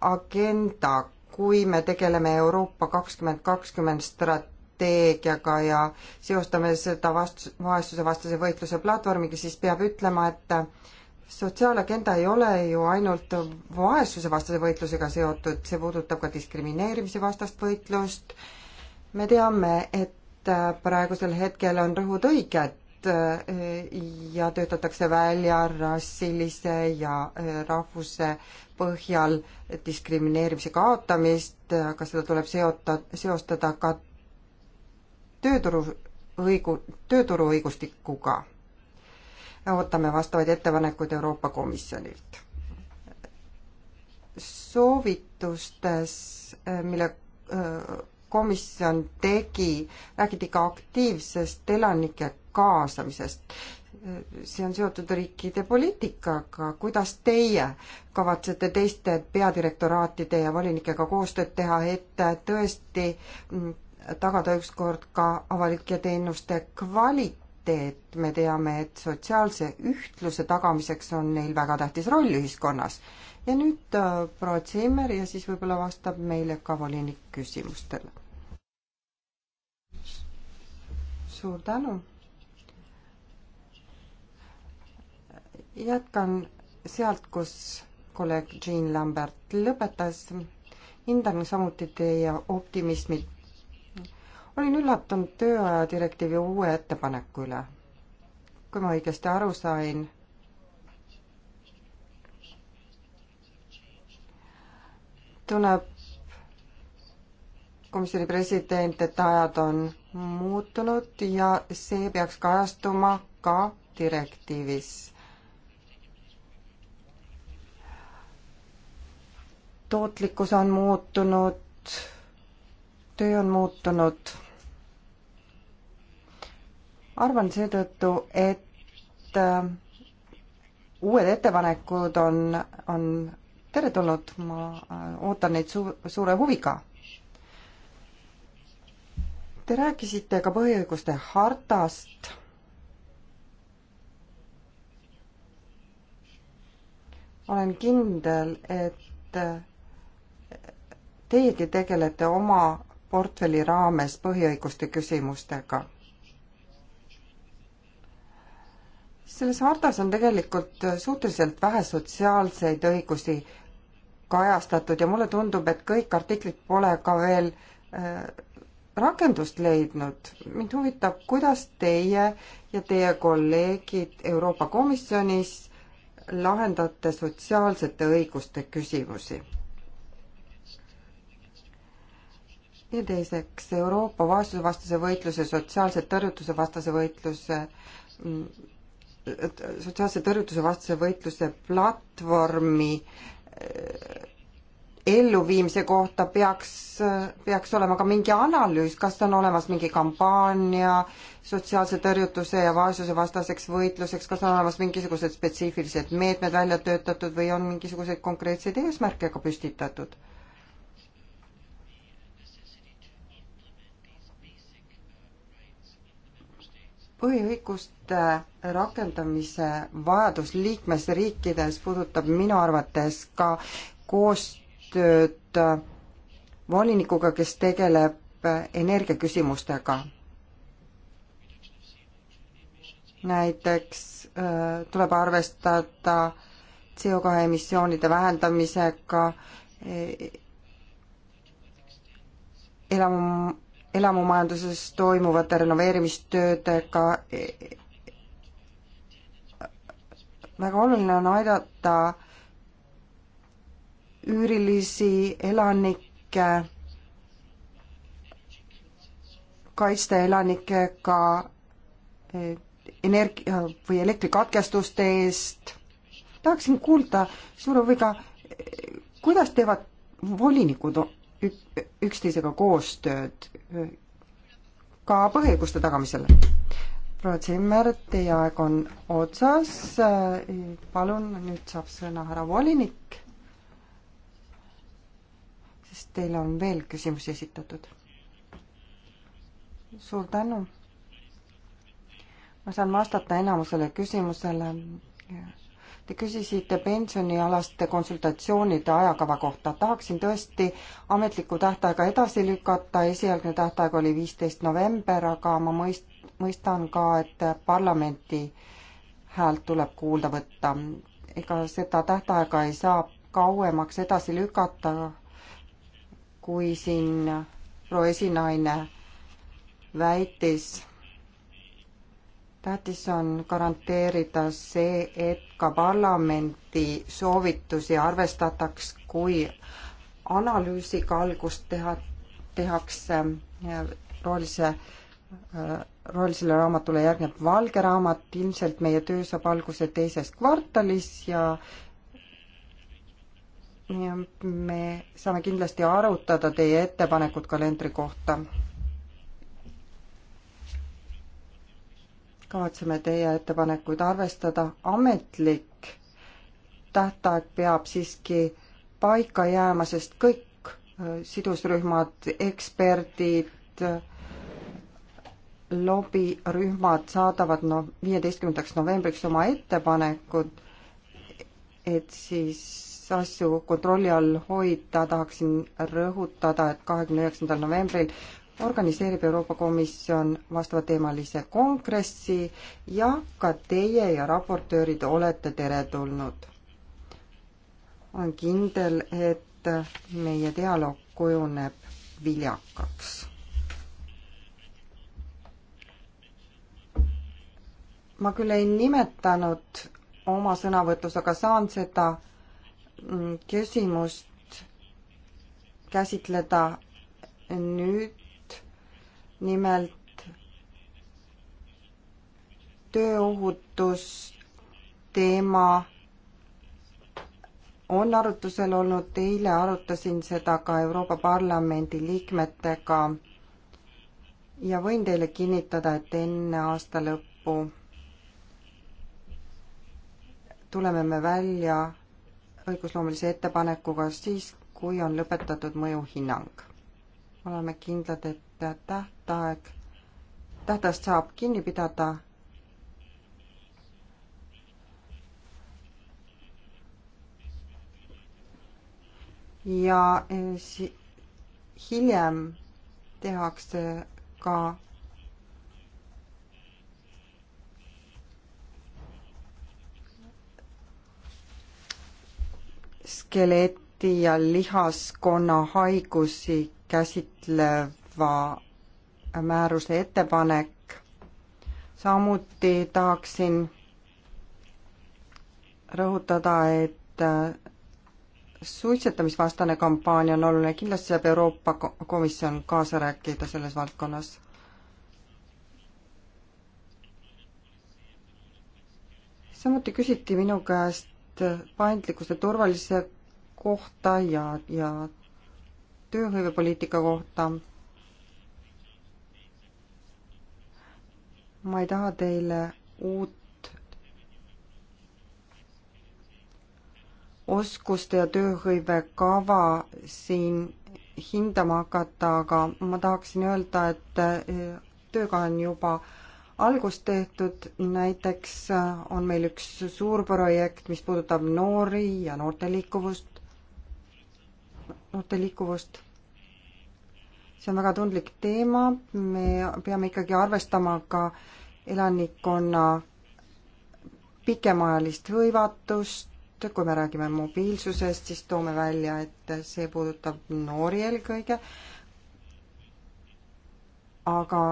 agenda, kui me tegeleme Euroopa kakskümmend kakskümmend strate-, strateegiaga ja seostame seda vastu, vaesusevastase võitluse platvormiga, siis peab ütlema, et sotsiaalagenda ei ole ju ainult vaesusevastase võitlusega seotud, see puudutab ka diskrimineerimise vastast võitlust. me teame, et äh, praegusel hetkel on rõhud õiged äh, ja töötatakse välja rassilise ja äh, rahvuse põhjal diskrimineerimise kaotamist, aga seda tuleb seota, seostada ka tööturu õigu, tööturuõigustikuga ootame vastavaid ettepanekuid Euroopa Komisjonilt. soovitustes, eh, mille eh, komisjon tegi, räägiti ka aktiivsest elanike kaasamisest. Eh, see on seotud riikide poliitikaga, kuidas teie kavatsete teiste peadirektoraatide ja volinikega koostööd teha, et tõesti mm, tagada ükskord ka avalike teenuste kvaliteet? prioriteet, me teame, et sotsiaalse ühtluse tagamiseks on neil väga tähtis roll ühiskonnas. ja nüüd äh, proua Zimmer ja siis võib-olla vastab meile ka volinik küsimustele. suur tänu. jätkan sealt, kus kolleeg Jean Lambert lõpetas. hindan samuti teie optimismit olin üllatunud tööaja direktiivi uue ettepaneku üle. kui ma õigesti aru sain, tunneb komisjoni president, et ajad on muutunud ja see peaks kajastuma ka direktiivis. tootlikkus on muutunud töö on muutunud. arvan seetõttu, et äh, uued ettepanekud on, on teretulnud, ma äh, ootan neid su-, suure huviga. Te rääkisite ka põhiõiguste hartast olen kindel, et äh, teiegi tegelete oma portfelli raames põhiõiguste küsimustega. selles hartas on tegelikult suhteliselt vähe sotsiaalseid õigusi kajastatud ja mulle tundub, et kõik artiklid pole ka veel äh, rakendust leidnud. mind huvitab, kuidas teie ja teie kolleegid Euroopa Komisjonis lahendate sotsiaalsete õiguste küsimusi ja teiseks Euroopa vaesusevastase võitluse, sotsiaalse tõrjutuse vastase võitluse, mm, sotsiaalse tõrjutuse vastase võitluse platvormi eh, elluviimise kohta peaks, peaks olema ka mingi analüüs, kas on olemas mingi kampaania sotsiaalse tõrjutuse ja vaesuse vastaseks võitluseks, kas on olemas mingisugused spetsiifilised meetmed välja töötatud või on mingisuguseid konkreetseid eesmärke ka püstitatud? põhiõiguste rakendamise vajadus liikmesriikides puudutab minu arvates ka koostööd volinikuga, kes tegeleb energiaküsimustega. näiteks äh, tuleb arvestada CO2 emissioonide vähendamisega, e, e, elamu elamumajanduses toimuvate renoveerimistöödega. E- väga oluline on aidata üürilisi elanikke, kaitsta elanikke ka e- energia või elektrikatkestuste eest. tahaksin kuulda suure huviga, e- kuidas teevad volinikud üksteisega koostööd ka põhiõiguste tagamisel. proua Zimmer, teie aeg on otsas. palun, nüüd saab sõna härra volinik. sest teile on veel küsimusi esitatud. suur tänu. ma saan vastata enamusele küsimusele Te küsisite pensionialaste konsultatsioonide ajakava kohta. tahaksin tõesti ametlikku tähtaega edasi lükata, esialgne tähtaeg oli viisteist november, aga ma mõist-, mõistan ka, et parlamenti häält tuleb kuulda võtta. ega seda tähtaega ei saa kauemaks edasi lükata, kui siin proua esinaine väitis tähtis on garanteerida see, et ka parlamendi soovitusi arvestataks, kui analüüsiga algust teha, tehakse rohelise, äh, rohelisele raamatule järgneb valge raamat, ilmselt meie töö saab alguse teises kvartalis ja ja me saame kindlasti arutada teie ettepanekut kalendri kohta kavatseme teie ettepanekuid arvestada, ametlik tähtaeg peab siiski paika jääma, sest kõik äh, sidusrühmad, eksperdid, lobirühmad saadavad no viieteistkümnendaks novembriks oma ettepanekud, et siis asju kontrolli all hoida, tahaksin rõhutada, et kahekümne üheksandal novembril organiseerib Euroopa Komisjon vastavateemalise kongressi ja ka teie ja raportöörid olete teretulnud. olen kindel, et meie dialoog kujuneb viljakaks. ma küll ei nimetanud oma sõnavõtus, aga saan seda mm, küsimust käsitleda nüüd nimelt tööohutusteema on arutusel olnud, eile arutasin seda ka Euroopa Parlamendi liikmetega ja võin teile kinnitada, et enne aasta lõppu tuleme me välja õigusloomelise ettepanekuga siis, kui on lõpetatud mõjuhinnang oleme kindlad, et tähtaeg, tähtajast saab kinni pidada. ja eh, si-, hiljem tehakse ka skeleti ja lihaskonna haigusi käsitleva määruse ettepanek. samuti tahaksin rõhutada, et äh, suitsetamisvastane kampaania on oluline, kindlasti saab Euroopa Komisjon kaasa rääkida selles valdkonnas. samuti küsiti minu käest paindlikkuse turvalisuse kohta ja, ja tööhõivepoliitika kohta. ma ei taha teile uut oskuste ja tööhõive kava siin hindama hakata, aga ma tahaksin öelda, et eh, tööga on juba algust tehtud, näiteks eh, on meil üks suur projekt, mis puudutab noori ja noorte liikuvust, noorte liikuvust. see on väga tundlik teema, me peame ikkagi arvestama ka elanikkonna pikemaajalist hõivatust, kui me räägime mobiilsusest, siis toome välja, et see puudutab noori eelkõige, aga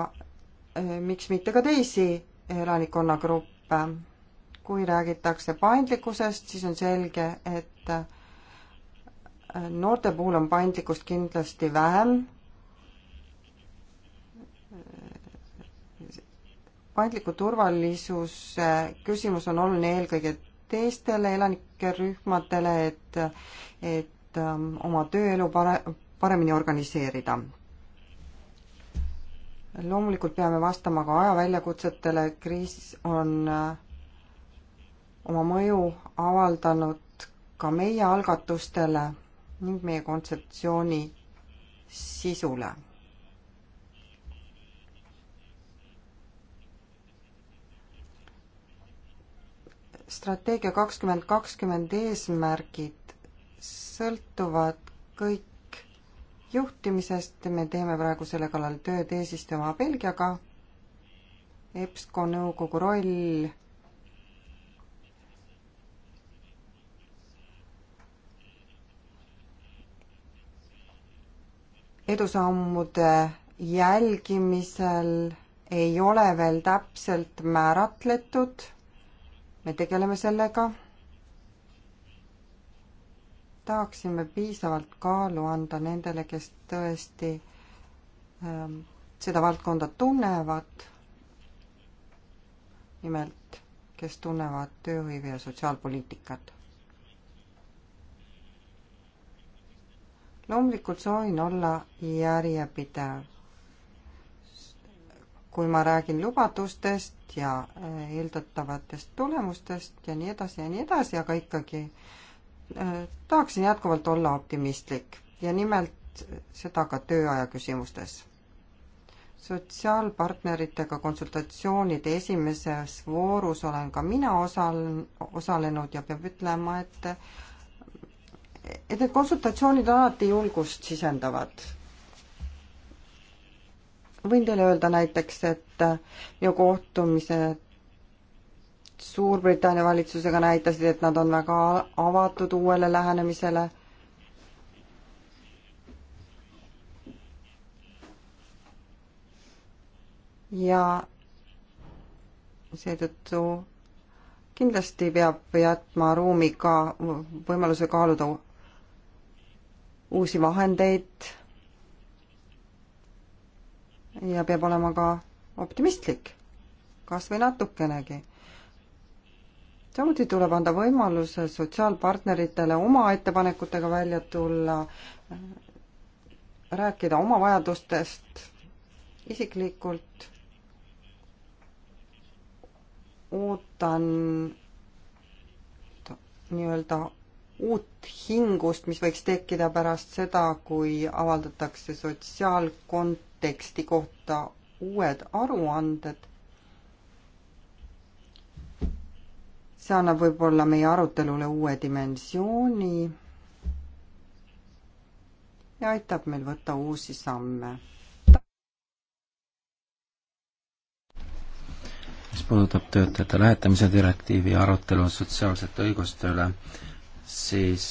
eh, miks mitte ka teisi elanikkonnagruppe. kui räägitakse paindlikkusest, siis on selge, et noorte puhul on paindlikkust kindlasti vähem. paindliku turvalisuse küsimus on oluline eelkõige teistele elanikerühmadele, et, et ähm, oma tööelu pare-, paremini organiseerida. loomulikult peame vastama ka aja väljakutsetele, kriis on äh, oma mõju avaldanud ka meie algatustele ning meie kontseptsiooni sisule. strateegia kakskümmend kakskümmend eesmärgid sõltuvad kõik juhtimisest, me teeme praegu selle kallal tööd eesistuja Belgiaga. EBSCO nõukogu roll edusammude jälgimisel ei ole veel täpselt määratletud. me tegeleme sellega. tahaksime piisavalt kaalu anda nendele, kes tõesti ähm, seda valdkonda tunnevad. nimelt, kes tunnevad tööhõive ja sotsiaalpoliitikat loomulikult soovin olla järjepidev. kui ma räägin lubadustest ja äh, eeldatavatest tulemustest ja nii edasi ja nii edasi, aga ikkagi eh, tahaksin jätkuvalt olla optimistlik ja nimelt seda ka tööaja küsimustes. sotsiaalpartneritega konsultatsioonide esimeses voorus olen ka mina osal-, osalenud ja peab ütlema, et et need konsultatsioonid alati julgust sisendavad. võin teile öelda näiteks, et äh, minu kohtumised Suurbritannia valitsusega näitasid, et nad on väga avatud uuele lähenemisele. ja seetõttu kindlasti peab jätma ruumi ka võimaluse kaaluda uusi vahendeid ja peab olema ka optimistlik, kas või natukenegi. samuti tuleb anda võimaluse sotsiaalpartneritele oma ettepanekutega välja tulla, rääkida oma vajadustest isiklikult ootan nii-öelda uut hingust, mis võiks tekkida pärast seda, kui avaldatakse sotsiaalkonteksti kohta uued aruanded. see annab võib-olla meie arutelule uue dimensiooni ja aitab meil võtta uusi samme. mis puudutab töötajate lähetamise direktiivi arutelu sotsiaalsete õiguste üle, siis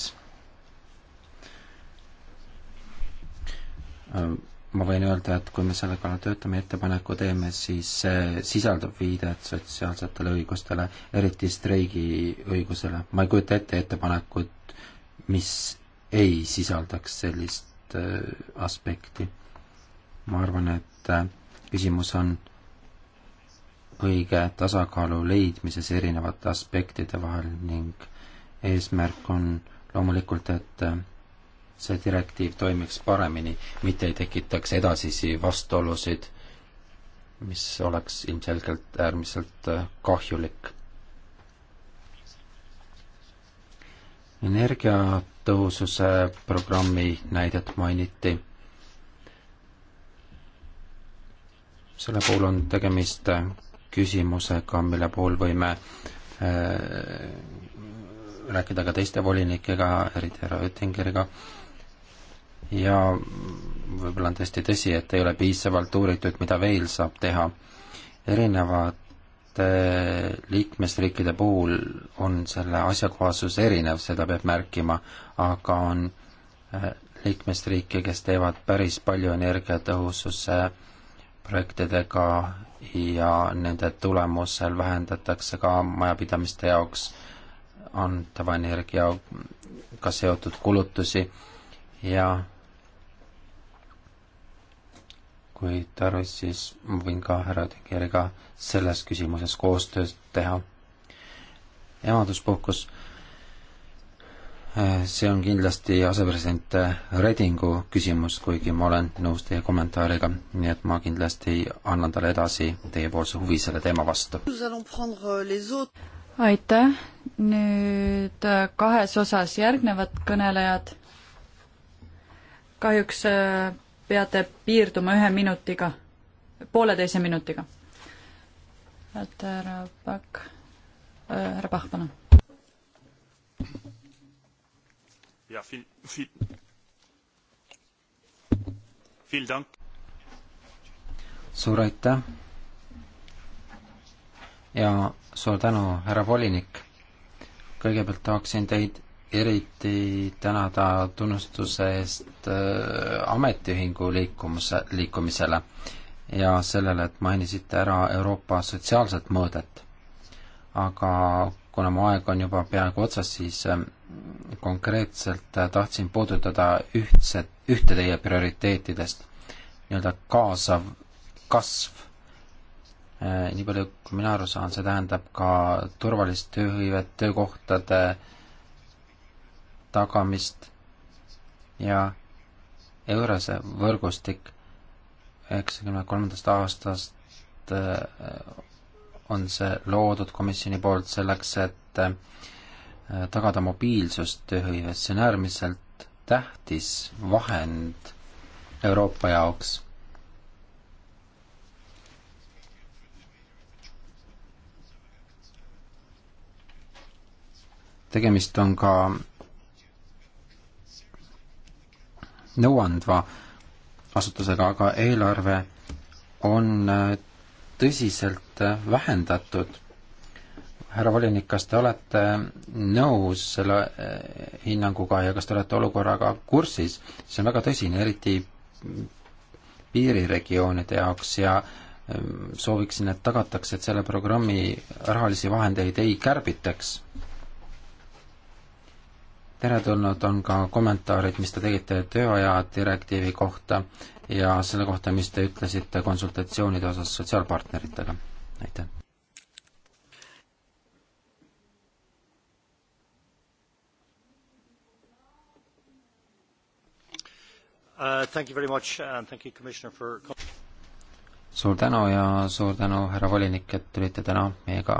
äh, ma võin öelda, et kui me selle kallal töötame, ettepaneku teeme, siis see sisaldab viidet sotsiaalsetele õigustele, eriti streigiõigusele. ma ei kujuta ette ettepanekut, mis ei sisaldaks sellist äh, aspekti. ma arvan, et äh, küsimus on õige tasakaalu leidmises erinevate aspektide vahel ning eesmärk on loomulikult, et äh, see direktiiv toimiks paremini, mitte ei tekitaks edasisi vastuolusid, mis oleks ilmselgelt äärmiselt äh, kahjulik. energiatõhususe programmi näidet mainiti. selle puhul on tegemist äh, küsimusega, mille puhul võime rääkida ka teiste volinikega, eriti härra Oettingeriga, ja võib-olla on tõesti tõsi, et ei ole piisavalt uuritud, mida veel saab teha. erinevate liikmesriikide puhul on selle asjakohasus erinev, seda peab märkima, aga on äh, liikmesriike, kes teevad päris palju energiatõhususe projektidega ja nende tulemusel vähendatakse ka majapidamiste jaoks on tavaenergiaga seotud kulutusi ja kui tarvis, siis ma võin ka härra Tegeriga selles küsimuses koostööd teha. emaduspuhkus, äh, see on kindlasti asepresident Redingu küsimus, kuigi ma olen nõus teie kommentaariga, nii et ma kindlasti annan talle edasi teiepoolse huvi selle teema vastu aitäh, nüüd äh, kahes osas järgnevad kõnelejad. kahjuks äh, peate piirduma ühe minutiga, pooleteise minutiga. et härra Pakk, äh, härra Pahk, palun. ja, fil-, fil-, fil- tank. suur aitäh ja suur tänu, härra volinik. kõigepealt tahaksin teid eriti tänada tunnustuse eest äh, ametiühingu liikumise, liikumisele ja sellele, et mainisite ära Euroopa sotsiaalset mõõdet. aga kuna mu aeg on juba peaaegu otsas, siis äh, konkreetselt äh, tahtsin puudutada ühtset, ühte teie prioriteetidest, nii-öelda kaasav kasv Äh, nii palju, kui mina aru saan, see tähendab ka turvalist tööhõivet, töökohtade tagamist ja Eurose võrgustik üheksakümne kolmandast aastast äh, on see loodud komisjoni poolt selleks, et äh, tagada mobiilsust tööhõives, see on äärmiselt tähtis vahend Euroopa jaoks tegemist on ka nõuandva asutusega, aga eelarve on äh, tõsiselt äh, vähendatud. härra volinik, kas te olete nõus selle äh, hinnanguga ja kas te olete olukorraga kursis? see on väga tõsine, eriti piiriregioonide jaoks ja sooviksin, et tagatakse, et selle programmi rahalisi vahendeid ei kärbitaks teretulnud on ka kommentaarid, mis te tegite tööaja direktiivi kohta ja selle kohta, mis te ütlesite konsultatsioonide osas sotsiaalpartneritega, aitäh. Uh, thank you very much and thank you, Commissioner, for suur tänu ja suur tänu, härra volinik, et tulite täna meiega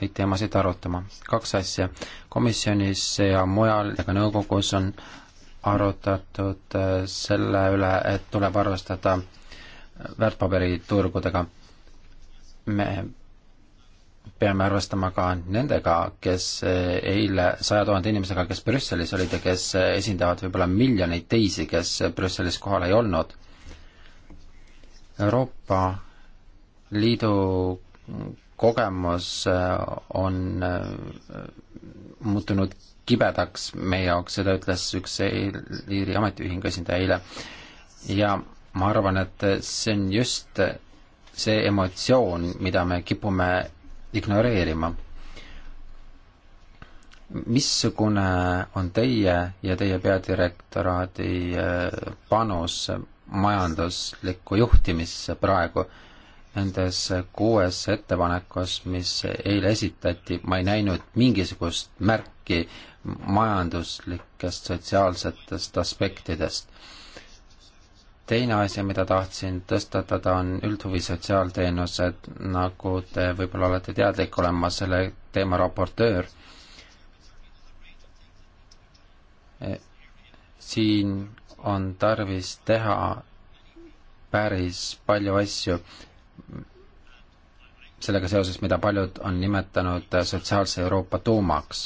neid teemasid arutama. kaks asja, komisjonis ja mujal ja ka nõukogus on arutatud äh, selle üle, et tuleb arvestada äh, väärtpaberiturgudega. me peame arvestama ka nendega, kes äh, eile saja tuhande inimesega, kes Brüsselis olid ja kes esindavad võib-olla miljoneid teisi, kes Brüsselis kohal ei olnud. Euroopa Liidu kogemus äh, on äh, muutunud kibedaks meie jaoks, seda ütles üks Iiri ametiühingu esindaja eile. ja ma arvan, et see on just see emotsioon, mida me kipume ignoreerima. missugune on teie ja teie peadirektoraadi äh, panus majanduslikku juhtimisse praegu nendes kuues ettepanekus, mis eile esitati, ma ei näinud mingisugust märki majanduslikest, sotsiaalsetest aspektidest. teine asi, mida tahtsin tõstatada, on üldhuvi sotsiaalteenused, nagu te võib-olla olete teadlik, olen ma selle teema raportöör. E, siin on tarvis teha päris palju asju sellega seoses, mida paljud on nimetanud sotsiaalse Euroopa tuumaks.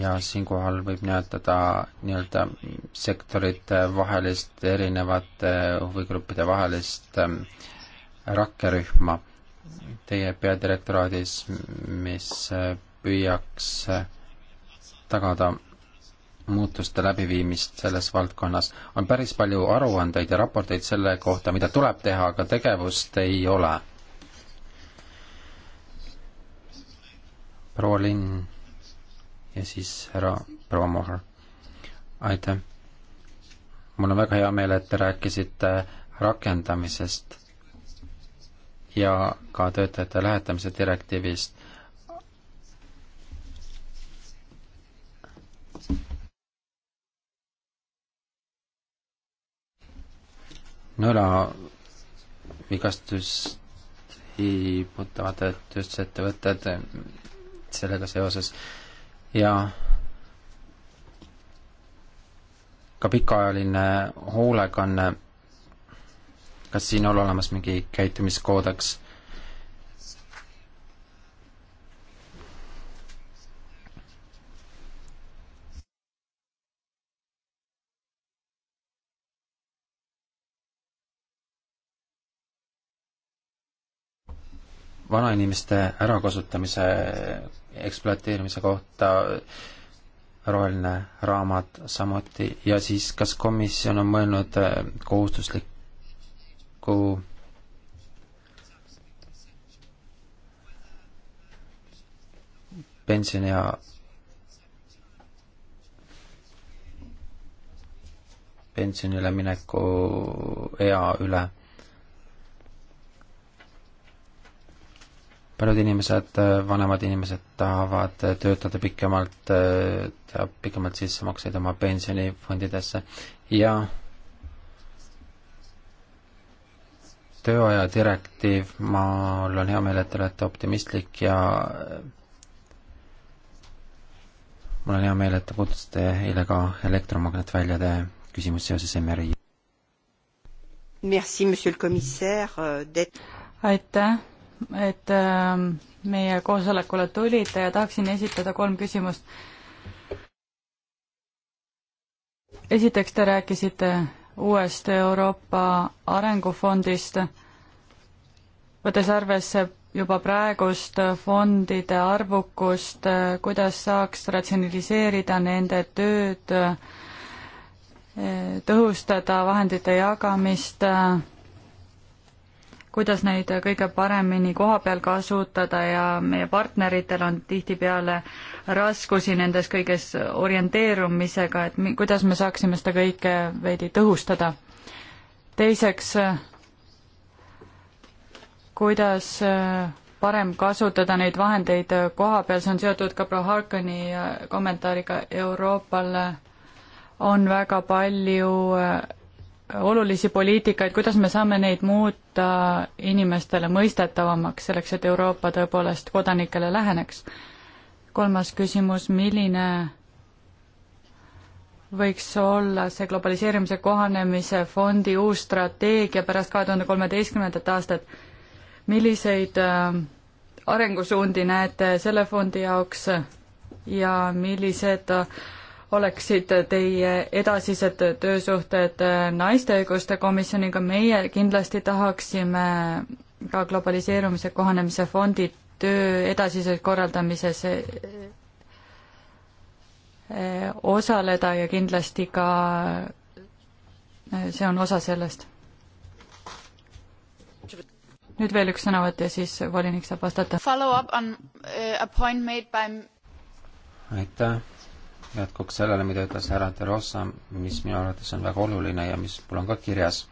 ja siinkohal võib nimetada nii-öelda sektorite vahelist, erinevate huvigruppide vahelist ähm, rakkerühma teie peadirektoraadis, mis äh, püüaks äh, tagada muutuste läbiviimist selles valdkonnas. on päris palju aruandeid ja raporteid selle kohta, mida tuleb teha, aga tegevust ei ole. proua Linn ja siis härra proua Mohr. aitäh. mul on väga hea meel, et te rääkisite rakendamisest ja ka töötajate lähetamise direktiivist nõelavigastust puudutavad tööstusettevõtted sellega seoses ja ka pikaajaline hoolekanne, kas siin on olemas mingi käitumiskoodeks vanainimeste ärakasutamise, ekspluateerimise kohta roheline raamat samuti ja siis kas komisjon on mõelnud äh, kohustuslikku pensioni ja pensionile mineku ea üle paljud inimesed, vanemad inimesed tahavad töötada pikemalt, teha pikemalt sissemakseid oma pensionifondidesse ja tööaja direktiiv, mul on hea meel, et te olete optimistlik ja mul on hea meel, et te puudutasite eile ka elektromagnetväljade küsimust seoses MRI. Euh, aitäh et ähm, meie koosolekule tulite ja tahaksin esitada kolm küsimust. esiteks, te rääkisite uuest Euroopa Arengufondist, võttes arvesse juba praegust fondide arvukust, kuidas saaks ratsionaliseerida nende tööd, tõhustada vahendite jagamist kuidas neid kõige paremini koha peal kasutada ja meie partneritel on tihtipeale raskusi nendes kõiges orienteerumisega, et mi-, kuidas me saaksime seda kõike veidi tõhustada. teiseks, kuidas parem kasutada neid vahendeid koha peal, see on seotud ka Proharkani kommentaariga, Euroopal on väga palju olulisi poliitikaid, kuidas me saame neid muuta inimestele mõistetavamaks, selleks et Euroopa tõepoolest kodanikele läheneks? kolmas küsimus, milline võiks olla see globaliseerimise kohanemise fondi uus strateegia pärast kahe tuhande kolmeteistkümnendat aastat? milliseid äh, arengusuundi näete selle fondi jaoks ja millised äh, oleksid teie edasised töösuhted naiste õiguste komisjoniga, meie kindlasti tahaksime ka globaliseerumise kohanemise fondi töö edasises korraldamises e, osaleda ja kindlasti ka e, see on osa sellest. nüüd veel üks sõnavõtt ja siis volinik saab vastata. E, aitäh jätkuks sellele, mida ütles härra Terossa, mis minu arvates on väga oluline ja mis mul on ka kirjas.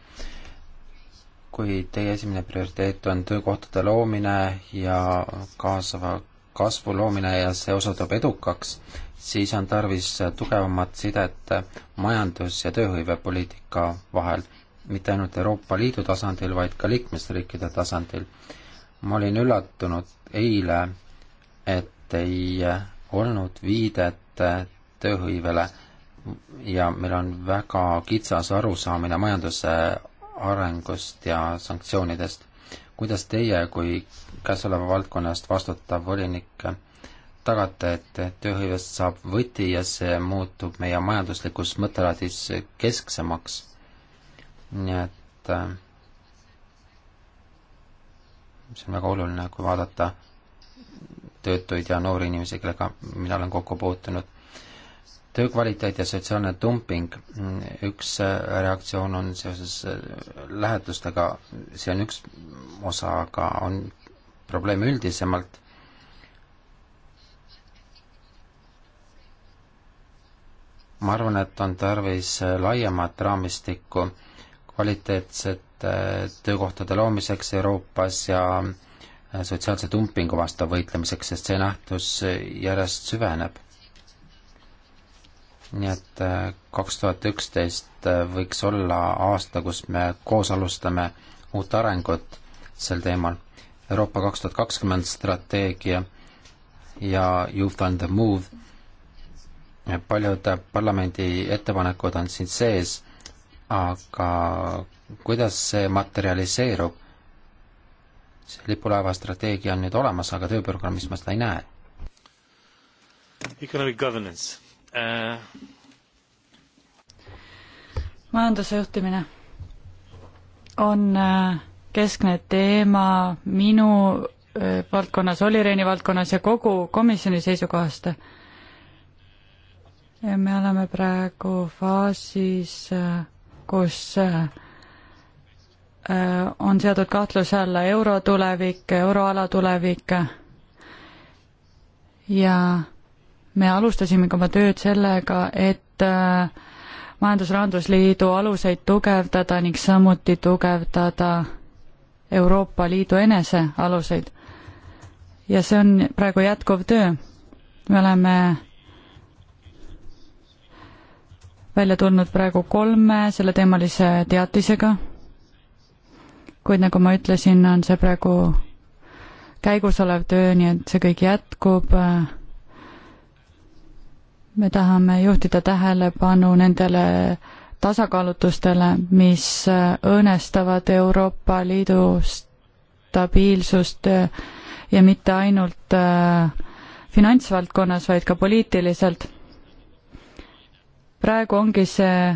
kui teie esimene prioriteet on töökohtade loomine ja kaasava kasvu loomine ja see osutub edukaks, siis on tarvis tugevamat sidet majandus- ja tööhõivepoliitika vahel, mitte ainult Euroopa Liidu tasandil, vaid ka liikmesriikide tasandil. ma olin üllatunud eile, et ei olnud viidet tööhõivele ja meil on väga kitsas arusaamine majanduse arengust ja sanktsioonidest. kuidas teie kui käesoleva valdkonnast vastutav volinik tagate, et tööhõivest saab võti ja see muutub meie majanduslikus mõttelaadis kesksemaks? nii et äh, see on väga oluline, kui vaadata töötuid ja noori inimesi, kellega mina olen kokku puutunud töö kvaliteet ja sotsiaalne dumping, üks äh, reaktsioon on seoses äh, lähetustega, see on üks osa, aga on probleem üldisemalt. ma arvan, et on tarvis äh, laiemat raamistikku kvaliteetsete töökohtade loomiseks Euroopas ja sotsiaalse dumpingu vastu võitlemiseks, sest see nähtus järjest süveneb nii et äh, kaks tuhat üksteist äh, võiks olla aasta, kus me koos alustame uut arengut sel teemal. Euroopa kaks tuhat kakskümmend strateegia ja Youth on the Move, paljud parlamendi ettepanekud on siin sees, aga kuidas see materialiseerub? see lipulaeva strateegia on nüüd olemas, aga tööprogrammis ma seda ei näe. Economic governance äh... majanduse juhtimine on äh, keskne teema minu äh, valdkonnas, Olli Rehni valdkonnas ja kogu komisjoni seisukohast. me oleme praegu faasis, äh, kus on seatud kahtluse alla euro tulevik, euroala tulevik ja me alustasime ka oma tööd sellega, et äh, majandus-rahandusliidu aluseid tugevdada ning samuti tugevdada Euroopa Liidu enese aluseid. ja see on praegu jätkuv töö. me oleme välja tulnud praegu kolme selleteemalise teatisega, kuid nagu ma ütlesin, on see praegu käigus olev töö, nii et see kõik jätkub äh, me tahame juhtida tähelepanu nendele tasakaalutustele, mis õõnestavad Euroopa Liidu stabiilsust ja mitte ainult äh, finantsvaldkonnas, vaid ka poliitiliselt. praegu ongi see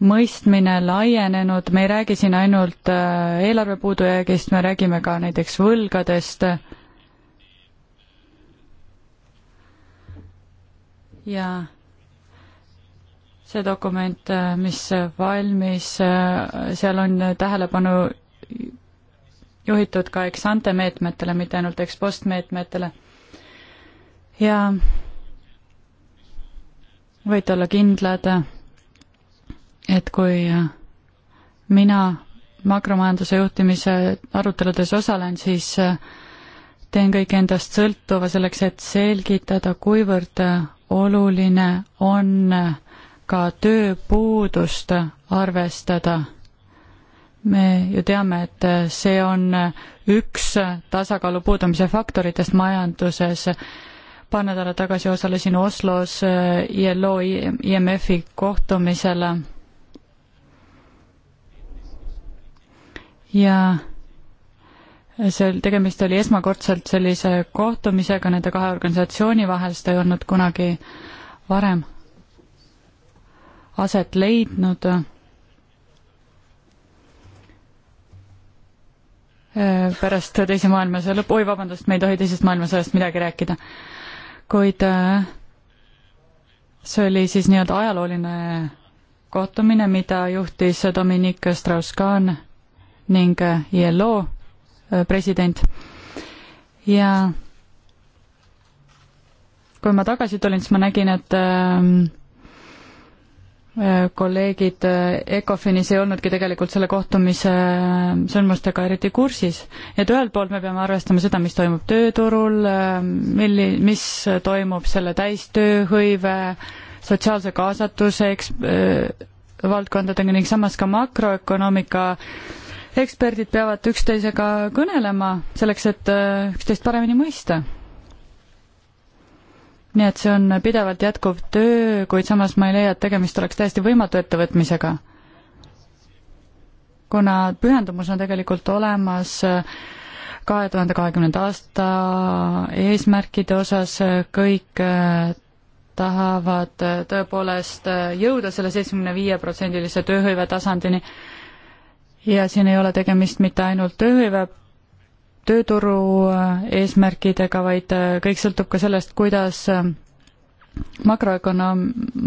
mõistmine laienenud, me ei räägi siin ainult äh, eelarve puudujäägist, me räägime ka näiteks võlgadest ja see dokument, äh, mis valmis, äh, seal on tähelepanu juhitud ka ex-ante meetmetele, mitte ainult ex-post meetmetele. ja võite olla kindlad, et kui mina makromajanduse juhtimise aruteludes osalen, siis äh, teen kõik endast sõltuva selleks, et selgitada, kuivõrd oluline on ka tööpuudust arvestada. me ju teame, et see on üks tasakaalu puudumise faktoritest majanduses. paar nädalat tagasi osalesin Oslos ILO IMF-i kohtumisel ja seal tegemist oli esmakordselt sellise kohtumisega nende kahe organisatsiooni vahel, seda ei olnud kunagi varem aset leidnud. pärast teise maailmasõja lõppu, oi vabandust, me ei tohi teisest maailmasõjast midagi rääkida. kuid see oli siis nii-öelda ajalooline kohtumine, mida juhtis Dominique Strauss-Kahn ning ILO Äh, president. ja kui ma tagasi tulin, siis ma nägin, et ähm, äh, kolleegid äh, ECOFINis ei olnudki tegelikult selle kohtumise sündmustega eriti kursis. et ühelt poolt me peame arvestama seda, mis toimub tööturul, milli-, mis toimub selle täistööhõive, sotsiaalse kaasatuse eks-, valdkondadega ning samas ka makroökonoomika äh, eksperdid peavad üksteisega kõnelema selleks, et äh, üksteist paremini mõista. nii et see on pidevalt jätkuv töö, kuid samas ma ei leia, et tegemist oleks täiesti võimatu ettevõtmisega. kuna pühendumus on tegelikult olemas äh, kahe tuhande kahekümnenda aasta eesmärkide osas, äh, kõik tahavad tõepoolest jõuda selle seitsmekümne viie protsendilise tööhõive tasandini ja siin ei ole tegemist mitte ainult tööhõive, tööturu äh, eesmärkidega, vaid äh, kõik sõltub ka sellest, kuidas äh, makroökonoom,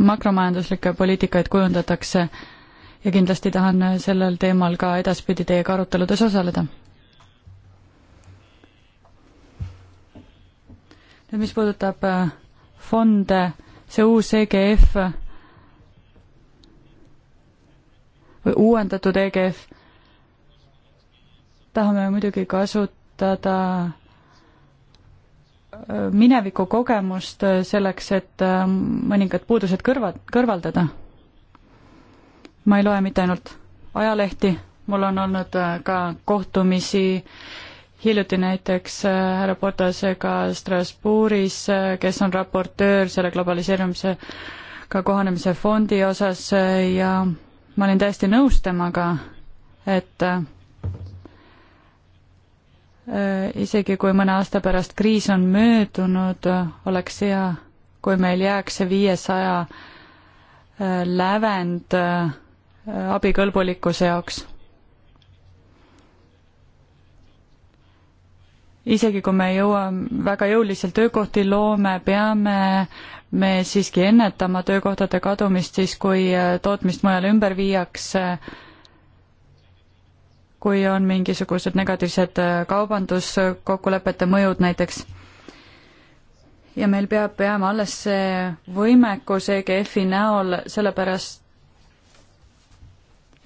makromajanduslikke poliitikaid kujundatakse ja kindlasti tahan sellel teemal ka edaspidi teiega aruteludes osaleda. nüüd, mis puudutab fonde, see uus EGF või uuendatud EGF, tahame muidugi kasutada äh, mineviku kogemust äh, selleks, et äh, mõningad puudused kõrva, kõrvaldada. ma ei loe mitte ainult ajalehti, mul on olnud ka kohtumisi hiljuti näiteks härra Portasega Strasbourgis, kes on raportöör selle globaliseerumisega kohanemise fondi osas ja ma olin täiesti nõus temaga, et Äh, isegi kui mõne aasta pärast kriis on möödunud, oleks hea, kui meil jääks see viiesaja äh, lävend äh, abikõlbulikkuse jaoks. isegi kui me jõuame väga jõuliselt töökohti loome, peame me siiski ennetama töökohtade kadumist siis, kui tootmist mujale ümber viiakse kui on mingisugused negatiivsed äh, kaubanduskokkulepete mõjud näiteks. ja meil peab jääma alles see võimekus EGF-i näol, sellepärast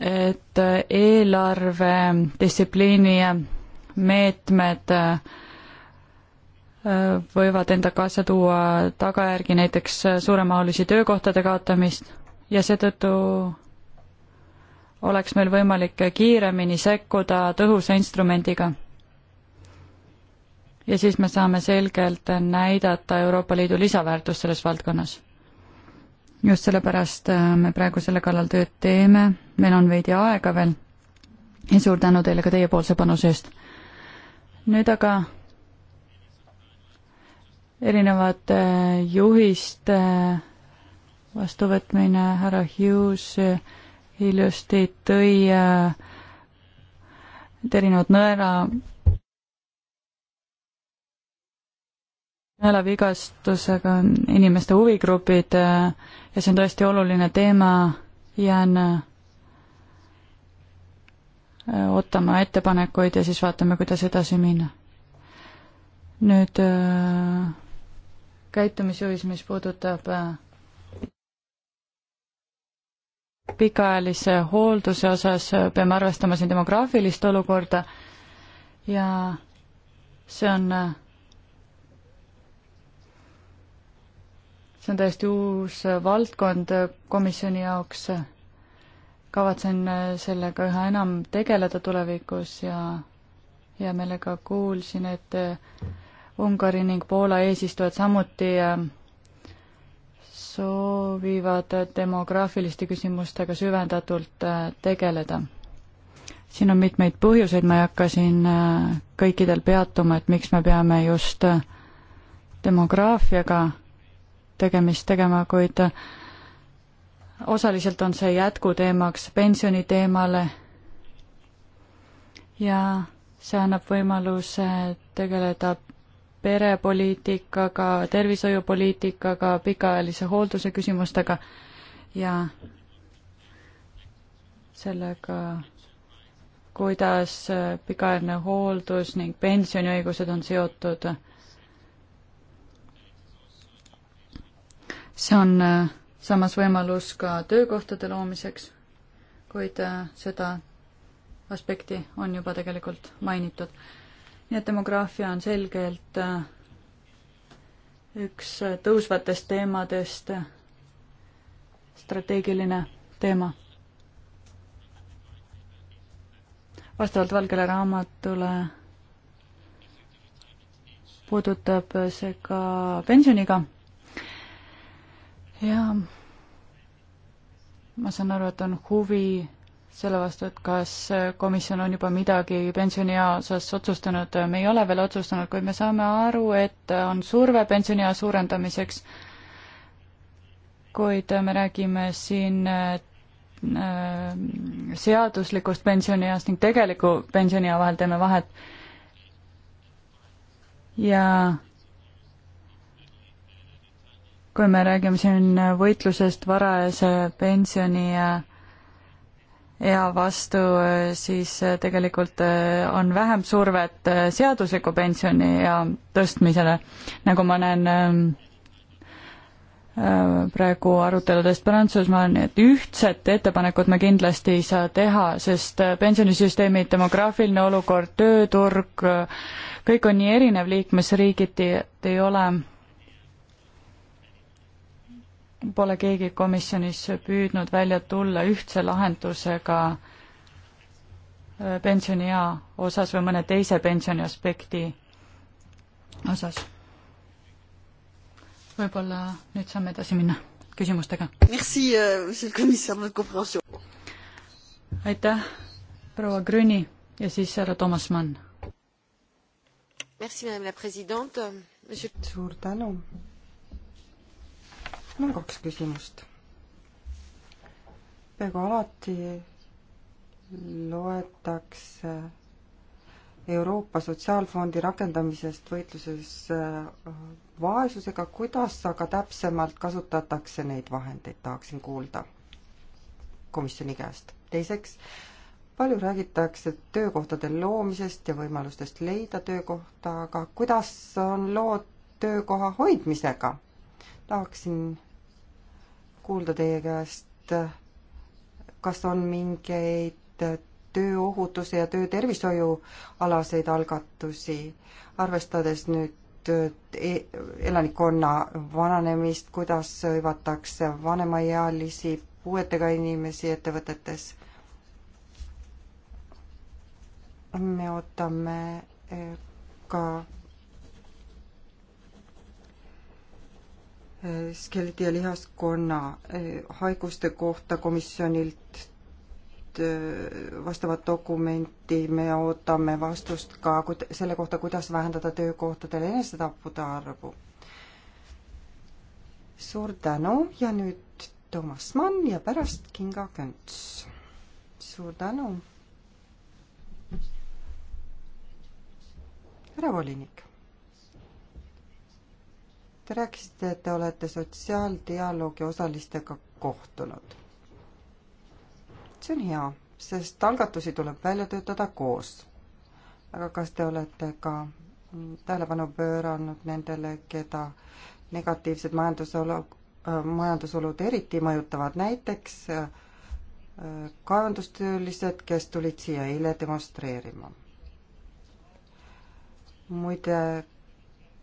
et äh, eelarvedistsipliini meetmed äh, võivad enda kaasa tuua tagajärgi näiteks suuremahulisi töökohtade kaotamist ja seetõttu oleks meil võimalik kiiremini sekkuda tõhusa instrumendiga. ja siis me saame selgelt näidata Euroopa Liidu lisaväärtust selles valdkonnas. just sellepärast äh, me praegu selle kallal tööd teeme, meil on veidi aega veel ja suur tänu teile ka teiepoolse panuse eest. nüüd aga erinevate juhiste vastuvõtmine, härra Hughes hiljuti tõi need äh, erinevad nõela, nõelavigastusega inimeste huvigrupid äh, ja see on tõesti oluline teema, jään äh, ootama ettepanekuid ja siis vaatame, kuidas edasi minna. nüüd käitumisjuhis, mis puudutab pikaajalise hoolduse osas peame arvestama siin demograafilist olukorda ja see on, see on täiesti uus valdkond komisjoni jaoks. kavatsen sellega üha enam tegeleda tulevikus ja hea meelega kuulsin, et Ungari ning Poola eesistujad samuti soovivad demograafiliste küsimustega süvendatult äh, tegeleda. siin on mitmeid põhjuseid, ma ei hakka siin äh, kõikidel peatuma, et miks me peame just äh, demograafiaga tegemist tegema, kuid osaliselt on see jätkuteemaks pensioniteemale ja see annab võimaluse tegeleda perepoliitikaga, tervishoiupoliitikaga, pikaajalise hoolduse küsimustega ja sellega, kuidas pikaajaline hooldus ning pensioniõigused on seotud. see on äh, samas võimalus ka töökohtade loomiseks, kuid äh, seda aspekti on juba tegelikult mainitud nii et demograafia on selgelt äh, üks äh, tõusvatest teemadest, äh, strateegiline teema. vastavalt Valgele raamatule puudutab see ka pensioniga ja ma saan aru, et on huvi selle vastu, et kas komisjon on juba midagi pensioniea osas otsustanud, me ei ole veel otsustanud, kuid me saame aru, et on surve pensioniea suurendamiseks, kuid me räägime siin äh, seaduslikust pensionieast ning tegeliku pensioniea vahel teeme vahet. ja kui me räägime siin võitlusest varajase pensioni ja ja vastu äh, siis äh, tegelikult äh, on vähem survet seadusliku pensioniea tõstmisele, nagu ma näen ähm, praegu aruteludest Prantsusmaal, nii et ühtset ettepanekut me kindlasti ei saa teha, sest pensionisüsteemi demograafiline olukord, tööturg, kõik on nii erinev liikmesriigiti, et ei ole pole keegi komisjonis püüdnud välja tulla ühtse lahendusega äh, pensioniea osas või mõne teise pensioni aspekti osas. võib-olla nüüd saame edasi minna küsimustega. Euh, aitäh, proua Grüni ja siis härra Toomas Mann. suur tänu mul on kaks küsimust. peaaegu alati loetakse Euroopa Sotsiaalfondi rakendamisest võitluses äh, vaesusega, kuidas aga täpsemalt kasutatakse neid vahendeid, tahaksin kuulda komisjoni käest. teiseks, palju räägitakse töökohtade loomisest ja võimalustest leida töökohta, aga kuidas on lood töökoha hoidmisega? tahaksin kuulda teie käest, kas on mingeid tööohutuse ja töötervishoiu alaseid algatusi, arvestades nüüd e, elanikkonna vananemist, kuidas hõivatakse vanemaealisi, puuetega inimesi ettevõtetes. me ootame eh, ka skeleti ja lihaskonna eh, haiguste kohta komisjonilt eh, vastavat dokumenti, me ootame vastust ka selle kohta, kuidas vähendada töökohtadel enesetappude arvu. suur tänu ja nüüd Toomas Mann ja pärast Kinga Künts. suur tänu. härra volinik Te rääkisite, et te olete sotsiaaldialoogi osalistega kohtunud. see on hea, sest algatusi tuleb välja töötada koos. aga kas te olete ka tähelepanu pööranud nendele, keda negatiivsed majandusolu, majandusolud eriti mõjutavad, näiteks äh, kaevandustöölised, kes tulid siia eile demonstreerima? muide,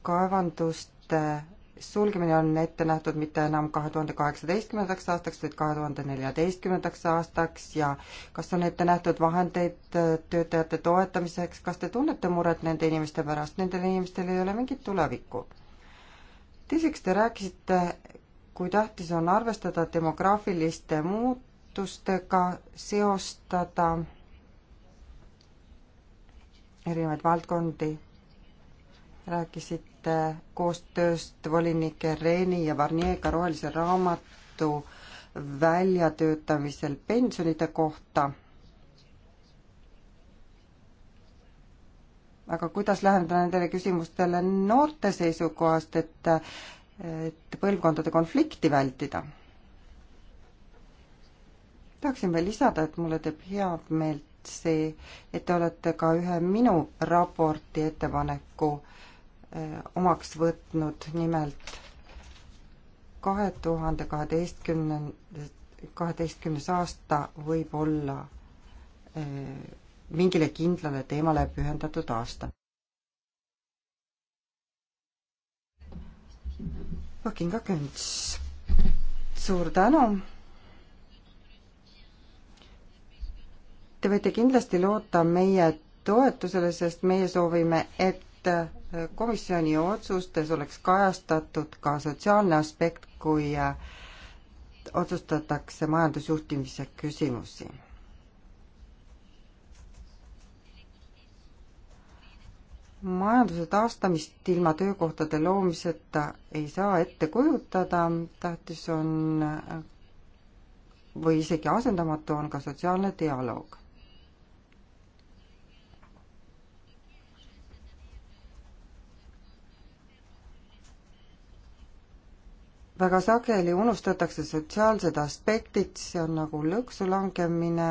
kaevandust läbirääkimiste äh, sulgemine on ette nähtud mitte enam kahe tuhande kaheksateistkümnendaks aastaks, vaid kahe tuhande neljateistkümnendaks aastaks ja kas on ette nähtud vahendeid äh, töötajate toetamiseks, kas te tunnete muret nende inimeste pärast, nendel inimestel ei ole mingit tulevikku? teiseks, te rääkisite, kui tähtis on arvestada demograafiliste muutustega, seostada erinevaid valdkondi rääkisite koostööst volinike Reeni ja Varniega rohelise raamatu väljatöötamisel pensionide kohta. aga kuidas läheneda nendele küsimustele noorte seisukohast, et, et põlvkondade konflikti vältida? tahaksin veel lisada, et mulle teeb head meelt see, et te olete ka ühe minu raporti ettepaneku äh, Äh, omaks võtnud, nimelt kahe tuhande kaheteistkümne, kaheteistkümnes aasta võib olla äh, mingile kindlale teemale pühendatud aasta. Põkin ka künts. suur tänu. Te võite kindlasti loota meie toetusele, sest meie soovime, et komisjoni otsustes oleks kajastatud ka sotsiaalne aspekt, kui äh, otsustatakse majandusjuhtimise küsimusi. majanduse taastamist ilma töökohtade loomiseta ei saa ette kujutada, tähtis on või isegi asendamatu on ka sotsiaalne dialoog. väga sageli unustatakse sotsiaalsed aspektid, see on nagu lõksu langemine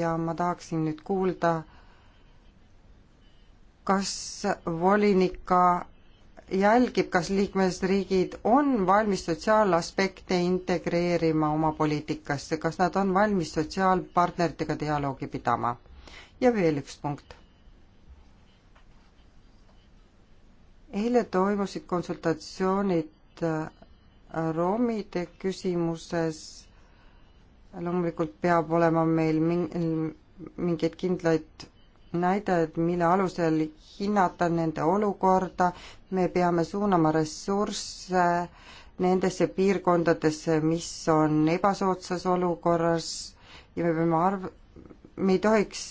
ja ma tahaksin nüüd kuulda, kas volinik ka jälgib, kas liikmesriigid on valmis sotsiaalaspekte integreerima oma poliitikasse, kas nad on valmis sotsiaalpartneritega dialoogi pidama? ja veel üks punkt. eile toimusid konsultatsioonid romide küsimuses loomulikult peab olema meil mingeid kindlaid näitajad, mille alusel hinnata nende olukorda, me peame suunama ressursse nendesse piirkondadesse, mis on ebasoodsas olukorras ja me peame arv-, me ei tohiks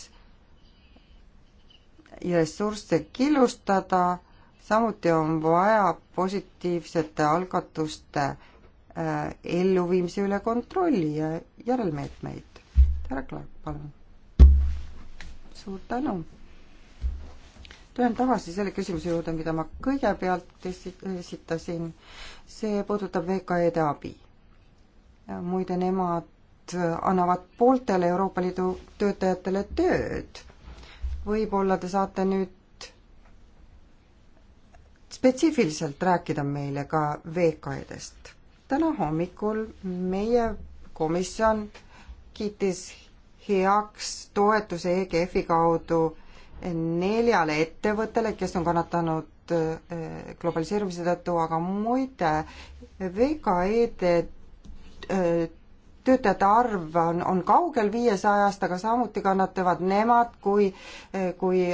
ressursse killustada samuti on vaja positiivsete algatuste äh, elluviimise üle kontrolli ja järelmeetmeid. härra Clark, palun. suur tänu. tulen tagasi selle küsimuse juurde, mida ma kõigepealt esi-, esitasin. see puudutab VKE-de abi. muide, nemad annavad pooltele Euroopa Liidu töötajatele tööd. võib-olla te saate nüüd spetsiifiliselt rääkida meile ka VKE-dest. täna hommikul meie komisjon kiitis heaks toetuse EGF-i kaudu neljale ettevõttele, kes on kannatanud äh, globaliseerumise tõttu, aga muide, VKE-de äh, töötajate arv on, on kaugel viiesajast, aga samuti kannatavad nemad, kui, äh, kui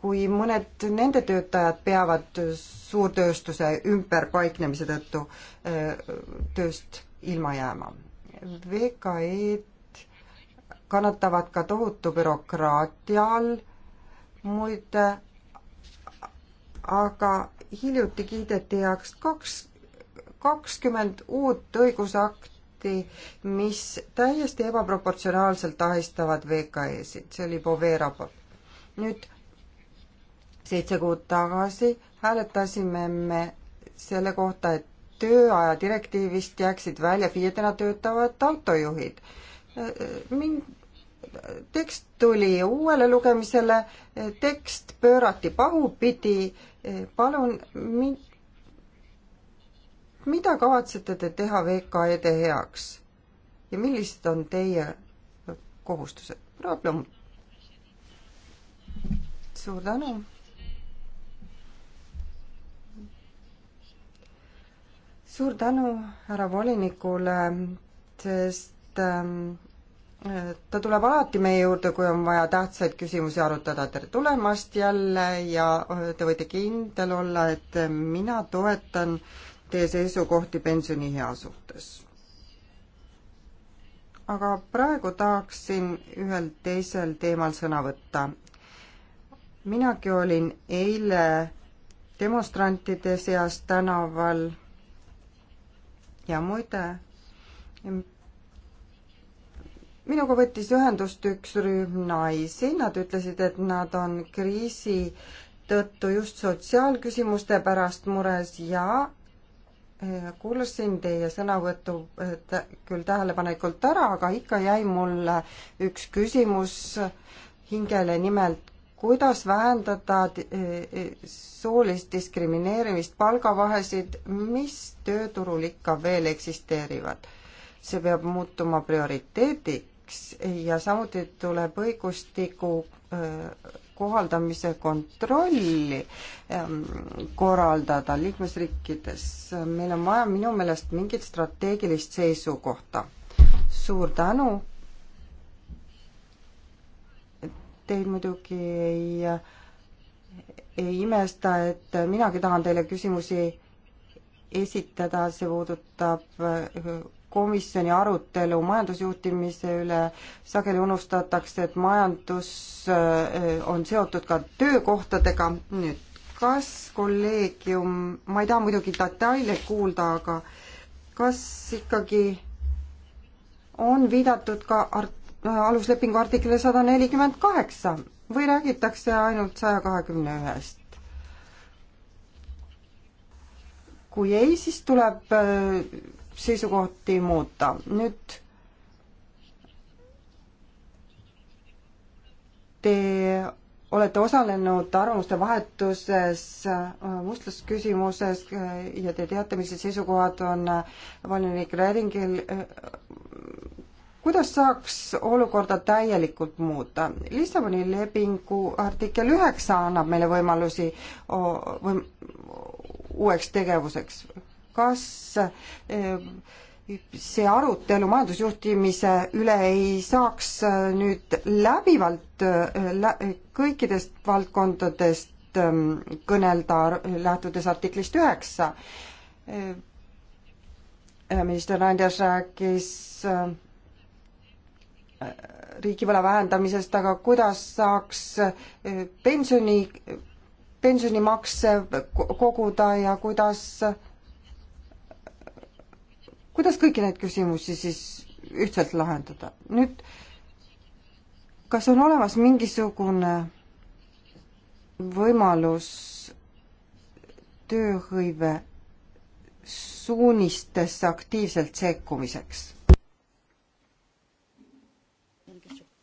kui mõned nende töötajad peavad suurtööstuse ümberpaiknemise tõttu äh, tööst ilma jääma. VKE-d kannatavad ka tohutu bürokraatia all, muide, aga hiljuti kiideti heaks kaks, kakskümmend uut õigusakti, mis täiesti ebaproportsionaalselt ahistavad VKE-sid, see oli Bovee raport. nüüd seitse kuud tagasi hääletasime me selle kohta, et tööaja direktiivist jääksid välja FIE-dena töötavad autojuhid. mind, tekst tuli uuele lugemisele, tekst pöörati pahupidi, palun mi-, mida kavatsete te teha VKE-de heaks ja millised on teie kohustused? proua Plum. suur tänu suur tänu härra volinikule, sest ähm, ta tuleb alati meie juurde, kui on vaja tähtsaid küsimusi arutada. tere tulemast jälle ja äh, te võite kindel olla, et mina toetan teie seisukohti pensioniea suhtes. aga praegu tahaksin ühel teisel teemal sõna võtta. minagi olin eile demonstrantide seas tänaval ja muide, minuga võttis ühendust üks rühm naisi, nad ütlesid, et nad on kriisi tõttu just sotsiaalküsimuste pärast mures ja eh, kuulasin teie sõnavõttu küll tähelepanelikult ära, aga ikka jäi mulle üks küsimus hingele, nimelt kuidas vähendada e, e, soolist diskrimineerimist, palgavahesid, mis tööturul ikka veel eksisteerivad. see peab muutuma prioriteediks ja samuti tuleb õigustiku e, kohaldamise kontrolli ehm, korraldada liikmesriikides. meil on vaja minu meelest mingit strateegilist seisukohta. suur tänu teid muidugi ei, ei imesta, et minagi tahan teile küsimusi esitada, see puudutab komisjoni arutelu majandusjuhtimise üle, sageli unustatakse, et majandus eh, on seotud ka töökohtadega, nüüd kas kolleegium, ma ei taha muidugi detaile kuulda, aga kas ikkagi on viidatud ka art-, Äh, aluslepingu artikli sada nelikümmend kaheksa või räägitakse ainult saja kahekümne ühest? kui ei, siis tuleb äh, seisukohti muuta. nüüd te olete osalenud arvamuste vahetuses äh, mustlusküsimuses ja te teate, millised seisukohad on volinik Redingil kuidas saaks olukorda täielikult muuta? Lissaboni lepingu artikkel üheksa annab meile võimalusi võim, uueks tegevuseks. kas eh, see arutelu majandusjuhtimise üle ei saaks eh, nüüd läbivalt eh, lä kõikidest valdkondadest kõnelda, lähtudes artiklist üheksa? minister Randjas rääkis äh, riigivõla vähendamisest, aga kuidas saaks eh, pensioni, pensionimakse koguda ja kuidas, kuidas kõiki neid küsimusi siis ühtselt lahendada? nüüd, kas on olemas mingisugune võimalus tööhõive suunistesse aktiivselt sekkumiseks?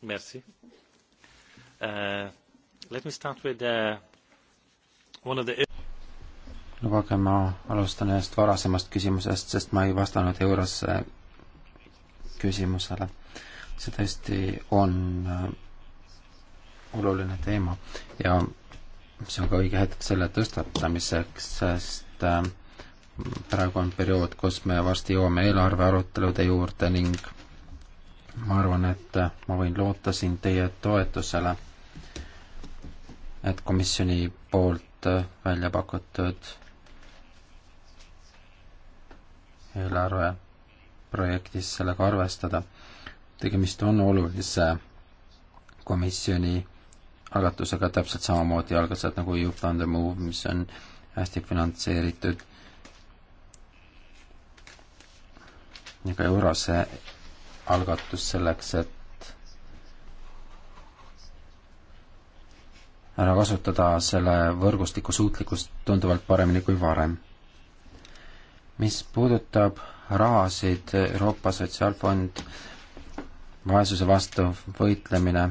Merci. Uh, let me start with uh, one of the lubage, ma alustan ühest varasemast küsimusest, sest ma ei vastanud Eurose küsimusele. see tõesti on äh, oluline teema ja see on ka õige hetk selle tõstatamiseks, sest äh, praegu on periood, kus me varsti jõuame eelarve arutelude juurde ning ma arvan, et äh, ma võin loota siin teie toetusele, et komisjoni poolt äh, välja pakutud eelarve projektis sellega arvestada. tegemist on olulise komisjoni algatusega täpselt samamoodi algatused nagu Youth on the Move, mis on hästi finantseeritud. ja ka Eurose algatus selleks, et ära kasutada selle võrgustiku suutlikkust tunduvalt paremini kui varem. mis puudutab rahasid, Euroopa Sotsiaalfond, vaesuse vastu võitlemine,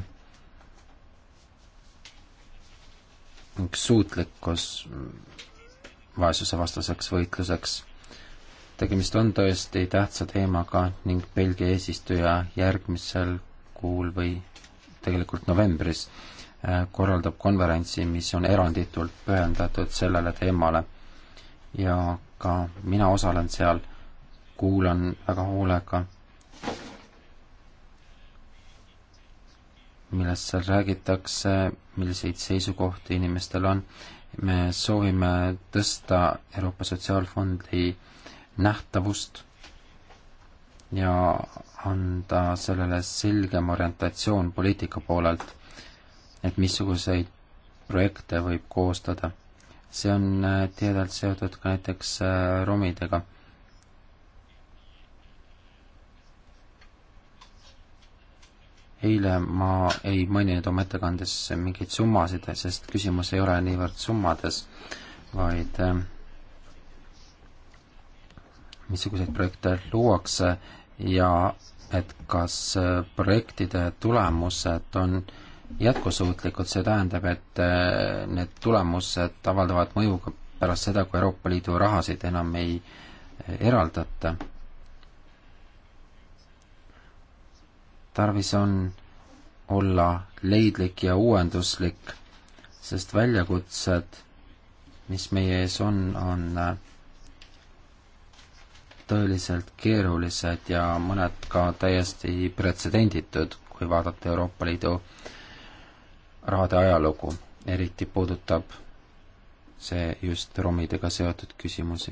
suutlikkus vaesuse vastaseks võitluseks tegemist on tõesti tähtsa teemaga ning Belgia eesistuja järgmisel kuul või tegelikult novembris äh, korraldab konverentsi, mis on eranditult pühendatud sellele teemale. ja ka mina osalen seal, kuulan väga hoolega, millest seal räägitakse, milliseid seisukohti inimestel on. me soovime tõsta Euroopa Sotsiaalfondi äh, nähtavust ja anda sellele selgem orientatsioon poliitika poolelt, et missuguseid projekte võib koostada. see on äh, tihedalt seotud ka näiteks äh, romidega. eile ma ei maininud oma ettekandes mingeid summasid, sest küsimus ei ole niivõrd summades, vaid äh, missuguseid projekte luuakse ja et kas äh, projektide tulemused on jätkusuutlikud, see tähendab, et äh, need tulemused avaldavad mõju ka pärast seda, kui Euroopa Liidu rahasid enam ei äh, eraldata. tarvis on olla leidlik ja uuenduslik, sest väljakutsed, mis meie ees on, on tõeliselt keerulised ja mõned ka täiesti pretsedenditud, kui vaadata Euroopa Liidu rahade ajalugu. eriti puudutab see just romidega seotud küsimusi.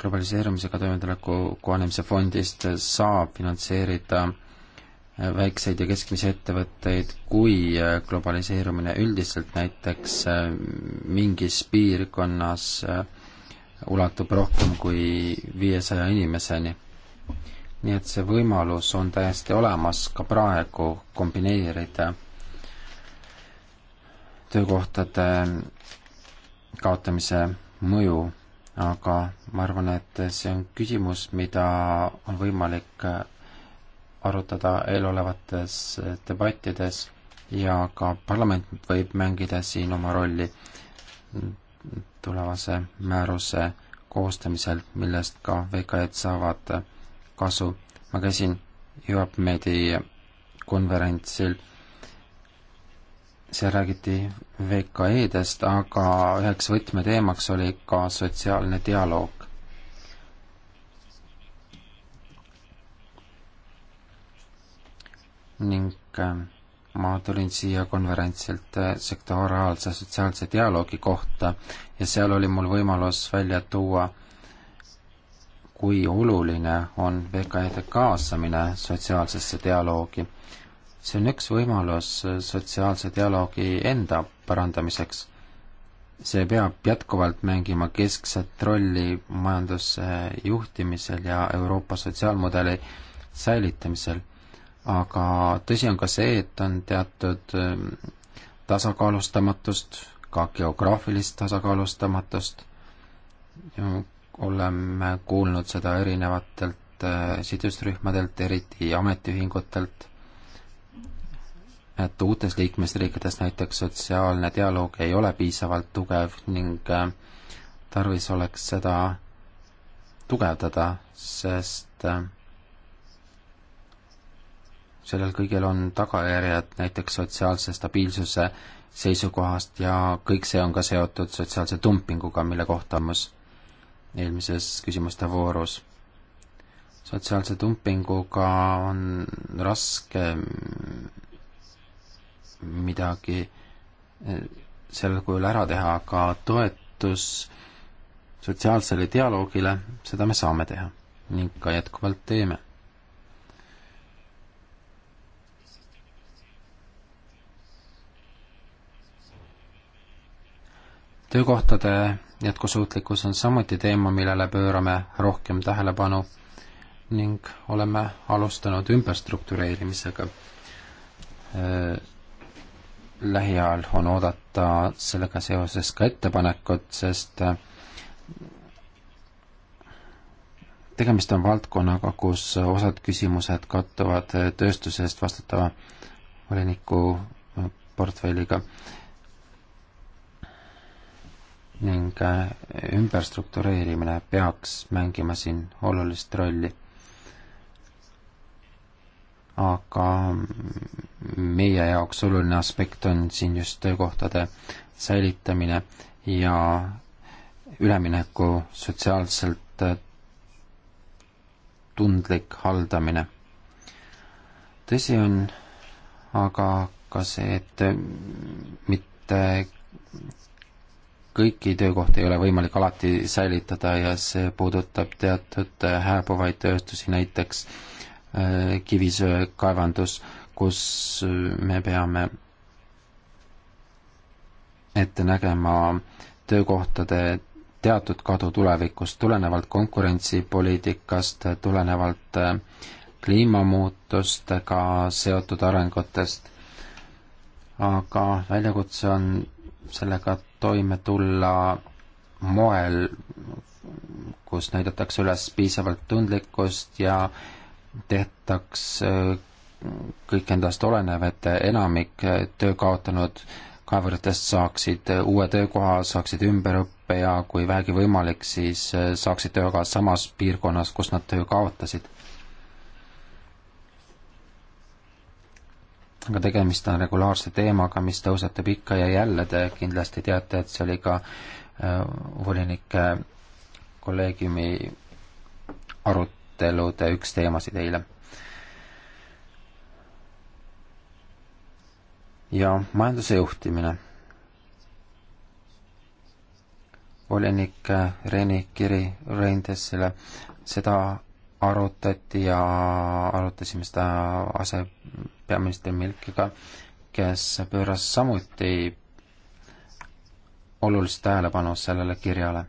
globaliseerumisega toimetuleku kohanemise fondist saab finantseerida väikseid ja keskmisi ettevõtteid, kui äh, globaliseerumine üldiselt näiteks äh, mingis piirkonnas äh, ulatub rohkem kui viiesaja inimeseni. nii et see võimalus on täiesti olemas ka praegu kombineerida töökohtade kaotamise mõju, aga ma arvan, et see on küsimus, mida on võimalik arutada eelolevates debattides ja ka parlament võib mängida siin oma rolli tulevase määruse koostamisel, millest ka VKE-d saavad kasu. ma käisin EUAPMedi konverentsil, seal räägiti VKE-dest, aga üheks võtmeteemaks oli ka sotsiaalne dialoog. ning äh, ma tulin siia konverentsilt äh, sektoraalse sotsiaalse dialoogi kohta ja seal oli mul võimalus välja tuua, kui oluline on VKE-de kaasamine sotsiaalsesse dialoogi. see on üks võimalus äh, sotsiaalse dialoogi enda parandamiseks. see peab jätkuvalt mängima keskset rolli majanduse juhtimisel ja Euroopa sotsiaalmudeli säilitamisel aga tõsi on ka see, et on teatud ähm, tasakaalustamatust, ka geograafilist tasakaalustamatust. oleme kuulnud seda erinevatelt äh, sidusrühmadelt, eriti ametiühingutelt, et uutes liikmesriikides näiteks sotsiaalne dialoog ei ole piisavalt tugev ning äh, tarvis oleks seda tugevdada, sest äh, sellel kõigel on tagajärjed näiteks sotsiaalse stabiilsuse seisukohast ja kõik see on ka seotud sotsiaalse dumpinguga, mille kohtamus eelmises küsimuste voorus. sotsiaalse dumpinguga on raske midagi eh, sel kujul ära teha, aga toetus sotsiaalsele dialoogile, seda me saame teha ning ka jätkuvalt teeme töökohtade jätkusuutlikkus on samuti teema, millele pöörame rohkem tähelepanu ning oleme alustanud ümberstruktureerimisega. Äh, lähiajal on oodata sellega seoses ka ettepanekut, sest äh, tegemist on valdkonnaga, kus osad küsimused kattuvad tööstuse eest vastutava voliniku äh, portfelliga ning äh, ümberstruktureerimine peaks mängima siin olulist rolli. aga meie jaoks oluline aspekt on siin just töökohtade säilitamine ja ülemineku sotsiaalselt äh, tundlik haldamine. tõsi on aga ka see, et mitte kõiki töökohti ei ole võimalik alati säilitada ja see puudutab teatud äh, hääbuvaid tööstusi, näiteks äh, kivisöekaevandus, kus äh, me peame ette nägema töökohtade teatud kadu tulevikus tulenevalt konkurentsipoliitikast, tulenevalt kliimamuutustega seotud arengutest. aga väljakutse on sellega toime tulla moel, kus näidatakse üles piisavalt tundlikkust ja tehtaks kõik endast olenev, et enamik töö kaotanud kaevuritest saaksid uue töökoha, saaksid ümberõppe ja kui vähegi võimalik, siis saaksid töökoha samas piirkonnas, kus nad töö kaotasid aga tegemist on regulaarse teemaga, mis tõusetub ikka ja jälle, te kindlasti teate, et see oli ka äh, volinike äh, kolleegiumi arutelude üks teemasid eile. ja majanduse juhtimine. volinik Reni kiri Reindessile, seda arutati ja arutasime seda asepeaminister Milkiga, kes pööras samuti olulist tähelepanu sellele kirjale.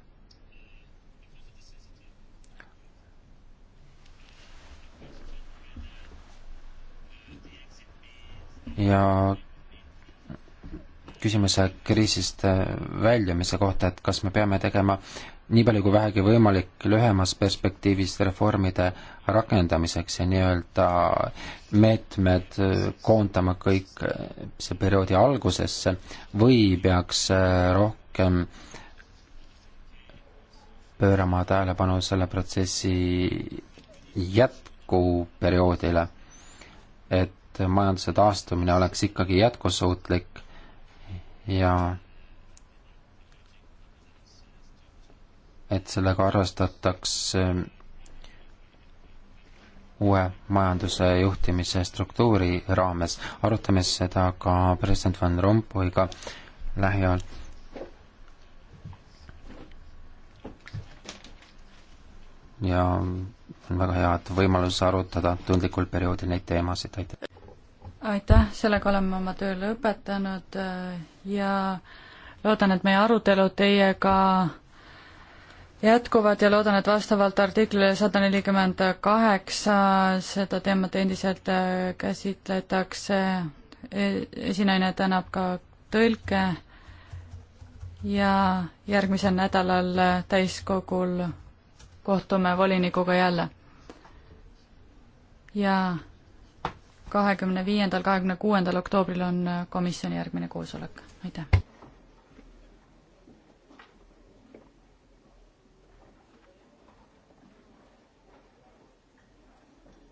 ja küsimuse kriisist väljumise kohta, et kas me peame tegema nii palju kui vähegi võimalik lühemas perspektiivis reformide rakendamiseks ja nii-öelda meetmed koondama kõik see perioodi algusesse või peaks rohkem pöörama tähelepanu selle protsessi jätkuperioodile, et majanduse taastumine oleks ikkagi jätkusuutlik ja et sellega arvestataks uue majanduse juhtimise struktuuri raames. arutame seda ka president Van Rompuyga lähiajal. ja on väga hea, et võimalus arutada tundlikul perioodil neid teemasid, aitäh! aitäh, sellega oleme oma töö lõpetanud äh, ja loodan, et meie arutelu teiega jätkuvad ja loodan, et vastavalt artiklile sada nelikümmend kaheksa seda teemat endiselt äh, käsitletakse. E-, esinaine tänab ka tõlke ja järgmisel nädalal täiskogul kohtume volinikuga jälle. ja kahekümne viiendal, kahekümne kuuendal oktoobril on äh, komisjoni järgmine koosolek, aitäh!